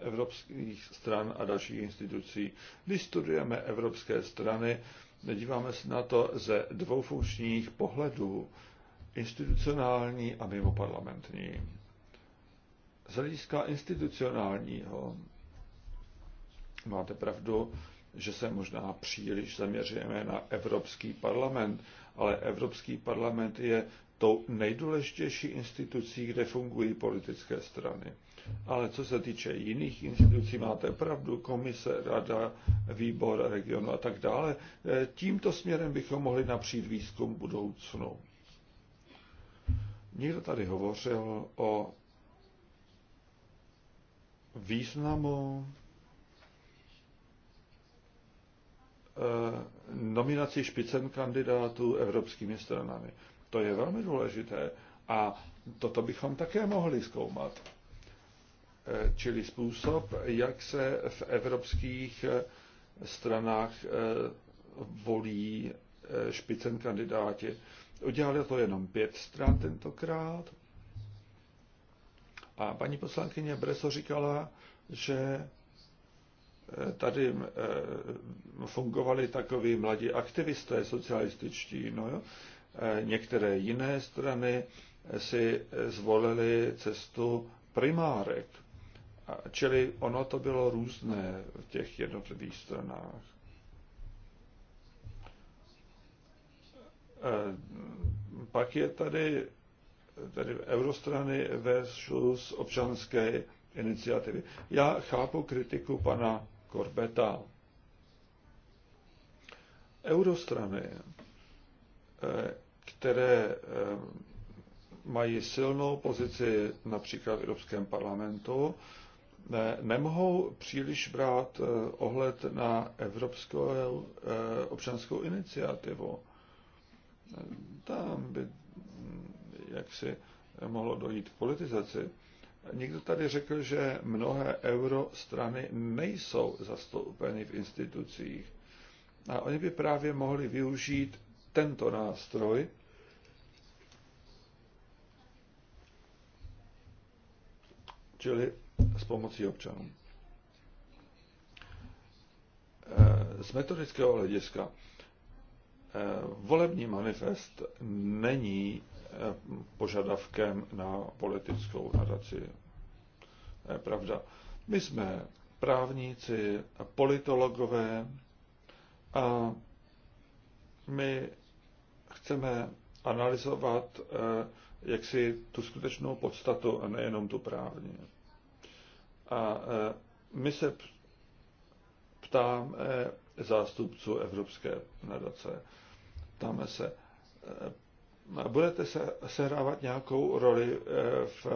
evropských stran a dalších institucí. Když studujeme evropské strany, díváme se na to ze dvou funkčních pohledů, institucionální a mimo parlamentní. Z hlediska institucionálního máte pravdu, že se možná příliš zaměřujeme na Evropský parlament, ale Evropský parlament je tou nejdůležitější institucí, kde fungují politické strany. Ale co se týče jiných institucí, máte pravdu, komise, rada, výbor regionu a tak dále. E, tímto směrem bychom mohli napřít výzkum budoucnu. Někdo tady hovořil o významu e, nominací špicen kandidátů evropskými stranami. To je velmi důležité a toto bychom také mohli zkoumat čili způsob, jak se v evropských eh, stranách eh, volí eh, špicen kandidáti. Udělali to jenom pět stran tentokrát. A paní poslankyně Breso říkala, že tady fungovali takoví mladí aktivisté socialističtí. No jo. Některé jiné strany si zvolili cestu primárek. Čili ono to bylo různé v těch jednotlivých stranách. E, pak je tady, tady eurostrany versus občanské iniciativy. Já chápu kritiku pana Korbeta. Eurostrany, e, které e, mají silnou pozici například v Evropském parlamentu, ne nemohou příliš brát eh, ohled na evropskou eh, občanskou iniciativu. Tam by hm, jaksi mohlo dojít k politizaci. Někdo tady řekl, že mnohé eurostrany nejsou zastoupeny v institucích. A oni by právě mohli využít tento nástroj čili s pomocí občanů. Eh, z metodického hlediska eh, volební manifest není eh, požadavkem na politickou nadaci. Je pravda. My jsme právníci, politologové a my chceme analyzovat jaksi tu skutečnou podstatu a nejenom tu právní. A e, my se ptáme zástupců Evropské nadace. Ptáme se, e, budete se sehrávat nějakou roli e, v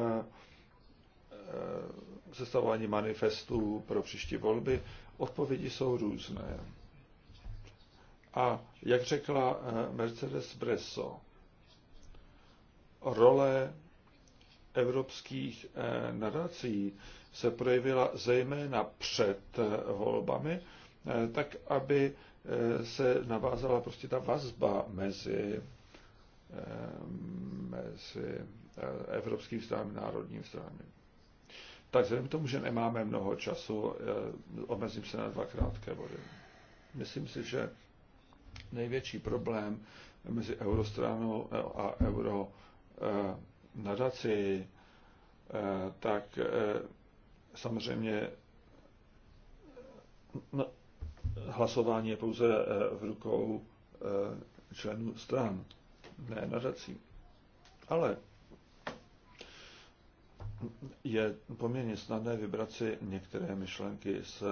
sestavování manifestů pro příští volby? Odpovědi jsou různé. A jak řekla Mercedes Bresso, role evropských eh, nadací se projevila zejména před eh, volbami, eh, tak aby se navázala prostě ta vazba mezi, mezi evropským stranami, národním stranami. Tak vzhledem k tomu, že nemáme mnoho času, omezím se na dva krátké body. Myslím si, že největší problém mezi eurostranou a euro Eh, nadaci, eh, tak eh, samozřejmě no, hlasování je pouze v rukou členů stran, ne nadací. Ale je poměrně snadné vybrat si některé myšlenky z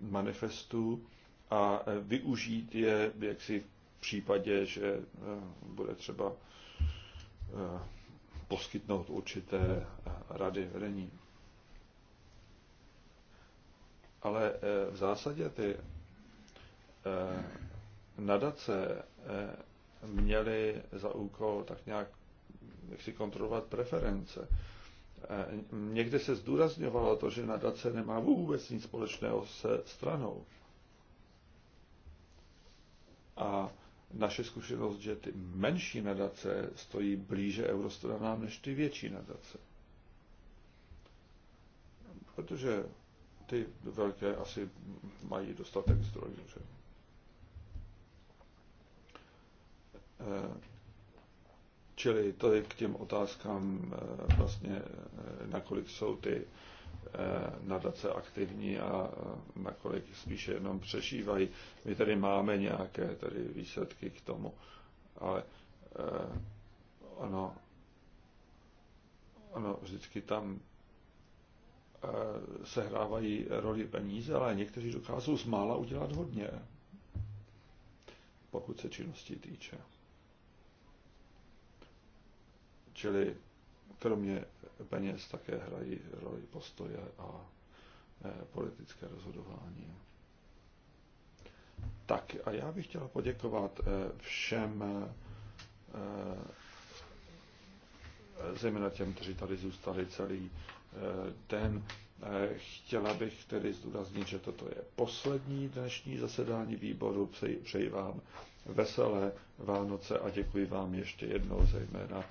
manifestů a využít je jaksi v případě, že bude třeba Eh, poskytnout určité eh, rady vedení. Ale eh, v zásadě ty nadace měly za úkol tak nějak jak si kontrolovat preference. Někde se zdůrazňovalo to, že nadace nemá vůbec nic společného se stranou. A naše zkušenost, že ty menší nadace stojí blíže eurostodanám než ty větší nadace. Protože ty velké asi mají dostatek zdrojů. Že? Eh, čili to je k těm otázkám eh, vlastně, eh, nakolik jsou ty Eh, nadace aktivní a eh, nakolik spíše jenom přežívají. My tady máme nějaké tady výsledky k tomu, ale eh, ono, ono vždycky tam sehrávají roli peníze, ale někteří dokážou z mála udělat hodně, pokud se činnosti týče. Čili kromě peněz také hrají roli postoje a eh, politické rozhodování. Tak a já bych chtěla poděkovat eh, všem, eh, zejména těm, kteří tady zůstali celý den. Chtěla bych tedy zdůraznit, že toto je poslední dnešní zasedání výboru. Přeji vám veselé Vánoce a děkuji vám ještě jednou zejména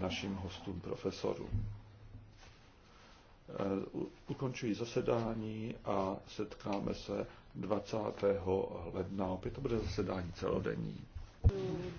našim hostům, profesorům. Eh, ukončuji zasedání a setkáme se 20. ledna. Opět to bude zasedání celodenní. Hmm,